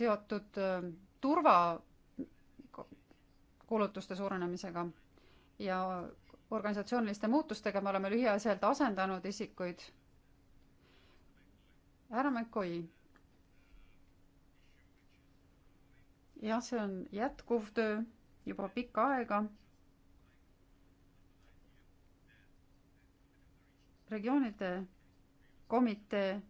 seotud turvakulutuste suurenemisega ja organisatsiooniliste muutustega me oleme lühiajaliselt asendanud isikuid. härra McCoy jah, see on jätkuv töö juba pikka aega. regioonide komitee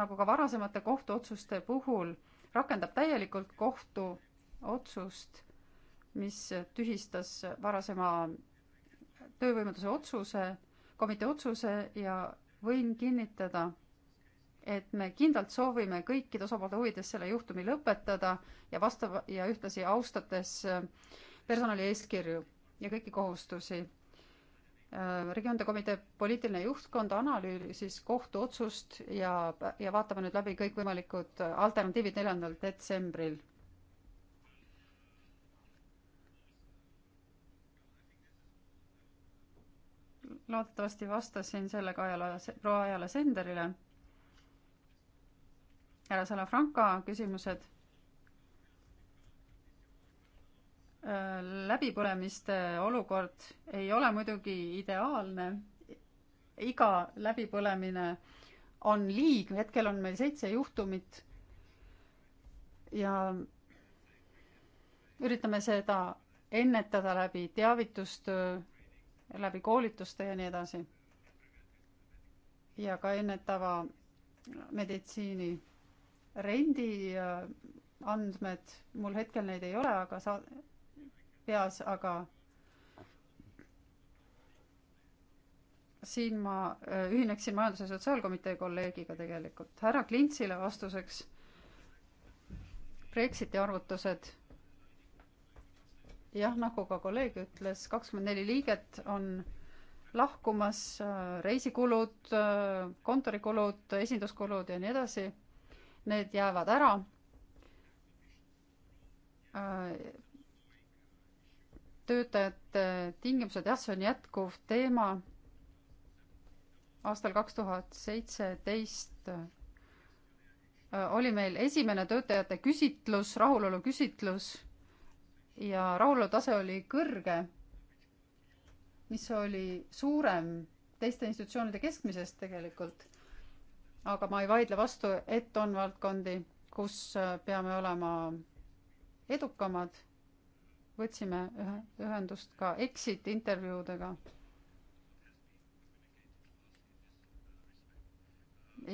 nagu ka varasemate kohtuotsuste puhul rakendab täielikult kohtuotsust, mis tühistas varasema töövõimetuse otsuse, komitee otsuse ja võin kinnitada, et me kindlalt soovime kõikide osapoolte huvides selle juhtumi lõpetada ja vastav ja ühtlasi austates äh, personali eeskirju ja kõiki kohustusi. Äh, regioonide komitee poliitiline juhtkond analüüsis kohtuotsust ja, ja vaatame nüüd läbi kõikvõimalikud äh, alternatiivid neljandal detsembril loodetavasti vastasin sellega ajale, proua ajale Senderile härra Salafranca küsimused. Äh, läbipõlemiste olukord ei ole muidugi ideaalne. iga läbipõlemine on liig, hetkel on meil seitse juhtumit. ja üritame seda ennetada läbi teavitustöö, läbi koolituste ja nii edasi. ja ka ennetava meditsiini rendiandmed, äh, mul hetkel neid ei ole, aga sa-, peas, aga siin ma äh, ühineksin Majandus- ja Sotsiaalkomitee kolleegiga tegelikult. härra Klintsile vastuseks Brexiti arvutused. jah, nagu ka kolleeg ütles, kakskümmend neli liiget on lahkumas, äh, reisikulud, kontorikulud, esinduskulud ja nii edasi need jäävad ära. töötajate tingimused, jah, see on jätkuv teema. aastal kaks tuhat seitseteist äh, oli meil esimene töötajate küsitlus, rahulolu küsitlus ja rahulolu tase oli kõrge, mis oli suurem teiste institutsioonide keskmisest tegelikult aga ma ei vaidle vastu, et on valdkondi, kus äh, peame olema edukamad. võtsime ühe, ühendust ka exit intervjuudega.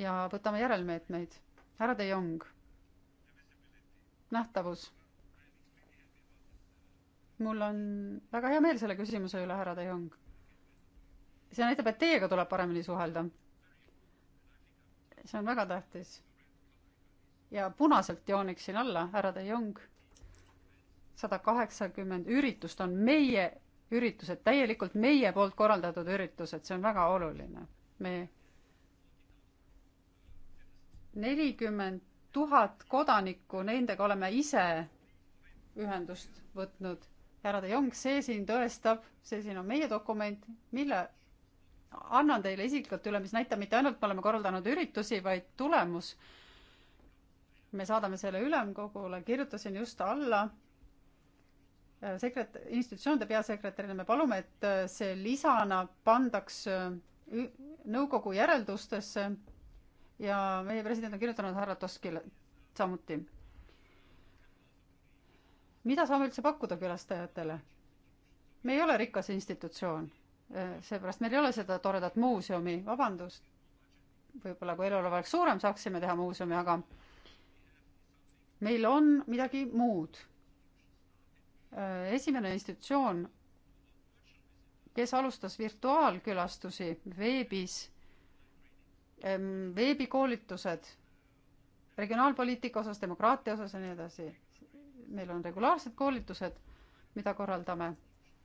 ja võtame järelmeetmeid. härra De Jong. nähtavus. mul on väga hea meel selle küsimuse üle, härra De Jong. see näitab, et teiega tuleb paremini suhelda see on väga tähtis. ja punaselt jooniksin alla, härra De Jong, sada kaheksakümmend üritust on meie üritused, täielikult meie poolt korraldatud üritused, see on väga oluline. me nelikümmend tuhat kodanikku, nendega oleme ise ühendust võtnud. härra De Jong, see siin tõestab, see siin on meie dokument, mille annan teile isiklikult üle, mis näitab mitte ainult, me oleme korraldanud üritusi, vaid tulemus. me saadame selle ülemkogule, kirjutasin just alla sekret-, institutsioonide peasekretärina, me palume, et see lisana pandaks nõukogu järeldustesse ja meie president on kirjutanud härra Toskile samuti. mida saame üldse pakkuda külastajatele? me ei ole rikas institutsioon Äh, seepärast meil ei ole seda toredat muuseumi, vabandust, võib-olla kui elulaev oleks suurem, saaksime teha muuseumi, aga meil on midagi muud. Äh, esimene institutsioon, kes alustas virtuaalkülastusi veebis, ähm, veebikoolitused regionaalpoliitika osas, demokraatia osas ja nii edasi. meil on regulaarsed koolitused, mida korraldame.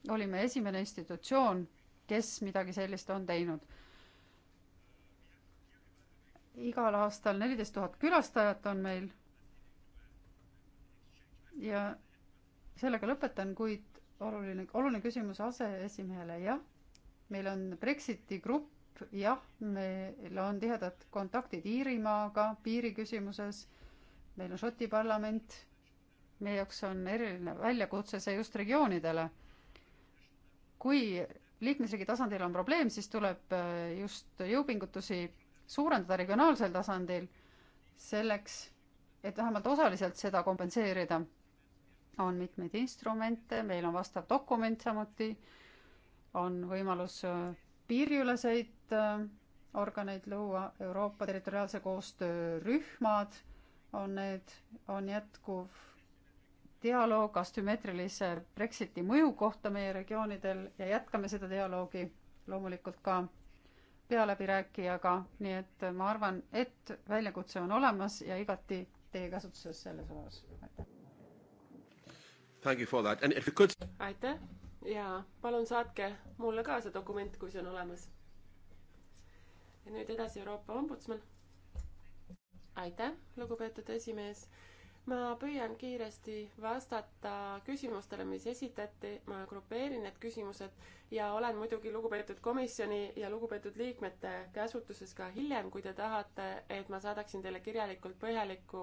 olime esimene institutsioon kes midagi sellist on teinud. igal aastal neliteist tuhat külastajat on meil. ja sellega lõpetan, kuid oluline, oluline küsimus aseesimehele, jah. meil on Brexiti grupp, jah, meil on tihedad kontaktid Iirimaaga piiriküsimuses, meil on Šoti parlament, meie jaoks on eriline väljakutse see just regioonidele. kui liikmesriigi tasandil on probleem, siis tuleb äh, just jõupingutusi suurendada regionaalsel tasandil selleks, et vähemalt osaliselt seda kompenseerida. on mitmeid instrumente, meil on vastav dokument samuti, on võimalus äh, piiriüleseid äh, organeid luua, Euroopa territoriaalse koostöö rühmad on need, on jätkuv dialoog astümmeetrilise Brexiti mõju kohta meie regioonidel ja jätkame seda dialoogi loomulikult ka pealäbirääkijaga, nii et ma arvan, et väljakutse on olemas ja igati teie käsutuses selles osas. aitäh! aitäh ja palun saatke mulle ka see dokument, kui see on olemas. ja nüüd edasi Euroopa Ombudsman. aitäh, lugupeetud esimees ma püüan kiiresti vastata küsimustele, mis esitati, ma grupeerin need küsimused ja olen muidugi lugupeetud komisjoni ja lugupeetud liikmete käsutuses ka hiljem, kui te tahate, et ma saadaksin teile kirjalikult põhjalikku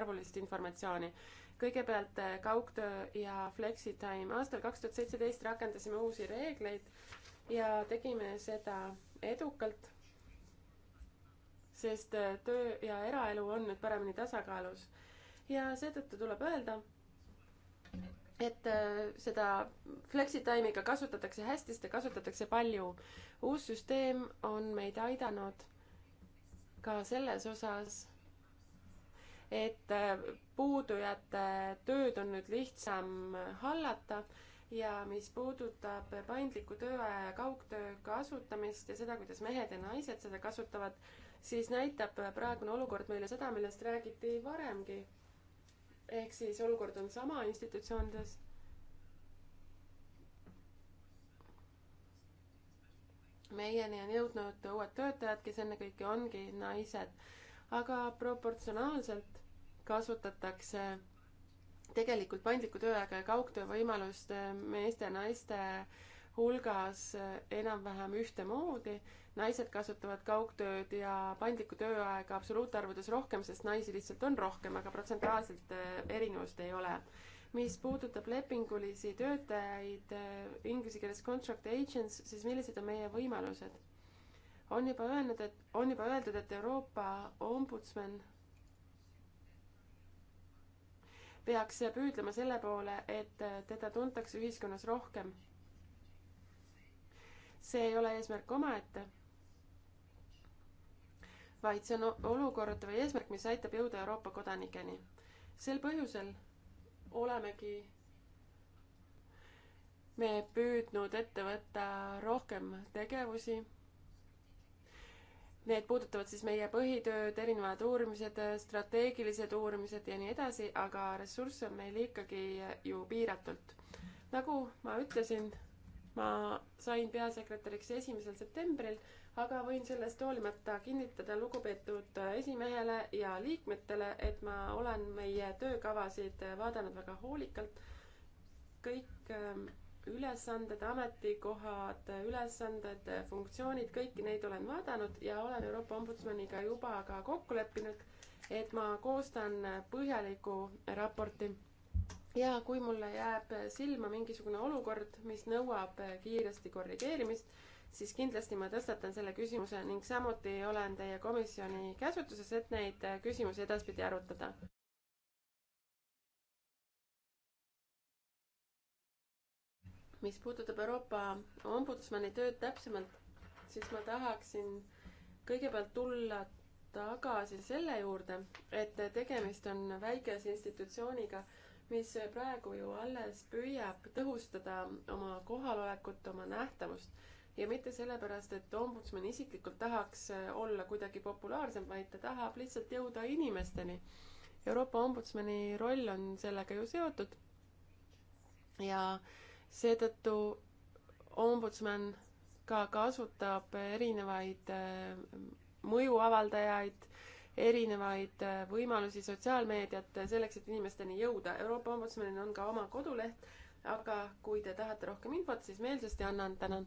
arvulist informatsiooni. kõigepealt eh, kaugtöö ja flexitime. aastal kaks tuhat seitseteist rakendasime uusi reegleid ja tegime seda edukalt, sest eh, töö ja eraelu on nüüd paremini tasakaalus ja seetõttu tuleb öelda, et äh, seda flexitime'iga kasutatakse hästi, seda kasutatakse palju. uus süsteem on meid aidanud ka selles osas, et äh, puudujate tööd on nüüd lihtsam hallata ja mis puudutab paindliku tööaja ja kaugtöö kasutamist ja seda, kuidas mehed ja naised seda kasutavad, siis näitab praegune olukord meile seda, millest räägiti varemgi ehk siis olukord on sama institutsioonides. meieni on jõudnud uued töötajad, kes ennekõike ongi naised, aga proportsionaalselt kasutatakse tegelikult paindlikku tööaega ja kaugtöö võimalust meeste ja naiste äh, hulgas enam-vähem ühtemoodi. naised kasutavad kaugtööd ja pandlikku tööaega absoluutarvudes rohkem, sest naisi lihtsalt on rohkem, aga protsentuaalselt äh, erinevust ei ole. mis puudutab lepingulisi töötajaid, äh, inglise keeles contract agents, siis millised on meie võimalused? on juba öelnud, et, on juba öeldud, et Euroopa ombudsman peaks püüdlema selle poole, et äh, teda tuntakse ühiskonnas rohkem see ei ole eesmärk omaette, vaid see on olukord või eesmärk, mis aitab jõuda Euroopa kodanikeni. sel põhjusel olemegi me püüdnud ette võtta rohkem tegevusi. Need puudutavad siis meie põhitööd, erinevad uurimised, strateegilised uurimised ja nii edasi, aga ressursse on meil ikkagi ju piiratult. nagu ma ütlesin ma sain peasekretäriks esimesel septembril, aga võin sellest hoolimata kinnitada lugupeetud esimehele ja liikmetele, et ma olen meie töökavasid vaadanud väga hoolikalt. kõik ähm, ülesanded, ametikohad, ülesanded, funktsioonid, kõiki neid olen vaadanud ja olen Euroopa Ombudsmaniga juba ka kokku leppinud, et ma koostan põhjaliku raporti ja kui mulle jääb silma mingisugune olukord, mis nõuab kiiresti korrigeerimist, siis kindlasti ma tõstatan selle küsimuse ning samuti olen teie komisjoni käsutuses, et neid küsimusi edaspidi arutada. mis puudutab Euroopa ombudsmani tööd täpsemalt, siis ma tahaksin kõigepealt tulla tagasi selle juurde, et tegemist on väikese institutsiooniga mis praegu ju alles püüab tõhustada oma kohalolekut, oma nähtavust. ja mitte sellepärast, et ombudsman isiklikult tahaks äh, olla kuidagi populaarsem, vaid ta tahab lihtsalt jõuda inimesteni. Euroopa ombudsmani roll on sellega ju seotud ja seetõttu ombudsman ka kasutab erinevaid äh, mõjuavaldajaid, erinevaid äh, võimalusi sotsiaalmeediat äh, selleks, et inimesteni jõuda. Euroopa Ombudsmanil on ka oma koduleht, aga kui te tahate rohkem infot, siis meelsasti annan, tänan.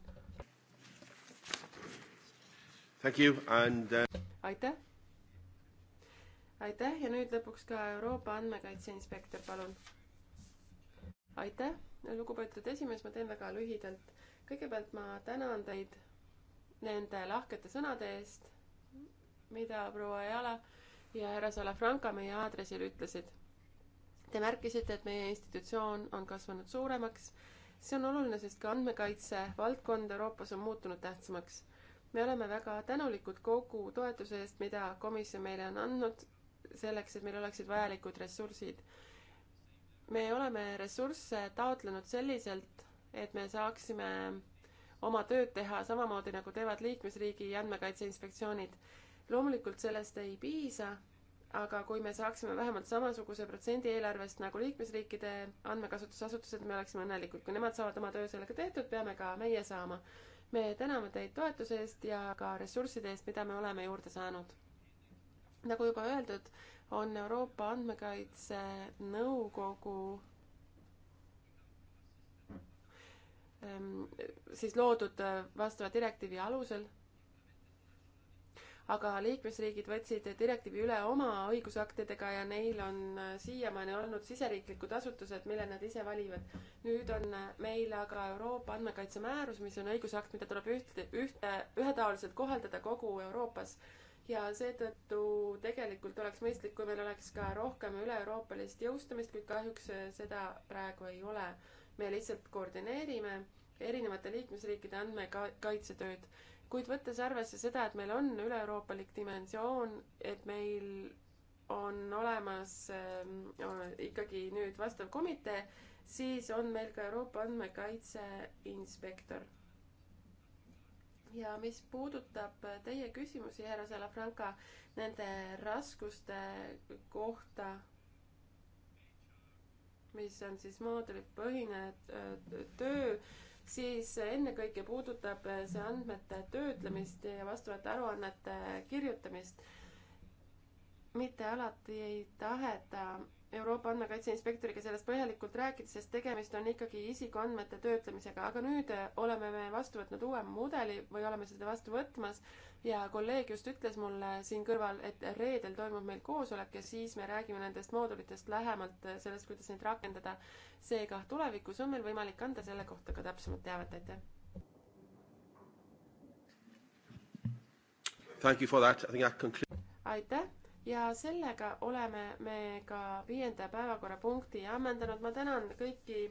And... Uh, aitäh. aitäh ja nüüd lõpuks ka Euroopa Andmekaitse Inspektor, palun. aitäh, lugupeetud esimees, ma teen väga lühidalt. kõigepealt ma tänan teid nende lahkete sõnade eest mida proua Jala ja härra Salafranca meie aadressil ütlesid. Te märkisite, et meie institutsioon on kasvanud suuremaks. see on oluline, sest ka andmekaitse valdkond Euroopas on muutunud tähtsamaks. me oleme väga tänulikud kogu toetuse eest, mida komisjon meile on andnud selleks, et meil oleksid vajalikud ressursid. me oleme ressursse taotlenud selliselt, et me saaksime oma tööd teha samamoodi, nagu teevad liikmesriigi andmekaitse inspektsioonid loomulikult sellest ei piisa, aga kui me saaksime vähemalt samasuguse protsendi eelarvest nagu liikmesriikide andmekasutusasutused, me oleksime õnnelikud. kui nemad saavad oma töö sellega tehtud, peame ka meie saama. me täname teid toetuse eest ja ka ressursside eest, mida me oleme juurde saanud. nagu juba öeldud, on Euroopa Andmekaitse Nõukogu ehm, siis loodud vastava direktiivi alusel aga liikmesriigid võtsid direktiivi üle oma õigusaktidega ja neil on äh, siiamaani olnud siseriiklikud asutused, mille nad ise valivad. nüüd on äh, meil aga Euroopa andmekaitsemäärus, mis on õigusakt, mida tuleb üht, ühte, ühetaoliselt kohaldada kogu Euroopas ja seetõttu tegelikult oleks mõistlik, kui meil oleks ka rohkem üle-euroopalist jõustamist, kuid kahjuks äh, seda praegu ei ole. me lihtsalt koordineerime erinevate liikmesriikide andmekaitsetööd kuid võttes arvesse seda, et meil on üle-euroopalik dimensioon, et meil on olemas äh, ikkagi nüüd vastav komitee, siis on meil ka Euroopa andmekaitse inspektor. ja mis puudutab äh, teie küsimusi, härra Salafranca, nende raskuste kohta, mis on siis moodulipõhine äh, töö, siis ennekõike puudutab see andmete töötlemist ja vastavate aruannete kirjutamist. mitte alati ei taheta Euroopa Andmekaitse Inspektoriga sellest põhjalikult rääkida, sest tegemist on ikkagi isikuandmete töötlemisega, aga nüüd oleme me vastu võtnud uue mudeli või oleme seda vastu võtmas ja kolleeg just ütles mulle siin kõrval, et reedel toimub meil koosolek ja siis me räägime nendest moodulitest lähemalt, äh, sellest, kuidas neid rakendada. seega tulevikus on meil võimalik anda selle kohta ka täpsemat teavet, aitäh. Thank you for that, I think that concludes. aitäh ja sellega oleme me ka viienda päevakorrapunkti ammendanud, ma tänan kõiki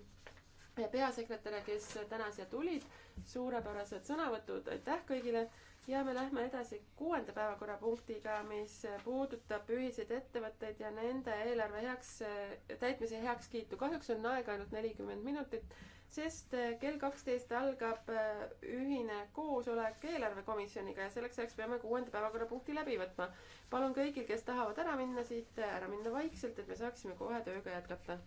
peasekretäre, kes täna siia tulid, suurepärased sõnavõtud, aitäh kõigile ja me lähme edasi kuuenda päevakorrapunktiga, mis puudutab ühiseid ettevõtteid ja nende eelarve heaks, täitmise heakskiitu. kahjuks on aega ainult nelikümmend minutit, sest kell kaksteist algab äh, ühine koosolek eelarvekomisjoniga ja selleks ajaks peame kuuenda päevakorrapunkti läbi võtma. palun kõigil, kes tahavad ära minna, siit ära minna vaikselt, et me saaksime kohe tööga jätkata.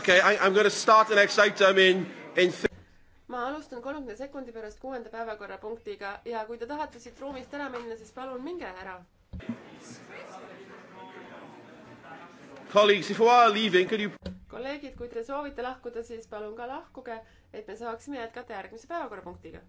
okay, I, I'm going to start the next item in, in ma alustan kolmekümne sekundi pärast kuuenda päevakorrapunktiga ja kui te tahate siit ruumist ära minna, siis palun minge ära. kolleegid, kui te soovite lahkuda, siis palun ka lahkuge, et me saaksime jätkata järgmise päevakorrapunktiga.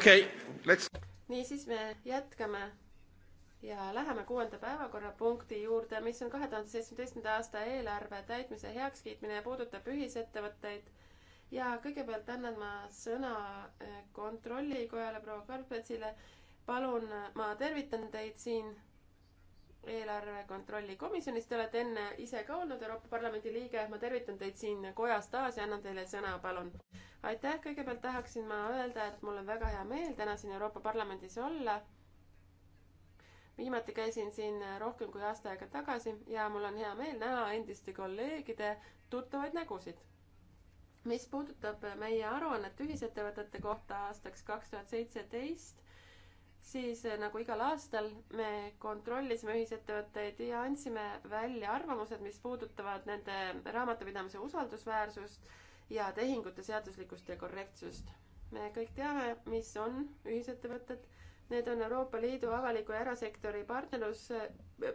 okei okay,, let's. niisiis, me jätkame ja läheme kuuenda päevakorrapunkti juurde, mis on kahe tuhande seitsmeteistkümnenda aasta eelarve täitmise heakskiitmine ja puudutab ühisettevõtteid. ja kõigepealt annan ma sõna eh, kontrollikojale proua Kalpetsile. palun, ma tervitan teid siin eelarve kontrolli komisjonis, te olete enne ise ka olnud Euroopa Parlamendi liige, ma tervitan teid siin kojas taas ja annan teile sõna, palun. aitäh, kõigepealt tahaksin ma öelda, et mul on väga hea meel täna siin Euroopa Parlamendis olla. viimati käisin siin rohkem kui aasta aega tagasi ja mul on hea meel näha endiste kolleegide tuttavaid nägusid. mis puudutab meie aruannet ühisettevõtete kohta aastaks kaks tuhat seitseteist, siis eh, nagu igal aastal me kontrollisime ühisettevõtteid ja andsime välja arvamused, mis puudutavad nende raamatupidamise usaldusväärsust ja tehingute seaduslikkust ja korrektsust. me kõik teame, mis on ühisettevõtted Need on Euroopa Liidu avaliku ja erasektori partnerlus,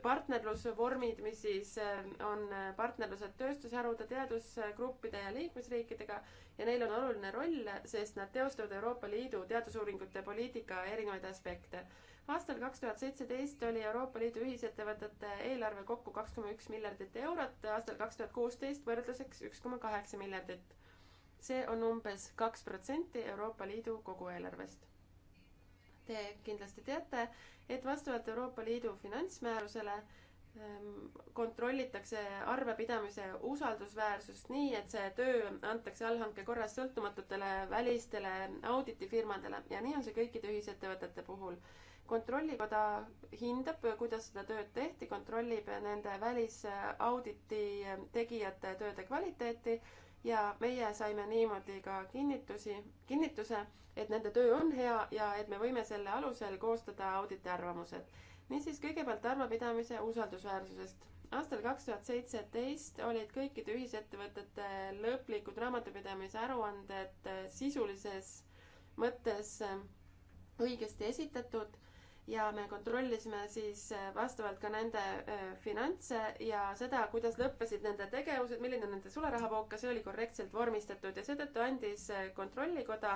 partnerlusvormid, mis siis eh, on eh, partnerlused tööstusharude, teadusgruppide ja liikmesriikidega ja neil on oluline roll, sest nad teostavad Euroopa Liidu teadusuuringute poliitika erinevaid aspekte. aastal kaks tuhat seitseteist oli Euroopa Liidu ühisettevõtete eelarve kokku kaks koma üks miljardit eurot, aastal kaks tuhat kuusteist võrdluseks üks koma kaheksa miljardit see on umbes kaks protsenti Euroopa Liidu kogueelarvest Te kindlasti teate, et vastavalt Euroopa Liidu finantsmäärusele ehm, kontrollitakse arvepidamise usaldusväärsust nii, et see töö antakse allhanke korras sõltumatutele välistele auditifirmadele ja nii on see kõikide ühisettevõtete puhul. kontrollikoda hindab, kuidas seda tööd tehti, kontrollib nende välisauditi tegijate tööde kvaliteeti ja meie saime niimoodi ka kinnitusi, kinnituse, et nende töö on hea ja et me võime selle alusel koostada auditi arvamused. niisiis kõigepealt arvapidamise usaldusväärsusest. aastal kaks tuhat seitseteist olid kõikide ühisettevõtete lõplikud raamatupidamise aruanded sisulises mõttes õigesti esitatud ja me kontrollisime siis äh, vastavalt ka nende äh, finantse ja seda, kuidas lõppesid nende tegevused, milline nende sularahavoog, kas see oli korrektselt vormistatud ja seetõttu andis äh, Kontrollikoda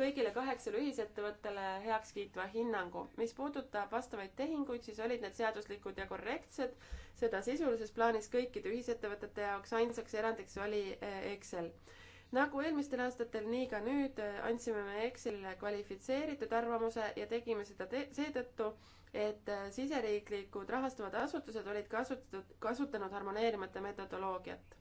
kõigile kaheksale ühisettevõttele heakskiitva hinnangu. mis puudutab vastavaid tehinguid, siis olid need seaduslikud ja korrektsed, seda sisulises plaanis kõikide ühisettevõtete jaoks, ainsaks erandiks oli Excel nagu eelmistel aastatel, nii ka nüüd äh, andsime me Excelile kvalifitseeritud arvamuse ja tegime seda te seetõttu, et äh, siseriiklikud rahastavad asutused olid kasutatud, kasutanud harmoneerimata metodoloogiat.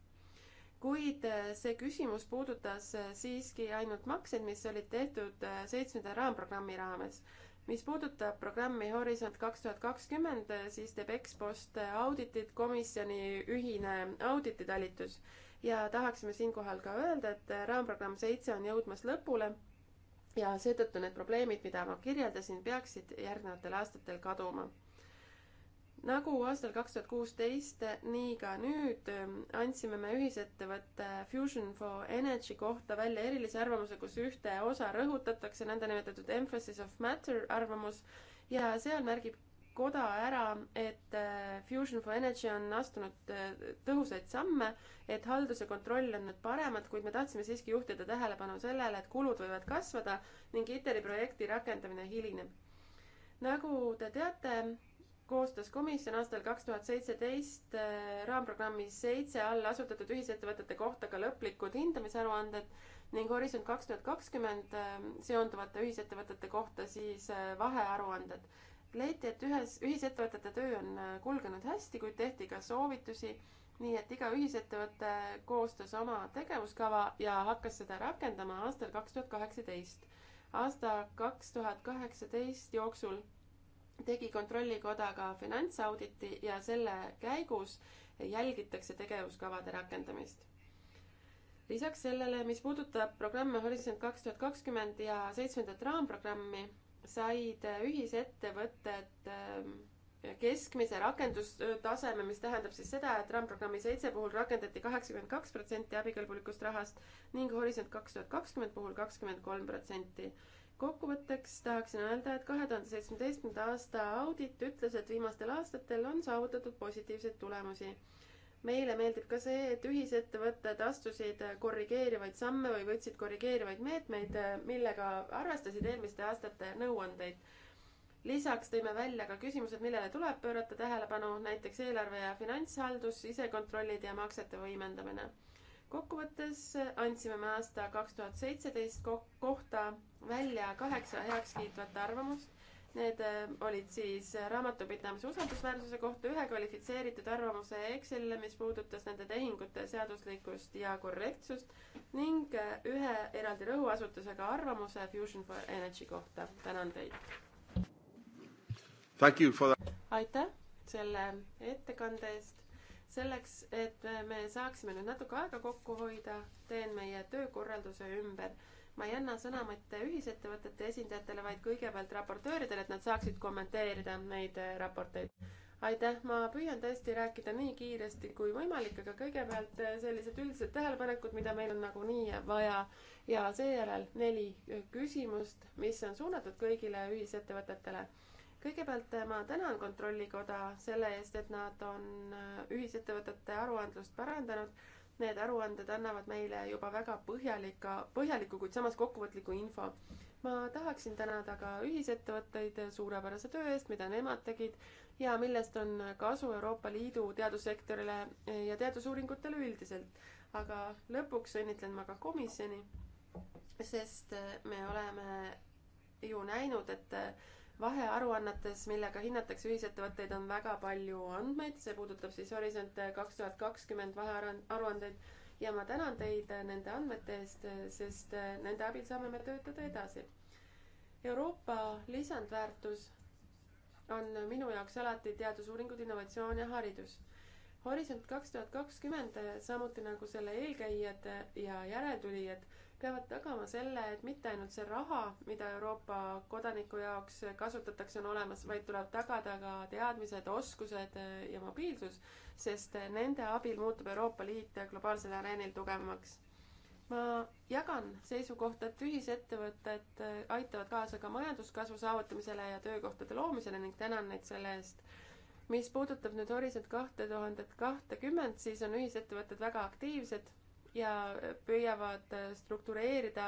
kuid äh, see küsimus puudutas siiski ainult makseid, mis olid tehtud seitsmenda raamprogrammi raames mis puudutab programmi Horisont kaks tuhat kakskümmend, siis teeb Expost auditit komisjoni ühine audititalitus ja tahaksime siinkohal ka öelda, et raamprogramm seitse on jõudmas lõpule ja seetõttu need probleemid, mida ma kirjeldasin, peaksid järgnevatel aastatel kaduma nagu aastal kaks tuhat kuusteist, nii ka nüüd andsime me ühisettevõtte Fusion for Energy kohta välja erilise arvamuse, kus ühte osa rõhutatakse, nõndanimetatud emphasis of matter arvamus, ja seal märgib koda ära, et äh, Fusion for Energy on astunud äh, tõhusaid samme, et halduse kontroll on nüüd paremad, kuid me tahtsime siiski juhtida tähelepanu sellele, et kulud võivad kasvada ning ITER-i projekti rakendamine hilineb. nagu te teate, koostas komisjon aastal kaks tuhat seitseteist äh, raamprogrammi seitse all asutatud ühisettevõtete kohta ka lõplikud hindamisaruanded ning Horisont kaks tuhat kakskümmend seonduvate ühisettevõtete kohta siis vahearuanded leiti, et ühes, ühisettevõtete töö on äh, kulgenud hästi, kuid tehti ka soovitusi, nii et iga ühisettevõte koostas oma tegevuskava ja hakkas seda rakendama aastal kaks tuhat kaheksateist. aasta kaks tuhat kaheksateist jooksul tegi Kontrollikoda ka finantsauditi ja selle käigus jälgitakse tegevuskavade rakendamist lisaks sellele, mis puudutab programme Horisont kaks tuhat kakskümmend ja seitsmendat raamprogrammi, said äh, ühisettevõtted ähm, keskmise rakendustaseme, mis tähendab siis seda, et RAM-programmi seitse puhul rakendati kaheksakümmend kaks protsenti abikõlbulikust rahast ning Horisont kaks tuhat kakskümmend puhul kakskümmend kolm protsenti. kokkuvõtteks tahaksin öelda, et kahe tuhande seitsmeteistkümnenda aasta audit ütles, et viimastel aastatel on saavutatud positiivseid tulemusi meile meeldib ka see, et ühisettevõtted astusid korrigeerivaid samme või võtsid korrigeerivaid meetmeid, millega arvestasid eelmiste aastate nõuandeid. lisaks tõime välja ka küsimused, millele tuleb pöörata tähelepanu, näiteks eelarve ja finantshaldus, sisekontrollid ja maksete võimendamine. kokkuvõttes andsime me aasta kaks tuhat seitseteist kohta välja kaheksa heakskiitvat arvamust Need äh, olid siis äh, raamatupidamise usaldusväärsuse kohta ühe kvalifitseeritud arvamuse Excelile, mis puudutas nende tehingute seaduslikkust ja korrektsust ning äh, ühe eraldi rõhuasutusega arvamuse Fusion for Energy kohta. tänan teid! aitäh selle ettekande eest! selleks, et me saaksime nüüd natuke aega kokku hoida, teen meie töökorralduse ümber ma ei anna sõna mitte ühisettevõtete esindajatele, vaid kõigepealt raportööridele, et nad saaksid kommenteerida neid äh, raporteid. aitäh, ma püüan tõesti rääkida nii kiiresti kui võimalik, aga kõigepealt äh, sellised üldised tähelepanekud, mida meil on nagunii vaja ja seejärel neli äh, küsimust, mis on suunatud kõigile ühisettevõtetele kõigepealt ma tänan Kontrollikoda selle eest, et nad on ühisettevõtete aruandlust parandanud Need aruanded annavad meile juba väga põhjalika, põhjaliku, kuid samas kokkuvõtliku info. ma tahaksin tänada ka ühisettevõtteid suurepärase töö eest, mida nemad tegid ja millest on kasu Euroopa Liidu teadussektorile ja teadusuuringutele üldiselt. aga lõpuks õnnitlen ma ka komisjoni, sest me oleme ju näinud, et vahearuannetes, millega hinnatakse ühisettevõtteid, on väga palju andmeid, see puudutab siis Horisont kaks tuhat kakskümmend vahearuandeid ja ma tänan teid nende andmete eest, sest nende abil saame me töötada edasi. Euroopa lisandväärtus on minu jaoks alati teadusuuringud, innovatsioon ja haridus. Horisont kaks tuhat kakskümmend, samuti nagu selle eelkäijad ja järeltulijad, peavad tagama selle, et mitte ainult see raha, mida Euroopa kodaniku jaoks kasutatakse, on olemas, vaid tuleb tagada ka teadmised, oskused eh, ja mobiilsus, sest eh, nende abil muutub Euroopa Liit eh, globaalsel areenil tugevamaks. ma jagan seisukohta, et ühisettevõtted aitavad kaasa ka majanduskasvu saavutamisele ja töökohtade loomisele ning tänan neid selle eest mis puudutab nüüd Horisont kahte tuhandet kahtekümmend, siis on ühisettevõtted väga aktiivsed ja püüavad struktureerida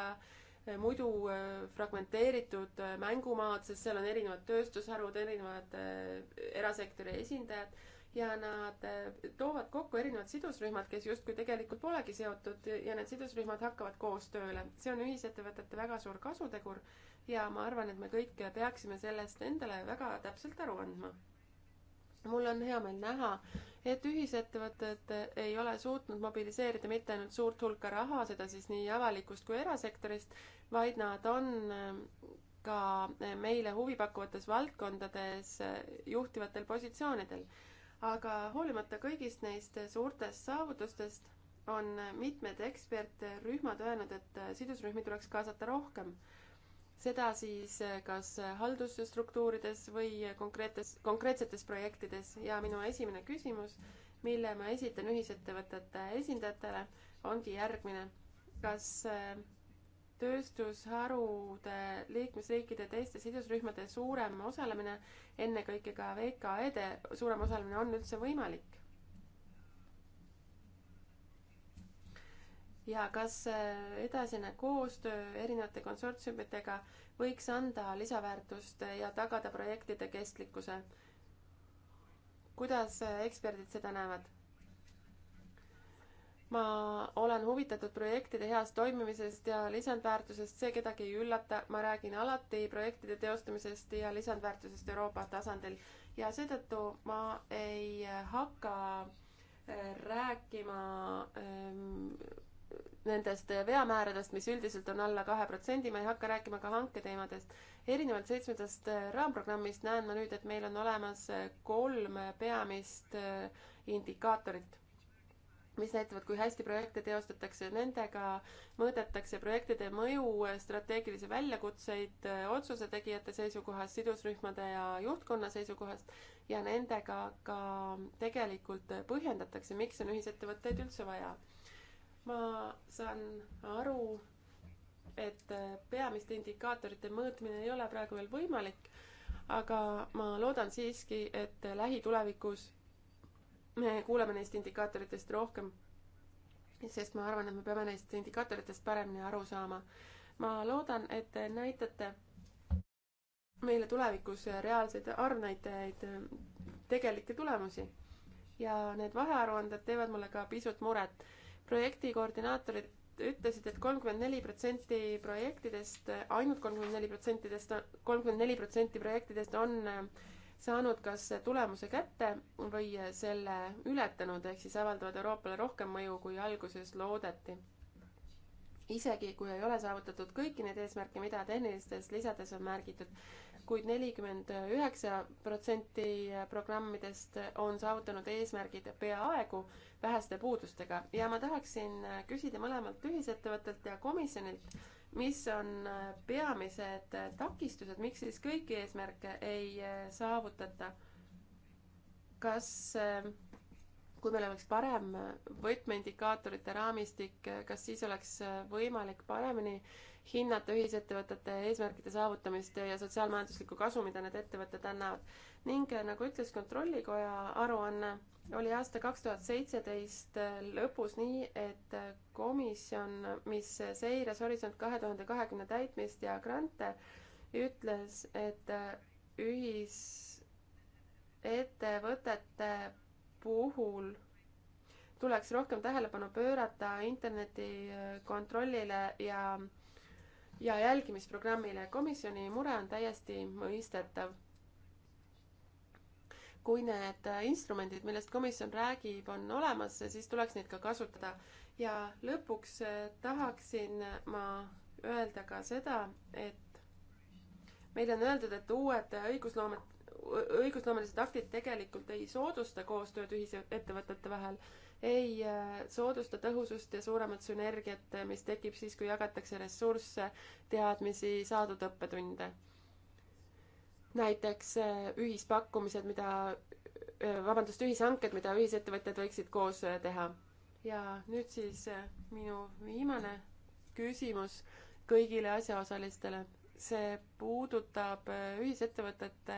eh, muidu eh, fragmenteeritud eh, mängumaad, sest seal on erinevad tööstusharud, erinevad erasektori esindajad ja nad toovad kokku erinevad sidusrühmad, kes justkui tegelikult polegi seotud ja need sidusrühmad hakkavad koos tööle. see on ühisettevõtete väga suur kasutegur ja ma arvan, et me kõik peaksime sellest endale väga täpselt aru andma. mul on hea meel näha, et ühisettevõtted ei ole suutnud mobiliseerida mitte ainult suurt hulka raha, seda siis nii avalikust kui erasektorist, vaid nad on ähm, ka äh, meile huvipakkuvates valdkondades äh, juhtivatel positsioonidel. aga hoolimata kõigist neist äh, suurtest saavutustest on mitmed ekspertrühmad öelnud, et sidusrühmi tuleks kaasata rohkem seda siis eh, kas eh, haldusstruktuurides või konkreetses, konkreetsetes projektides ja minu esimene küsimus, mille ma esitan ühisettevõtete esindajatele, ongi järgmine. kas eh, tööstusharude liikmesriikide teiste sidusrühmade suurem osalemine, ennekõike ka VKE-de suurem osalemine on üldse võimalik? ja kas äh, edasine koostöö erinevate konsortsiumitega võiks anda lisaväärtust ja tagada projektide kestlikkuse? kuidas äh, eksperdid seda näevad? ma olen huvitatud projektide heast toimimisest ja lisandväärtusest, see kedagi ei üllata, ma räägin alati projektide teostamisest ja lisandväärtusest Euroopa tasandil ja seetõttu ma ei hakka äh, rääkima ähm, nendest veamääradest, mis üldiselt on alla kahe protsendi, ma ei hakka rääkima ka hanketeemadest. erinevalt seitsmendast äh, raamprogrammist näen ma nüüd, et meil on olemas äh, kolm peamist äh, indikaatorit, mis näitavad, kui hästi projekte teostatakse. Nendega mõõdetakse projektide mõju, strateegilisi väljakutseid otsuse tegijate seisukohast, sidusrühmade ja juhtkonna seisukohast ja nendega ka tegelikult põhjendatakse, miks on ühisettevõtteid üldse vaja ma saan aru, et peamiste indikaatorite mõõtmine ei ole praegu veel võimalik, aga ma loodan siiski, et lähitulevikus me kuuleme neist indikaatoritest rohkem, sest ma arvan, et me peame neist indikaatoritest paremini aru saama. ma loodan, et te näitate meile tulevikus reaalseid arvnäitajaid, tegelikke tulemusi. ja need vahearuanded teevad mulle ka pisut muret projekti koordinaatorid ütlesid et, et kolmkümmend neli protsenti projektidest ainult, ainult kolmkümmend neli protsentidest, kolmkümmend neli protsenti projektidest on äh, saanud kas tulemuse kätte või selle ületanud, ehk siis avaldavad Euroopale rohkem mõju, kui alguses loodeti isegi kui ei ole saavutatud kõiki neid eesmärke, mida tehnilistes lisades on märgitud kuid, kuid nelikümmend üheksa protsenti programmidest on saavutanud eesmärgid peaaegu väheste puudustega ja ma tahaksin küsida mõlemalt ühisettevõttelt ja komisjonilt, mis on peamised takistused, miks siis kõiki eesmärke ei saavutata? kas kui meil oleks parem võtmeindikaatorite raamistik, kas siis oleks võimalik paremini hinnata ühisettevõtete eesmärkide saavutamist ja sotsiaalmajanduslikku kasu, mida need ettevõtted annavad. ning nagu ütles Kontrollikoja aruanne, oli aasta kaks tuhat seitseteist lõpus nii, et komisjon, mis seiras Horisont kahe tuhande kahekümne täitmist ja grante, ütles, et ühisettevõtete puhul tuleks rohkem tähelepanu pöörata interneti äh, kontrollile ja, ja jälgimisprogrammile. komisjoni mure on täiesti mõistetav. kui need äh, instrumendid, millest komisjon räägib, on olemas, siis tuleks neid ka kasutada. ja lõpuks äh, tahaksin ma öelda ka seda, et meile on öeldud, et uued õigusloomet õigusloomelised aktid tegelikult ei soodusta koostööd ühisettevõtete vahel, ei äh, soodusta tõhusust ja suuremat sünergiat, äh, mis tekib siis, kui jagatakse ressursse, teadmisi, saadud õppetunde. näiteks äh, ühispakkumised, mida, vabandust, ühishanked, mida ühisettevõtted võiksid koos teha. ja nüüd siis minu viimane küsimus kõigile asjaosalistele see puudutab äh, ühisettevõtete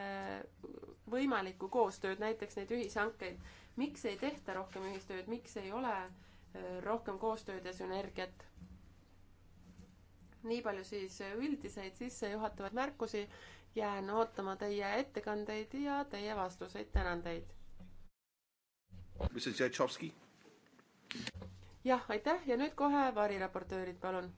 võimalikku koostööd, näiteks neid ühishankeid. miks ei tehta rohkem ühistööd, miks ei ole äh, rohkem koostööd ja sünergiat? nii palju siis üldiseid sissejuhatavaid märkusi. jään ootama teie ettekandeid ja teie vastuseid. tänan teid. jah, aitäh ja nüüd kohe variraportöörid, palun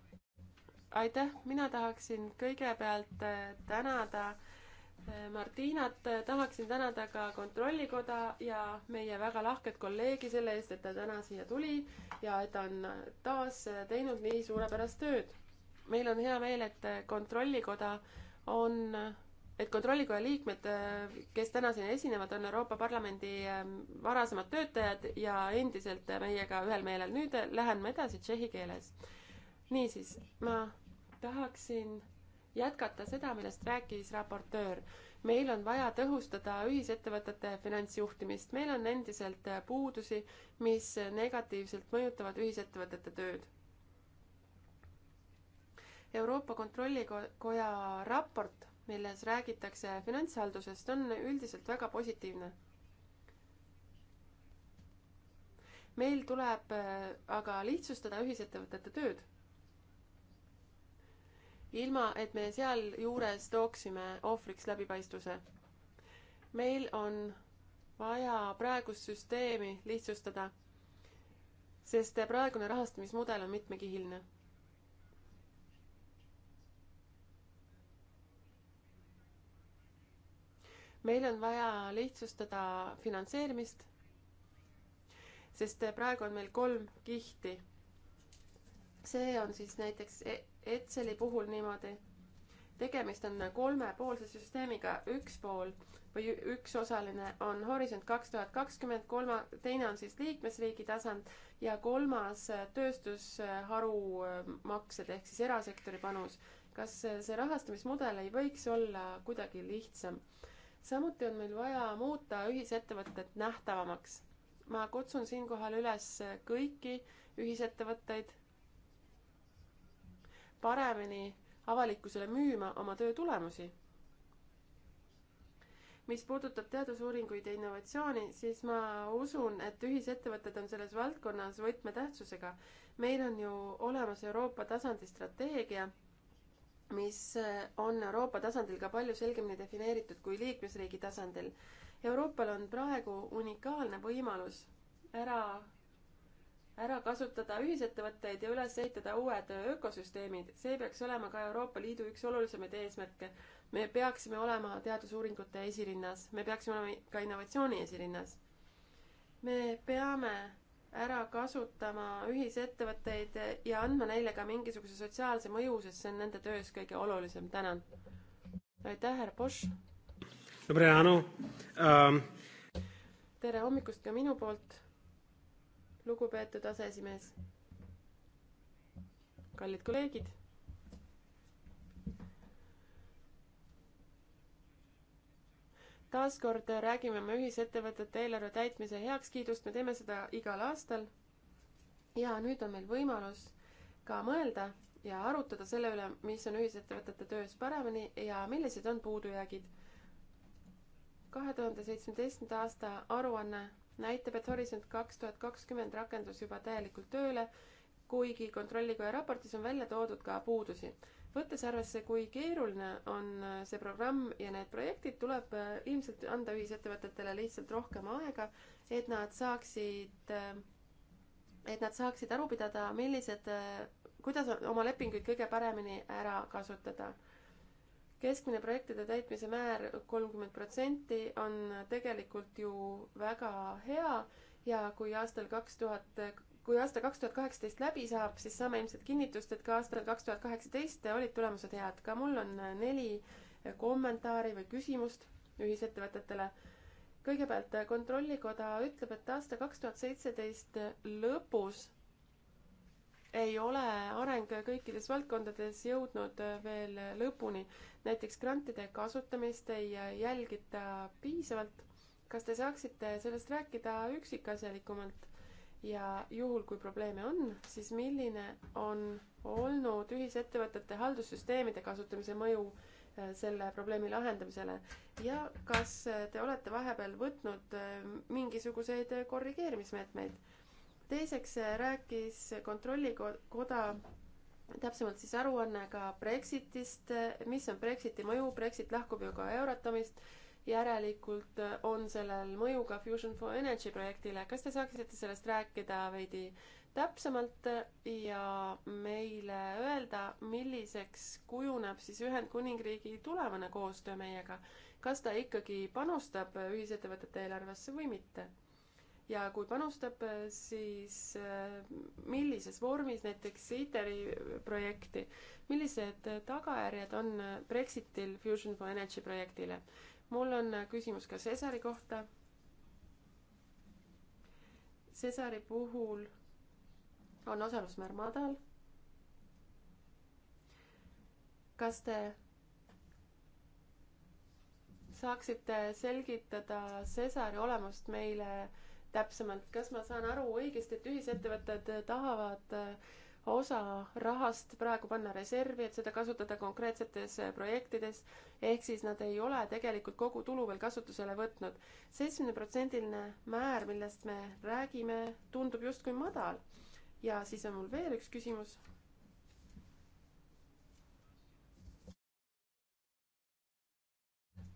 aitäh, mina tahaksin kõigepealt äh, tänada äh, Martinat, tahaksin tänada ka Kontrollikoda ja meie väga lahket kolleegi selle eest, et ta täna siia tuli ja et ta on äh, taas teinud nii suurepärast tööd. meil on hea meel, et Kontrollikoda on, et Kontrollikoja liikmed, kes täna siin esinevad, on Euroopa Parlamendi ähm, varasemad töötajad ja endiselt meiega ühel meelel. nüüd lähen ma edasi tšehhi keeles niisiis, ma tahaksin jätkata seda, millest rääkis raportöör. meil on vaja tõhustada ühisettevõtete finantsjuhtimist, meil on endiselt puudusi, mis negatiivselt mõjutavad ühisettevõtete tööd. Euroopa Kontrollikoja raport, milles räägitakse finantshaldusest, on üldiselt väga positiivne. meil tuleb aga lihtsustada ühisettevõtete tööd ilma et me sealjuures tooksime ohvriks läbipaistvuse. meil on vaja praegust süsteemi lihtsustada, sest praegune rahastamismudel on mitmekihiline. meil on vaja lihtsustada finantseerimist, sest praegu on meil kolm kihti see on siis näiteks e- Etseli puhul niimoodi. tegemist on kolmepoolse süsteemiga, üks pool või üks osaline on Horisont kaks tuhat kakskümmend, kolma, teine on siis liikmesriigi tasand ja kolmas äh, tööstusharu äh, maksed ehk siis erasektori panus. kas äh, see rahastamismudel ei võiks olla kuidagi lihtsam? samuti on meil vaja muuta ühisettevõtted nähtavamaks. ma kutsun siinkohal üles kõiki ühisettevõtteid paremini avalikkusele müüma oma töö tulemusi. mis puudutab teadusuuringuid ja innovatsiooni, siis ma usun, et ühisettevõtted on selles valdkonnas võtmetähtsusega. meil on ju olemas Euroopa tasandi strateegia, mis on Euroopa tasandil ka palju selgemini defineeritud kui liikmesriigi tasandil. Euroopal on praegu unikaalne võimalus ära ära kasutada ühisettevõtteid ja üles ehitada uued ökosüsteemid. see peaks olema ka Euroopa Liidu üks olulisemaid eesmärke. me peaksime olema teadusuuringute esirinnas, me peaksime olema ka innovatsiooni esirinnas. me peame ära kasutama ühisettevõtteid ja andma neile ka mingisuguse sotsiaalse mõju, sest see on nende töös kõige olulisem. tänan. aitäh, härra Bosch. Ehm, tere hommikust ka minu poolt lugupeetud aseesimees. kallid kolleegid. taaskord räägime me ühisettevõtete eelarve täitmise heakskiidust, me teeme seda igal aastal. ja nüüd on meil võimalus ka mõelda ja arutada selle üle, mis on ühisettevõtete töös paremini ja millised on puudujäägid. kahe tuhande seitsmeteistkümnenda aasta aruanne näitab, et Horisont kaks tuhat kakskümmend rakendus juba täielikult tööle, kuigi Kontrollikoja raportis on välja toodud ka puudusi. võttes arvesse, kui keeruline on äh, see programm ja need projektid, tuleb äh, ilmselt anda ühisettevõtetele lihtsalt rohkem aega, et nad saaksid, äh, et nad saaksid aru pidada, millised, kuidas oma lepinguid kõige paremini ära kasutada keskmine projektide täitmise määr kolmkümmend protsenti on tegelikult ju väga hea ja kui aastal kaks tuhat, kui aasta kaks tuhat kaheksateist läbi saab, siis saame ilmselt kinnitust, et ka aastal kaks tuhat kaheksateist olid tulemused head. ka mul on neli kommentaari või küsimust ühisettevõtetele. kõigepealt Kontrollikoda ütleb, et aasta kaks tuhat seitseteist lõpus ei ole areng kõikides valdkondades jõudnud veel lõpuni näiteks grantide kasutamist ei jälgita piisavalt. kas te saaksite sellest rääkida üksikasjalikumalt ja juhul, kui probleeme on, siis milline on olnud ühisettevõtete haldussüsteemide kasutamise mõju äh, selle probleemi lahendamisele ja kas äh, te olete vahepeal võtnud äh, mingisuguseid korrigeerimismeetmeid? teiseks rääkis Kontrollikoda täpsemalt siis aruanne ka Brexitist, mis on Brexiti mõju, Brexit lahkub ju ka Euratomist, järelikult on sellel mõju ka Fusion for Energy projektile. kas te saaksite sellest rääkida veidi täpsemalt ja meile öelda, milliseks kujuneb siis Ühendkuningriigi tulevane koostöö meiega? kas ta ikkagi panustab ühisettevõtete eelarvesse või mitte? ja kui panustab, äh, siis äh, millises vormis, näiteks ITER-i projekti, millised äh, tagajärjed on Brexitil Fusion for Energy projektile? mul on küsimus ka Cesari kohta. Cesari puhul on osalusmäär madal. kas te saaksite selgitada Cesari olemust meile äh, täpsemalt, kas ma saan aru õigesti, et ühisettevõtted tahavad äh, osa rahast praegu panna reservi, et seda kasutada konkreetsetes äh, projektides, ehk siis nad ei ole tegelikult kogu tulu veel kasutusele võtnud. seitsmekümneprotsendiline määr, millest me räägime, tundub justkui madal. ja siis on mul veel üks küsimus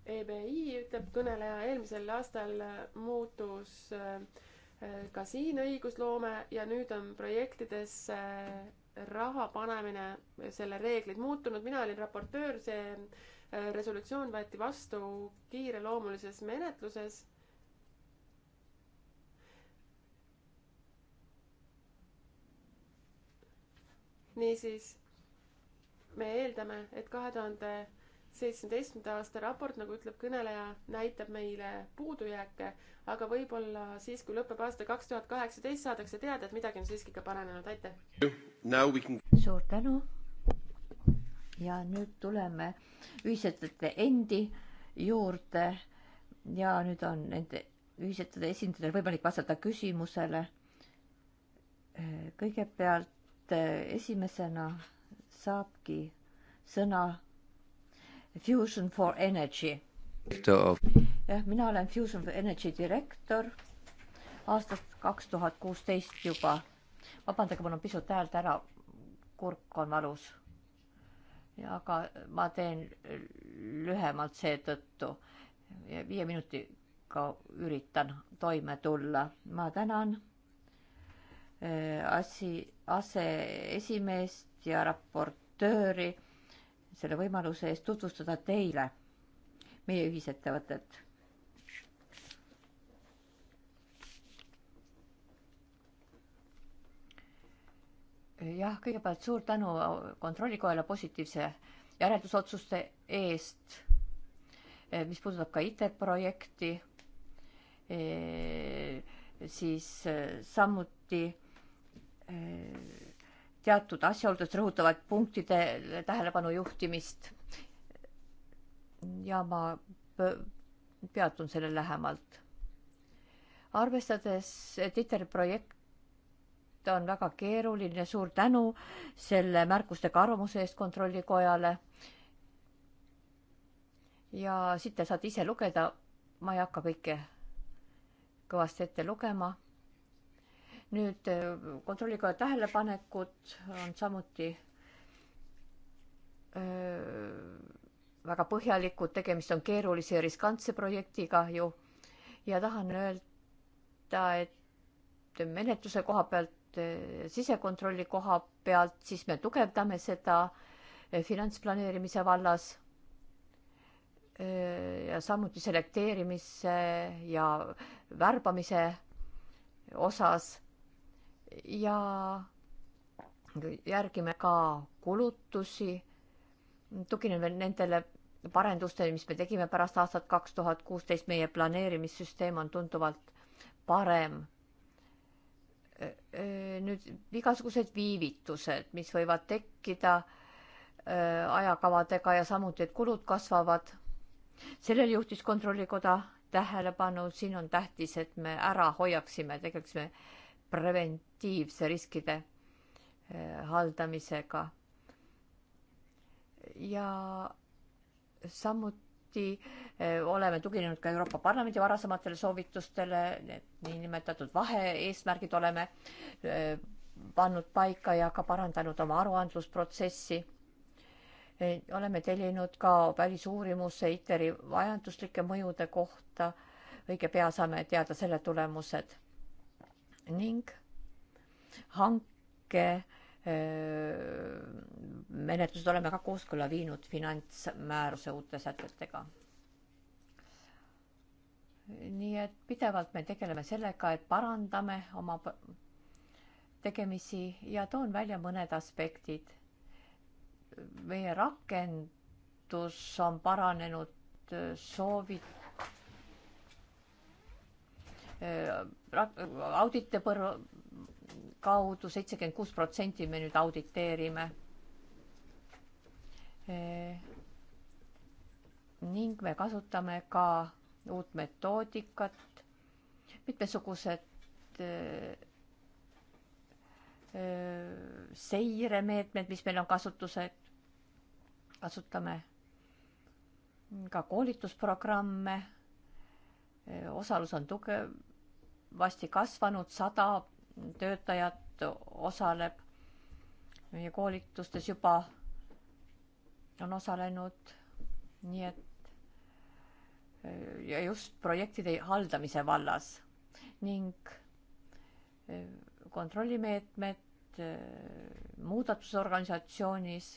EBI ütleb kõneleja, eelmisel aastal muutus äh, ka siin õigusloome ja nüüd on projektidesse äh, raha panemine, selle reeglid muutunud, mina olin raportöör, see äh, resolutsioon võeti vastu kiireloomulises menetluses niisiis me eeldame, et kahe tuhande seitsmeteistkümnenda aasta raport, nagu ütleb kõneleja, näitab meile puudujääke, aga võib-olla siis, kui lõpeb aasta kaks tuhat kaheksateist, saadakse teada, et midagi on siiski ka paranenud, aitäh! Can... suur tänu! ja nüüd tuleme ühisettevõtete endi juurde ja nüüd on nende ühisettevõtete esindajatel võimalik vastata küsimusele. kõigepealt esimesena saabki sõna Fusion for Energy. jah, mina olen Fusion for Energy direktor aastast kaks tuhat kuusteist juba. vabandage, mul on pisut häält ära, kurk on valus. aga ma teen lühemalt seetõttu, viie minutiga üritan toime tulla. ma tänan äh, asi, aseesimeest ja raportööri selle võimaluse eest tutvustada teile meie ühisettevõtet. jah, kõigepealt suur tänu kontrollikojale positiivse järeldusotsuste eest, eh, mis puudutab ka IT-projekti, e eh, siis eh, samuti teatud asjaoludes rõhutavad punktidele tähelepanu juhtimist. ja ma peatun sellel lähemalt. arvestades, et ITER projekt on väga keeruline, suur tänu selle märkustega arvamuse eest Kontrollikojale. ja siit te saate ise lugeda, ma ei hakka kõike kõvasti ette lugema nüüd äh, kontrollikoja tähelepanekud on samuti öö, äh, väga põhjalikud, tegemist on keerulise ja riskantse projektiga ju ja tahan öelda, et menetluse koha pealt, äh, sisekontrolli koha pealt, siis me tugevdame seda finantsplaneerimise vallas ja samuti selekteerimise ja värbamise osas ja järgime ka kulutusi. tuginen veel nendele parendustele, mis me tegime pärast aastat kaks tuhat kuusteist, meie planeerimissüsteem on tunduvalt parem. nüüd igasugused viivitused, mis võivad tekkida ajakavadega ja samuti, et kulud kasvavad. sellele juhtis Kontrollikoda tähelepanu, siin on tähtis, et me ära hoiaksime, tegeleksime prevent-, aktiivse riskide eh, haldamisega. ja samuti eh, oleme tuginenud ka Euroopa Parlamendi varasematele soovitustele, need niinimetatud vahe-eesmärgid oleme eh, pannud paika ja ka parandanud oma aruandlusprotsessi. oleme tellinud ka välisuurimuse ITER-i majanduslike mõjude kohta. õige pea saame teada selle tulemused ning hanke menetlused oleme ka kooskõlla viinud finantsmääruse uute sätetega. nii et pidevalt me tegeleme sellega, et parandame oma tegemisi ja toon välja mõned aspektid. meie rakendus on paranenud, soovid auditipõrv kaudu seitsekümmend kuus protsenti me nüüd auditeerime e. ning me kasutame ka uut metoodikat, mitmesugused e e seiremeetmed, mis meil on kasutused, kasutame ka koolitusprogramme. osalus on tugevasti kasvanud, sada töötajat osaleb meie koolitustes juba on osalenud, nii et ja just projektide haldamise vallas ning e, kontrollimeetmed e, muudatusorganisatsioonis.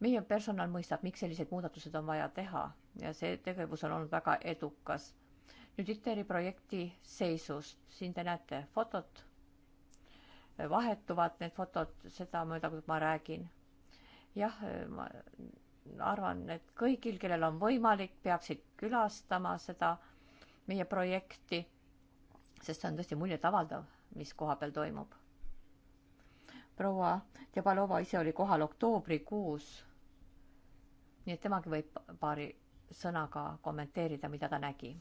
meie personal mõistab, miks selliseid muudatusi on vaja teha ja see tegevus on olnud väga edukas nüüd ITER-i projekti seisust, siin te näete fotot, vahetuvad need fotod sedamööda, kui ma räägin. jah, ma arvan, et kõigil, kellel on võimalik, peaksid külastama seda meie projekti, sest see on tõesti muljetavaldav, mis koha peal toimub. proua Tjabalova ise oli kohal oktoobrikuus. nii et temagi võib paari sõnaga kommenteerida, mida ta nägi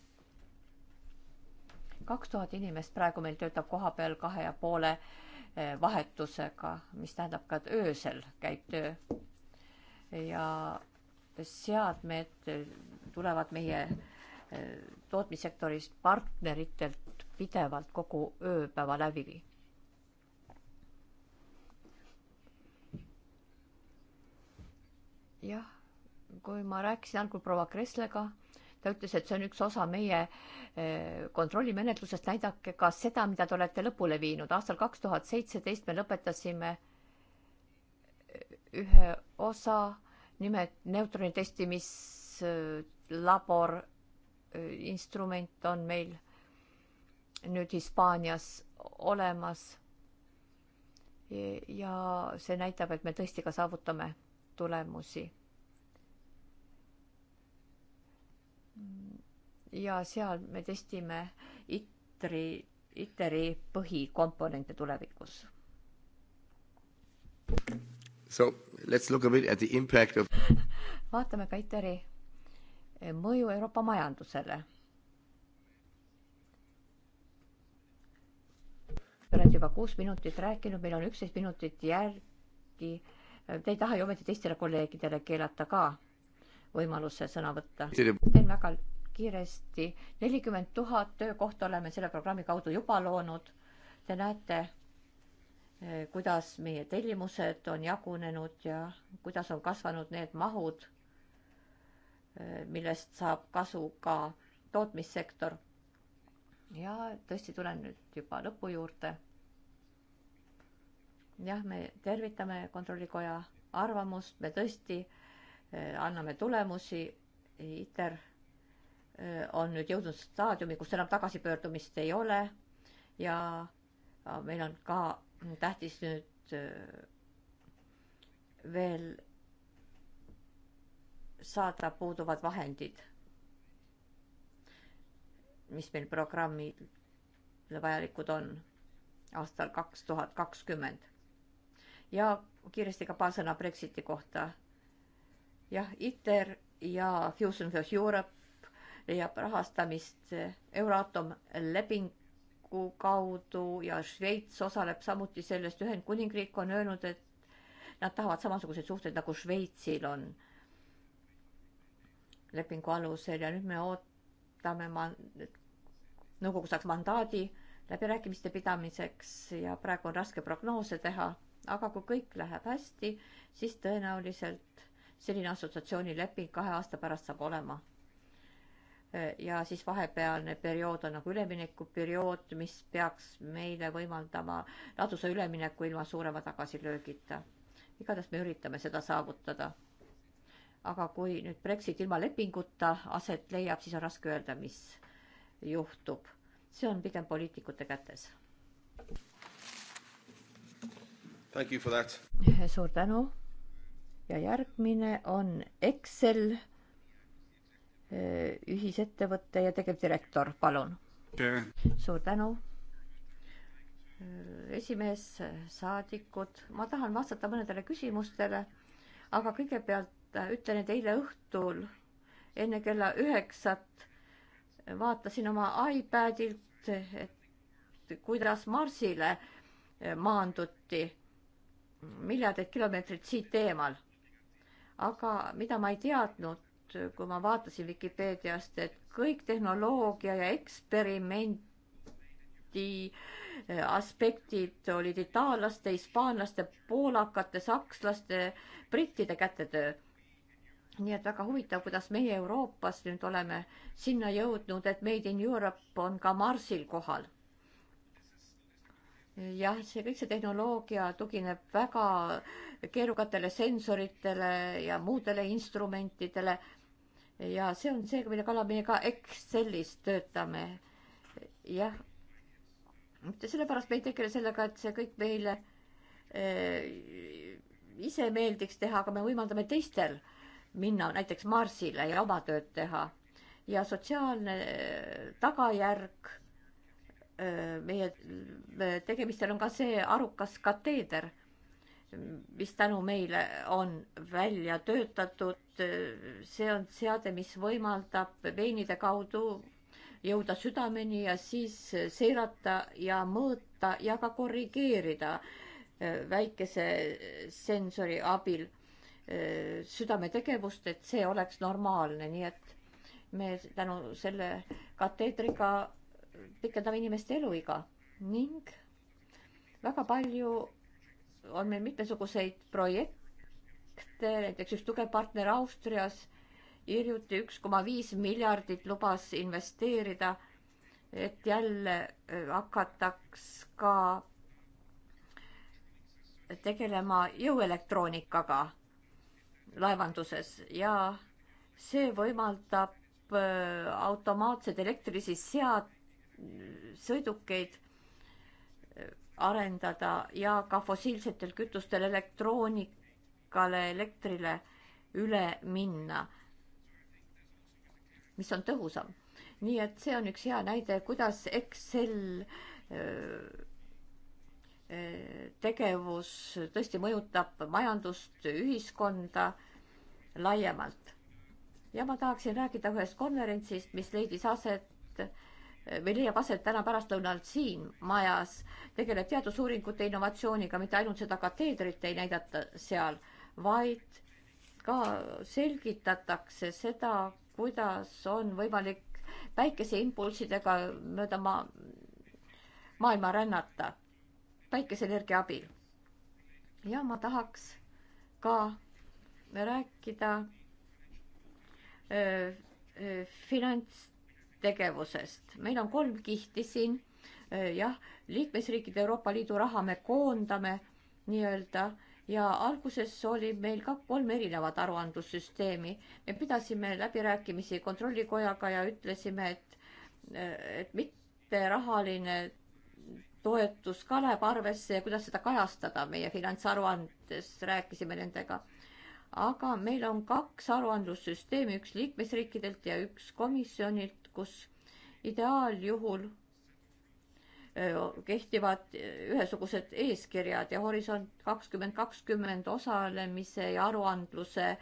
kaks tuhat inimest praegu meil töötab koha peal kahe ja poole eh, vahetusega, mis tähendab ka, et öösel käib töö. ja seadmed eh, tulevad meie eh, tootmissektorist partneritelt pidevalt kogu ööpäeva läbi. jah, kui ma rääkisin algul proua Kreslega ta ütles, et see on üks osa meie eh, kontrollimenetlusest, näidake ka seda, mida te olete lõpule viinud. aastal kaks tuhat seitseteist me lõpetasime eh, ühe osa, nimelt neutroni testimislabor, eh, instrument on meil nüüd Hispaanias olemas. ja see näitab, et me tõesti ka saavutame tulemusi ja seal me testime ITRi, ITERi põhikomponente tulevikus. So let's look a bit at the impact of vaatame ka ITERi mõju Euroopa majandusele. olete juba kuus minutit rääkinud, meil on üksteist minutit järgi. Te ei taha ju ometi teistele kolleegidele keelata ka võimaluse sõna võtta. teen väga kiiresti. nelikümmend tuhat töökohta oleme selle programmi kaudu juba loonud. Te näete, eh, kuidas meie tellimused on jagunenud ja kuidas on kasvanud need mahud, eh, millest saab kasu ka tootmissektor. ja tõesti tulen nüüd juba lõpu juurde. jah, me tervitame Kontrollikoja arvamust, me tõesti eh, anname tulemusi ITER Äh, on nüüd jõudnud staadiumi, kus enam tagasipöördumist ei ole ja äh, meil on ka tähtis nüüd äh, veel saada puuduvad vahendid, mis meil programmile vajalikud on aastal kaks tuhat kakskümmend. ja kiiresti ka paar sõna Brexiti kohta. jah, ITER ja Fusion for Europe leiab rahastamist Euratom lepingu kaudu ja Šveits osaleb samuti sellest. Ühendkuningriik on öelnud, et nad tahavad samasuguseid suhteid nagu Šveitsil on lepingu alusel ja nüüd me ootame ma-, nõukogu saaks mandaadi läbirääkimiste pidamiseks ja praegu on raske prognoose teha, aga kui kõik läheb hästi, siis tõenäoliselt selline assotsiatsioonileping kahe aasta pärast saab olema ja siis vahepealne periood on nagu üleminekuperiood, mis peaks meile võimaldama ladusa ülemineku ilma suurema tagasilöögita. igatahes me üritame seda saavutada. aga kui nüüd Brexit ilma lepinguta aset leiab, siis on raske öelda, mis juhtub. see on pigem poliitikute kätes. suur tänu. ja järgmine on Excel Äh, ühisettevõtte ja tegevdirektor, palun. suur tänu. Äh, esimees, saadikud, ma tahan vastata mõnedele küsimustele, aga kõigepealt äh, ütlen, et eile õhtul enne kella üheksat vaatasin oma iPadilt, et kuidas Marsile maanduti miljardeid kilomeetreid siit eemal. aga mida ma ei teadnud, kui ma vaatasin Vikipeediast, et kõik tehnoloogia ja eksperimenti eh, aspektid olid itaallaste, hispaanlaste, poolakate, sakslaste, brittide kätetöö. nii et väga huvitav, kuidas meie Euroopas nüüd oleme sinna jõudnud, et Made in Europe on ka Marsil kohal jah, see kõik see tehnoloogia tugineb väga keerukatele sensoritele ja muudele instrumentidele ja see on see, mille kallal meie ka Excelis töötame. jah, mitte sellepärast me ei tegele sellega, et see kõik meile eh, ise meeldiks teha, aga me võimaldame teistel minna näiteks Marsile ja oma tööd teha. ja sotsiaalne eh, tagajärg eh, meie tegemistel on ka see arukas kateeder mis tänu meile on välja töötatud. see on seade, mis võimaldab veinide kaudu jõuda südameni ja siis seirata ja mõõta ja ka korrigeerida äh, väikese sensori abil äh, südametegevust, et see oleks normaalne, nii et me tänu selle kateedriga pikendame inimeste eluiga ning väga palju on meil mitmesuguseid projekte, näiteks üks tugev partner Austrias hiljuti üks koma viis miljardit lubas investeerida, et jälle äh, hakataks ka tegelema jõuelektroonikaga laevanduses ja see võimaldab äh, automaatseid elektrilisi sead, sõidukeid arendada ja ka fossiilsetel kütustel elektroonikale, elektrile üle minna, mis on tõhusam. nii et see on üks hea näide, kuidas Excel tegevus tõesti mõjutab majandust, ühiskonda laiemalt. ja ma tahaksin rääkida ühest konverentsist, mis leidis aset või leiab aset täna pärastlõunal siin majas, tegeleb teadusuuringute innovatsiooniga, mitte ainult seda kateedrit ei näidata seal, vaid ka selgitatakse seda, kuidas on võimalik päikeseimpulssidega mööda maa, maailma rännata päikeseenergia abil. ja ma tahaks ka rääkida äh, äh, finants tegevusest. meil on kolm kihti siin, äh, jah, liikmesriikide Euroopa Liidu raha me koondame nii-öelda ja alguses oli meil ka kolm erinevat aruandlussüsteemi. me pidasime läbirääkimisi kontrollikojaga ja ütlesime, et, äh, et mitterahaline toetus ka läheb arvesse ja kuidas seda kajastada meie finantsaruandes, rääkisime nendega. aga meil on kaks aruandlussüsteemi, üks liikmesriikidelt ja üks komisjonilt tulevikus ideaaljuhul kehtivad ühesugused eeskirjad ja Horisont kakskümmend kakskümmend osalemise ja aruandluse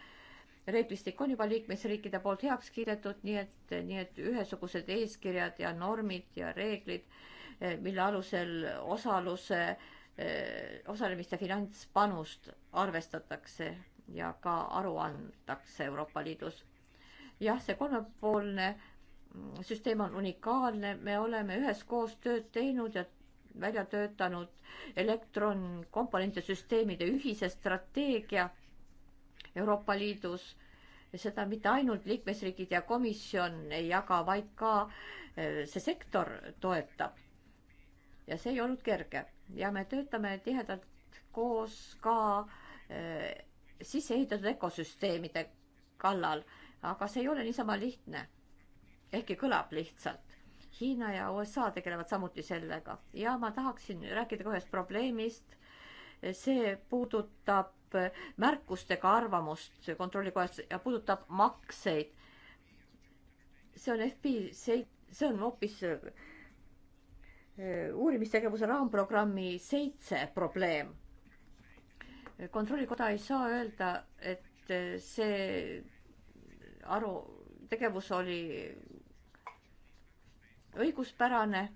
reeglistik on juba liikmesriikide poolt heaks kiidetud, nii et, nii et ühesugused eeskirjad ja normid ja reeglid, mille alusel osaluse, osalemiste finantspanust arvestatakse ja ka aru antakse Euroopa Liidus. jah, see kolmepoolne süsteem on unikaalne, me oleme üheskoos tööd teinud ja välja töötanud elektronkomponente süsteemide ühise strateegia Euroopa Liidus. seda mitte ainult liikmesriigid ja komisjon ei jaga, vaid ka eh, see sektor toetab. ja see ei olnud kerge ja me töötame tihedalt koos ka eh, sisseehitatud ökosüsteemide kallal, aga see ei ole niisama lihtne ehkki kõlab lihtsalt. Hiina ja USA tegelevad samuti sellega ja ma tahaksin rääkida ka ühest probleemist. see puudutab märkustega arvamust kontrollikojas ja puudutab makseid. see on FB, see, see on hoopis äh, uurimistegevuse raamprogrammi seitse probleem. kontrollikoda ei saa öelda, et äh, see aru, tegevus oli õiguspärane.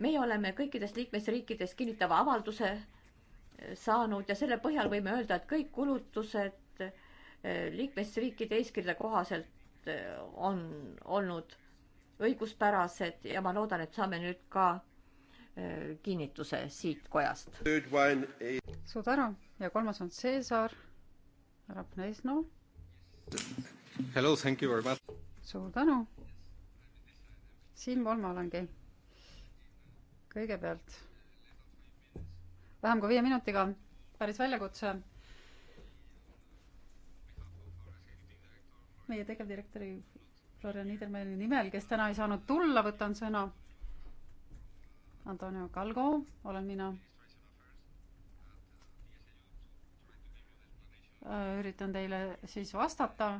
meie oleme kõikides liikmesriikides kinnitava avalduse eh, saanud ja selle põhjal võime öelda, et kõik kulutused eh, liikmesriikide eeskirja kohaselt eh, on olnud õiguspärased ja ma loodan, et saame nüüd ka kinnituse siit kojast. suur tänu ja kolmas on Cesar Rapnesno. suur tänu siinpool ma olengi. kõigepealt vähem kui viie minutiga päris väljakutse. meie tegevdirektori Florian Niedermanni nimel, kes täna ei saanud tulla, võtan sõna. Antonio Kalgo olen mina. üritan teile siis vastata.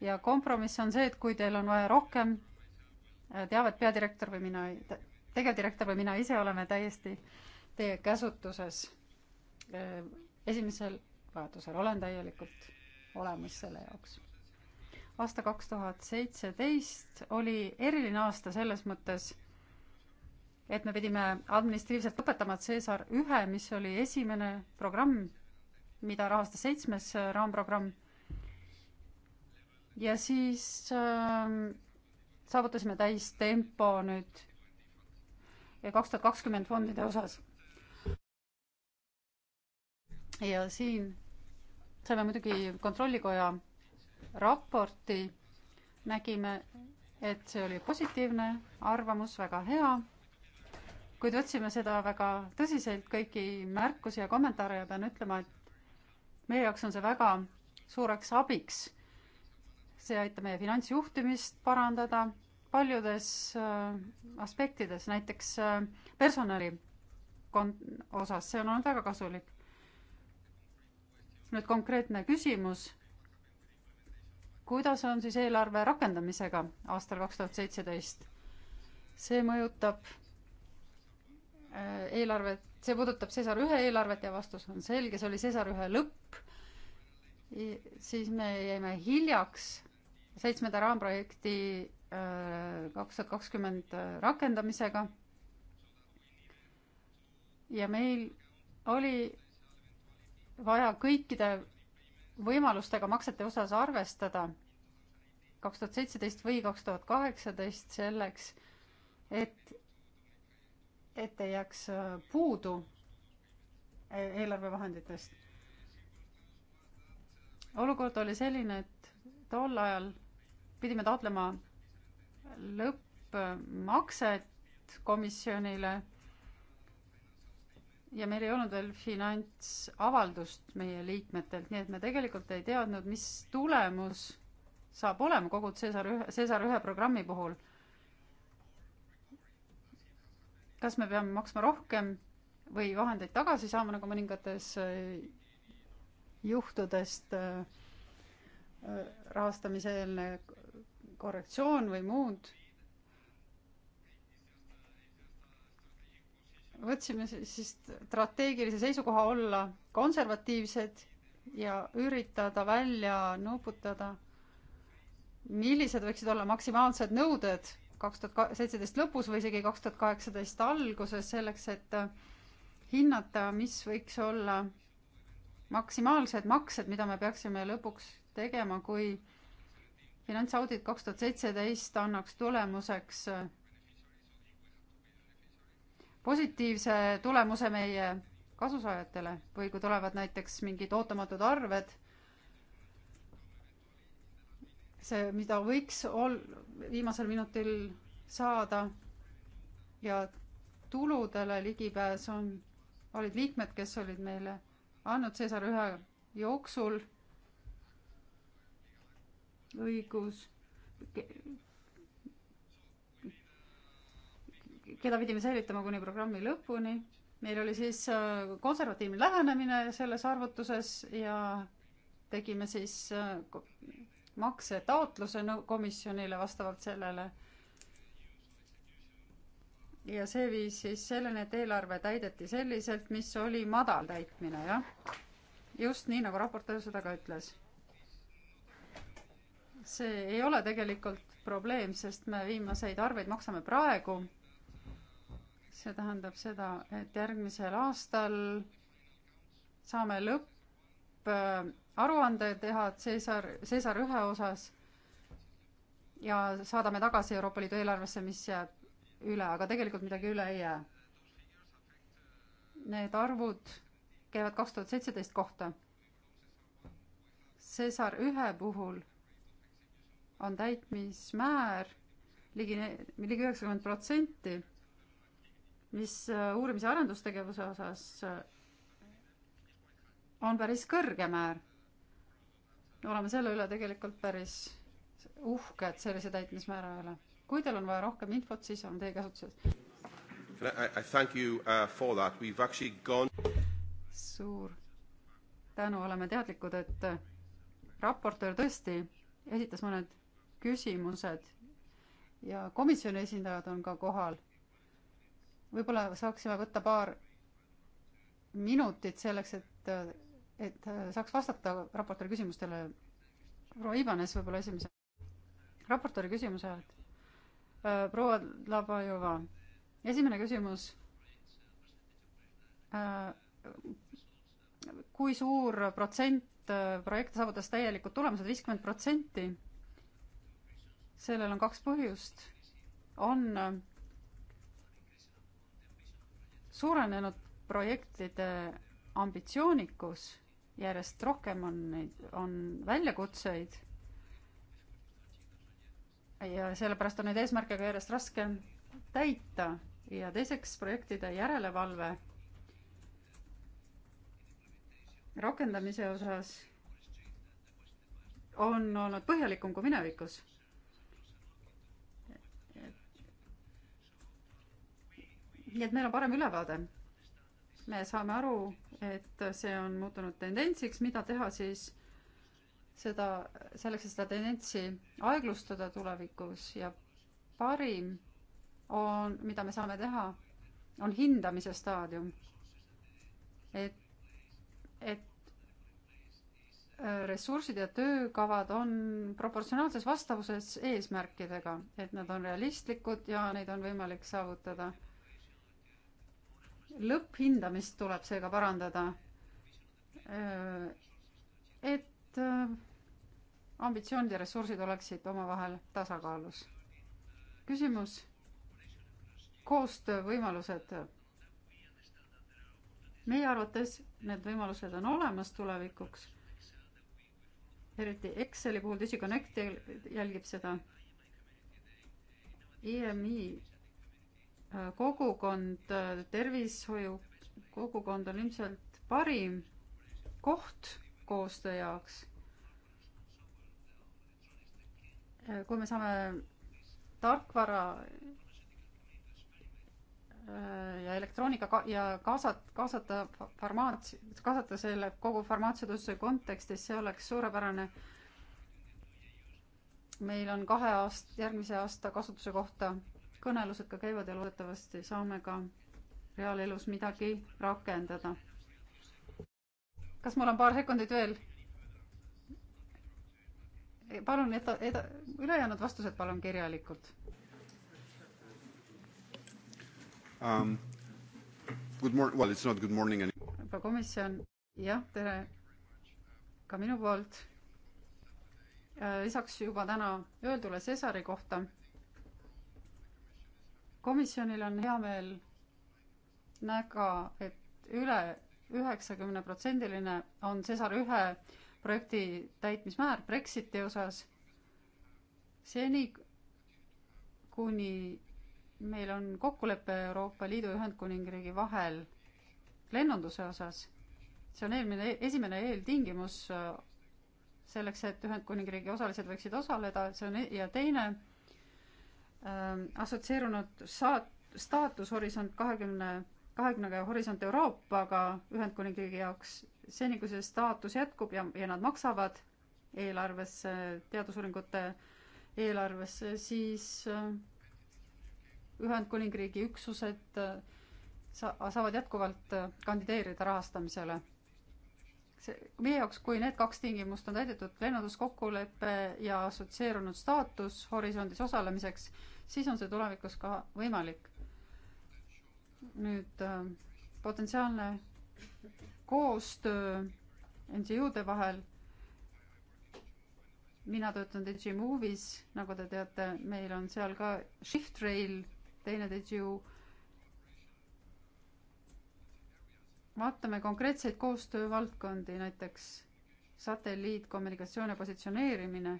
ja kompromiss on see, et kui teil on vaja rohkem teavet peadirektor või mina, tegevdirektor või mina ise oleme täiesti teie käsutuses esimesel vajadusel, olen täielikult olemas selle jaoks. aasta kaks tuhat seitseteist oli eriline aasta selles mõttes, et me pidime administratiivselt lõpetama Cesar ühe, mis oli esimene programm, mida rahastas seitsmes raamprogramm. ja siis äh, saavutasime täistempo nüüd kaks tuhat kakskümmend fondide osas. ja siin saime muidugi Kontrollikoja raporti, nägime, et see oli positiivne arvamus, väga hea, kuid võtsime seda väga tõsiselt, kõiki märkusi ja kommentaare ja pean ütlema, et meie jaoks on see väga suureks abiks see aitab meie finantsjuhtimist parandada paljudes äh, aspektides, näiteks äh, personali kon-, osas, see on olnud väga kasulik. nüüd konkreetne küsimus, kuidas on siis eelarve rakendamisega aastal kaks tuhat seitseteist? see mõjutab äh, eelarvet, see puudutab Cesar ühe eelarvet ja vastus on selge, see oli Cesar ühe lõpp, siis me jäime hiljaks seitsmenda raamprojekti kaks äh, tuhat kakskümmend äh, rakendamisega. ja meil oli vaja kõikide võimalustega maksete osas arvestada kaks tuhat seitseteist või kaks tuhat kaheksateist selleks, et, et ei jääks äh, puudu e-, eelarvevahenditest. olukord oli selline, et tol ajal pidime taotlema lõppmakset komisjonile ja meil ei olnud veel finantsavaldust meie liikmetelt, nii et me tegelikult ei teadnud, mis tulemus saab olema kogu Cesar ühe, Cesar ühe programmi puhul. kas me peame maksma rohkem või vahendeid tagasi saama, nagu mõningates eh, juhtudest eh, eh, rahastamise eelne korrektsioon või muud. võtsime siis strateegilise seisukoha olla konservatiivsed ja üritada välja nuputada, millised võiksid olla maksimaalsed nõuded kaks tuhat seitseteist lõpus või isegi kaks tuhat kaheksateist alguses selleks, et hinnata, mis võiks olla maksimaalsed maksed, mida me peaksime lõpuks tegema, kui finantsaudit kaks tuhat seitseteist annaks tulemuseks äh, positiivse tulemuse meie kasusaajatele või kui tulevad näiteks mingid ootamatud arved, see, mida võiks ol-, viimasel minutil saada ja tuludele ligipääs on, olid liikmed, kes olid meile andnud Cesar ühe jooksul õigus, keda pidime säilitama kuni programmi lõpuni. meil oli siis äh, konservatiivne lähenemine selles arvutuses ja tegime siis äh, maksetaotluse komisjonile vastavalt sellele. ja see viis siis selleni, et eelarve täideti selliselt, mis oli madal täitmine, jah. just nii, nagu raportöör seda ka ütles see ei ole tegelikult probleem, sest me viimaseid arveid maksame praegu. see tähendab seda, et järgmisel aastal saame lõpparuande teha Cesar, Cesar ühe osas ja saadame tagasi Euroopa Liidu eelarvesse, mis jääb üle, aga tegelikult midagi üle ei jää. Need arvud käivad kaks tuhat seitseteist kohta. Cesar ühe puhul on täitmismäär ligi, ligi üheksakümmend protsenti, mis äh, uurimis- ja arendustegevuse osas äh, on päris kõrge määr. oleme selle üle tegelikult päris uhked sellise täitmismäära üle. kui teil on vaja rohkem infot, siis on teie käsutuses. Uh, gone... suur tänu, oleme teadlikud, et äh, raportöör tõesti esitas mõned küsimused ja komisjoni esindajad on ka kohal. võib-olla saaksime võtta paar minutit selleks, et, et saaks vastata raportööri küsimustele. proua Ivanes võib-olla esimese raportööri küsimuse häält. Äh, proua Labajova, esimene küsimus. Äh, kui suur protsent äh, projekte saavutas täielikud tulemused, viiskümmend protsenti? sellel on kaks põhjust. on äh, suurenenud projektide ambitsioonikus, järjest rohkem on neid, on väljakutseid ja sellepärast on neid eesmärke ka järjest raskem täita ja teiseks projektide järelevalve rakendamise osas on olnud põhjalikum kui minevikus nii et meil on parem ülevaade. me saame aru, et see on muutunud tendentsiks, mida teha siis seda, selleks, et seda tendentsi aeglustada tulevikus ja parim on, mida me saame teha, on hindamise staadium. et, et äh, ressursid ja töökavad on proportsionaalses vastavuses eesmärkidega, et nad on realistlikud ja neid on võimalik saavutada lõpphindamist tuleb seega parandada. Äh, et äh, ambitsioonid ja ressursid oleksid omavahel tasakaalus. küsimus, koostöövõimalused. meie arvates need võimalused on olemas tulevikuks, eriti Exceli puhul, DigiConnect jälgib seda. EMI Äh, kogukond, äh, tervishoiu kogukond on ilmselt parim koht koostöö jaoks. Äh, kui me saame tarkvara ja elektroonika ka- ja kaasat-, kaasata farmaats-, kaasata selle kogu farmaatsiatööstuse kontekstis, see oleks suurepärane. meil on kahe aast-, järgmise aasta kasutuse kohta kõnelused ka käivad ja loodetavasti saame ka reaalelus midagi rakendada. kas mul on paar sekundit veel? palun eda-, eda-, ülejäänud vastused palun kirjalikult um,. Good morning, well it's not good morning any-. komisjon, jah, tere ka minu poolt. Äh, lisaks juba täna öeldule Cesari kohta komisjonil on hea meel näga, et üle üheksakümne protsendiline on Cesar ühe projekti täitmismäär Brexiti osas. seni, kuni meil on kokkulepe Euroopa Liidu ja Ühendkuningriigi vahel lennunduse osas, see on eelmine, esimene eeltingimus selleks, et Ühendkuningriigi osalised võiksid osaleda, see on e-, ja teine Ähm, assotsieerunud saat-, staatus Horisont kahekümne, kahekümnega Horisont Euroopaga Ühendkuningriigi jaoks, seni kui see staatus jätkub ja, ja nad maksavad eelarvesse, teadusuuringute eelarvesse, siis äh, Ühendkuningriigi üksused äh, sa-, saavad jätkuvalt äh, kandideerida rahastamisele meie jaoks, kui need kaks tingimust on täidetud, lennunduskokkulepe ja assotsieerunud staatus horisondis osalemiseks, siis on see tulevikus ka võimalik. nüüd äh, potentsiaalne koostöö NGO-de vahel. mina töötan DigiMovies, nagu te teate, meil on seal ka Shift Rail, teine DigiMove vaatame konkreetseid koostöövaldkondi, näiteks satelliitkommunikatsioon ja positsioneerimine,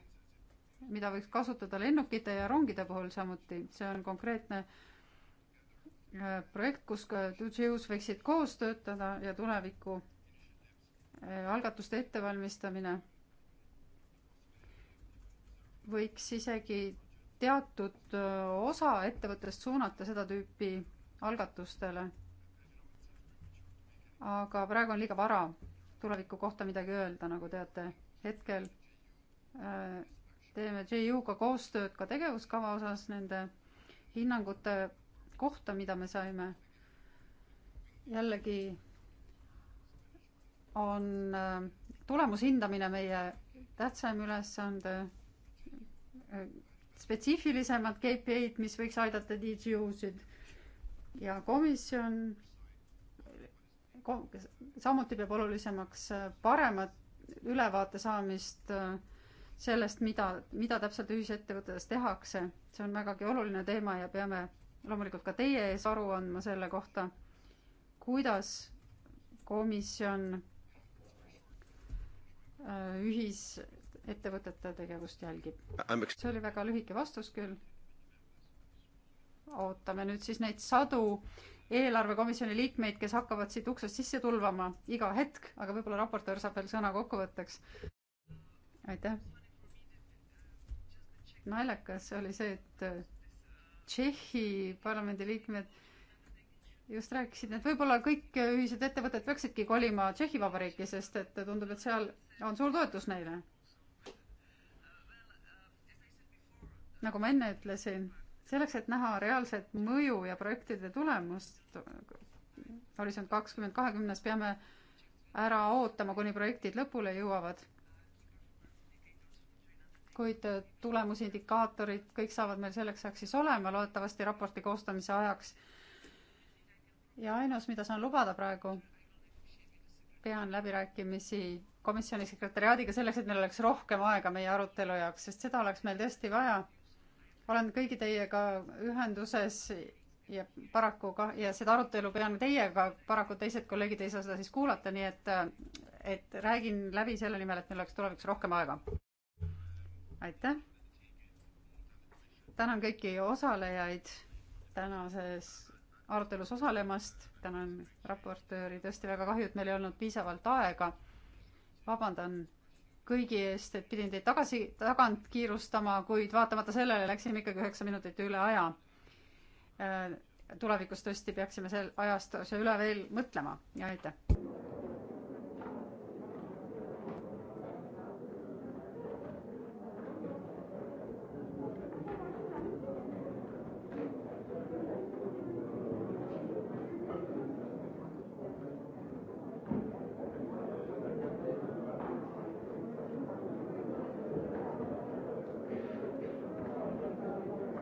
mida võiks kasutada lennukite ja rongide puhul samuti, see on konkreetne äh, projekt, kus ka DJU-s võiksid koos töötada ja tuleviku äh, algatuste ettevalmistamine võiks isegi teatud äh, osa ettevõttest suunata seda tüüpi algatustele aga praegu on liiga vara tuleviku kohta midagi öelda, nagu teate. hetkel äh, teeme JU-ga koostööd ka tegevuskava osas nende hinnangute kohta, mida me saime. jällegi on äh, tulemushindamine meie tähtsaim ülesande, äh, spetsiifilisemad KPI-d, mis võiks aidata DGU-sid ja komisjon samuti peab olulisemaks äh, paremat ülevaate saamist äh, sellest, mida, mida täpselt ühisettevõttes tehakse. see on vägagi oluline teema ja peame loomulikult ka teie ees aru andma selle kohta, kuidas komisjon äh, ühisettevõtete tegevust jälgib. see oli väga lühike vastus küll. ootame nüüd siis neid sadu eelarvekomisjoni liikmeid, kes hakkavad siit uksest sisse tulvama iga hetk, aga võib-olla raportöör saab veel sõna kokkuvõtteks. aitäh. naljakas oli see, et äh, Tšehhi parlamendiliikmed just rääkisid, et võib-olla kõik ühised ettevõtted peaksidki kolima Tšehhi Vabariiki, sest et tundub, et seal on suur toetus neile. nagu ma enne ütlesin selleks, et näha reaalset mõju ja projektide tulemust, horisont kakskümmend kahekümnes, peame ära ootama, kuni projektid lõpule jõuavad. kuid tulemusindikaatorid, kõik saavad meil selleks ajaks siis olema, loodetavasti raporti koostamise ajaks. ja ainus, mida saan lubada praegu, pean läbirääkimisi komisjoni sekretäriaadiga selleks, et meil oleks rohkem aega meie arutelu jaoks, sest seda oleks meil tõesti vaja olen kõigi teiega ühenduses ja paraku ka, ja seda arutelu pean teiega, paraku teised kolleegid ei saa seda siis kuulata, nii et, et räägin läbi selle nimel, et meil oleks tulevikus rohkem aega. aitäh! tänan kõiki osalejaid tänases arutelus osalemast, tänan raportööri, tõesti väga kahju, et meil ei olnud piisavalt aega. vabandan kõigi eest, et pidin teid tagasi, tagant kiirustama, kuid vaatamata sellele läksime ikkagi üheksa minutit üle aja. Äh, tulevikus tõesti peaksime sel ajast üle veel mõtlema ja aitäh!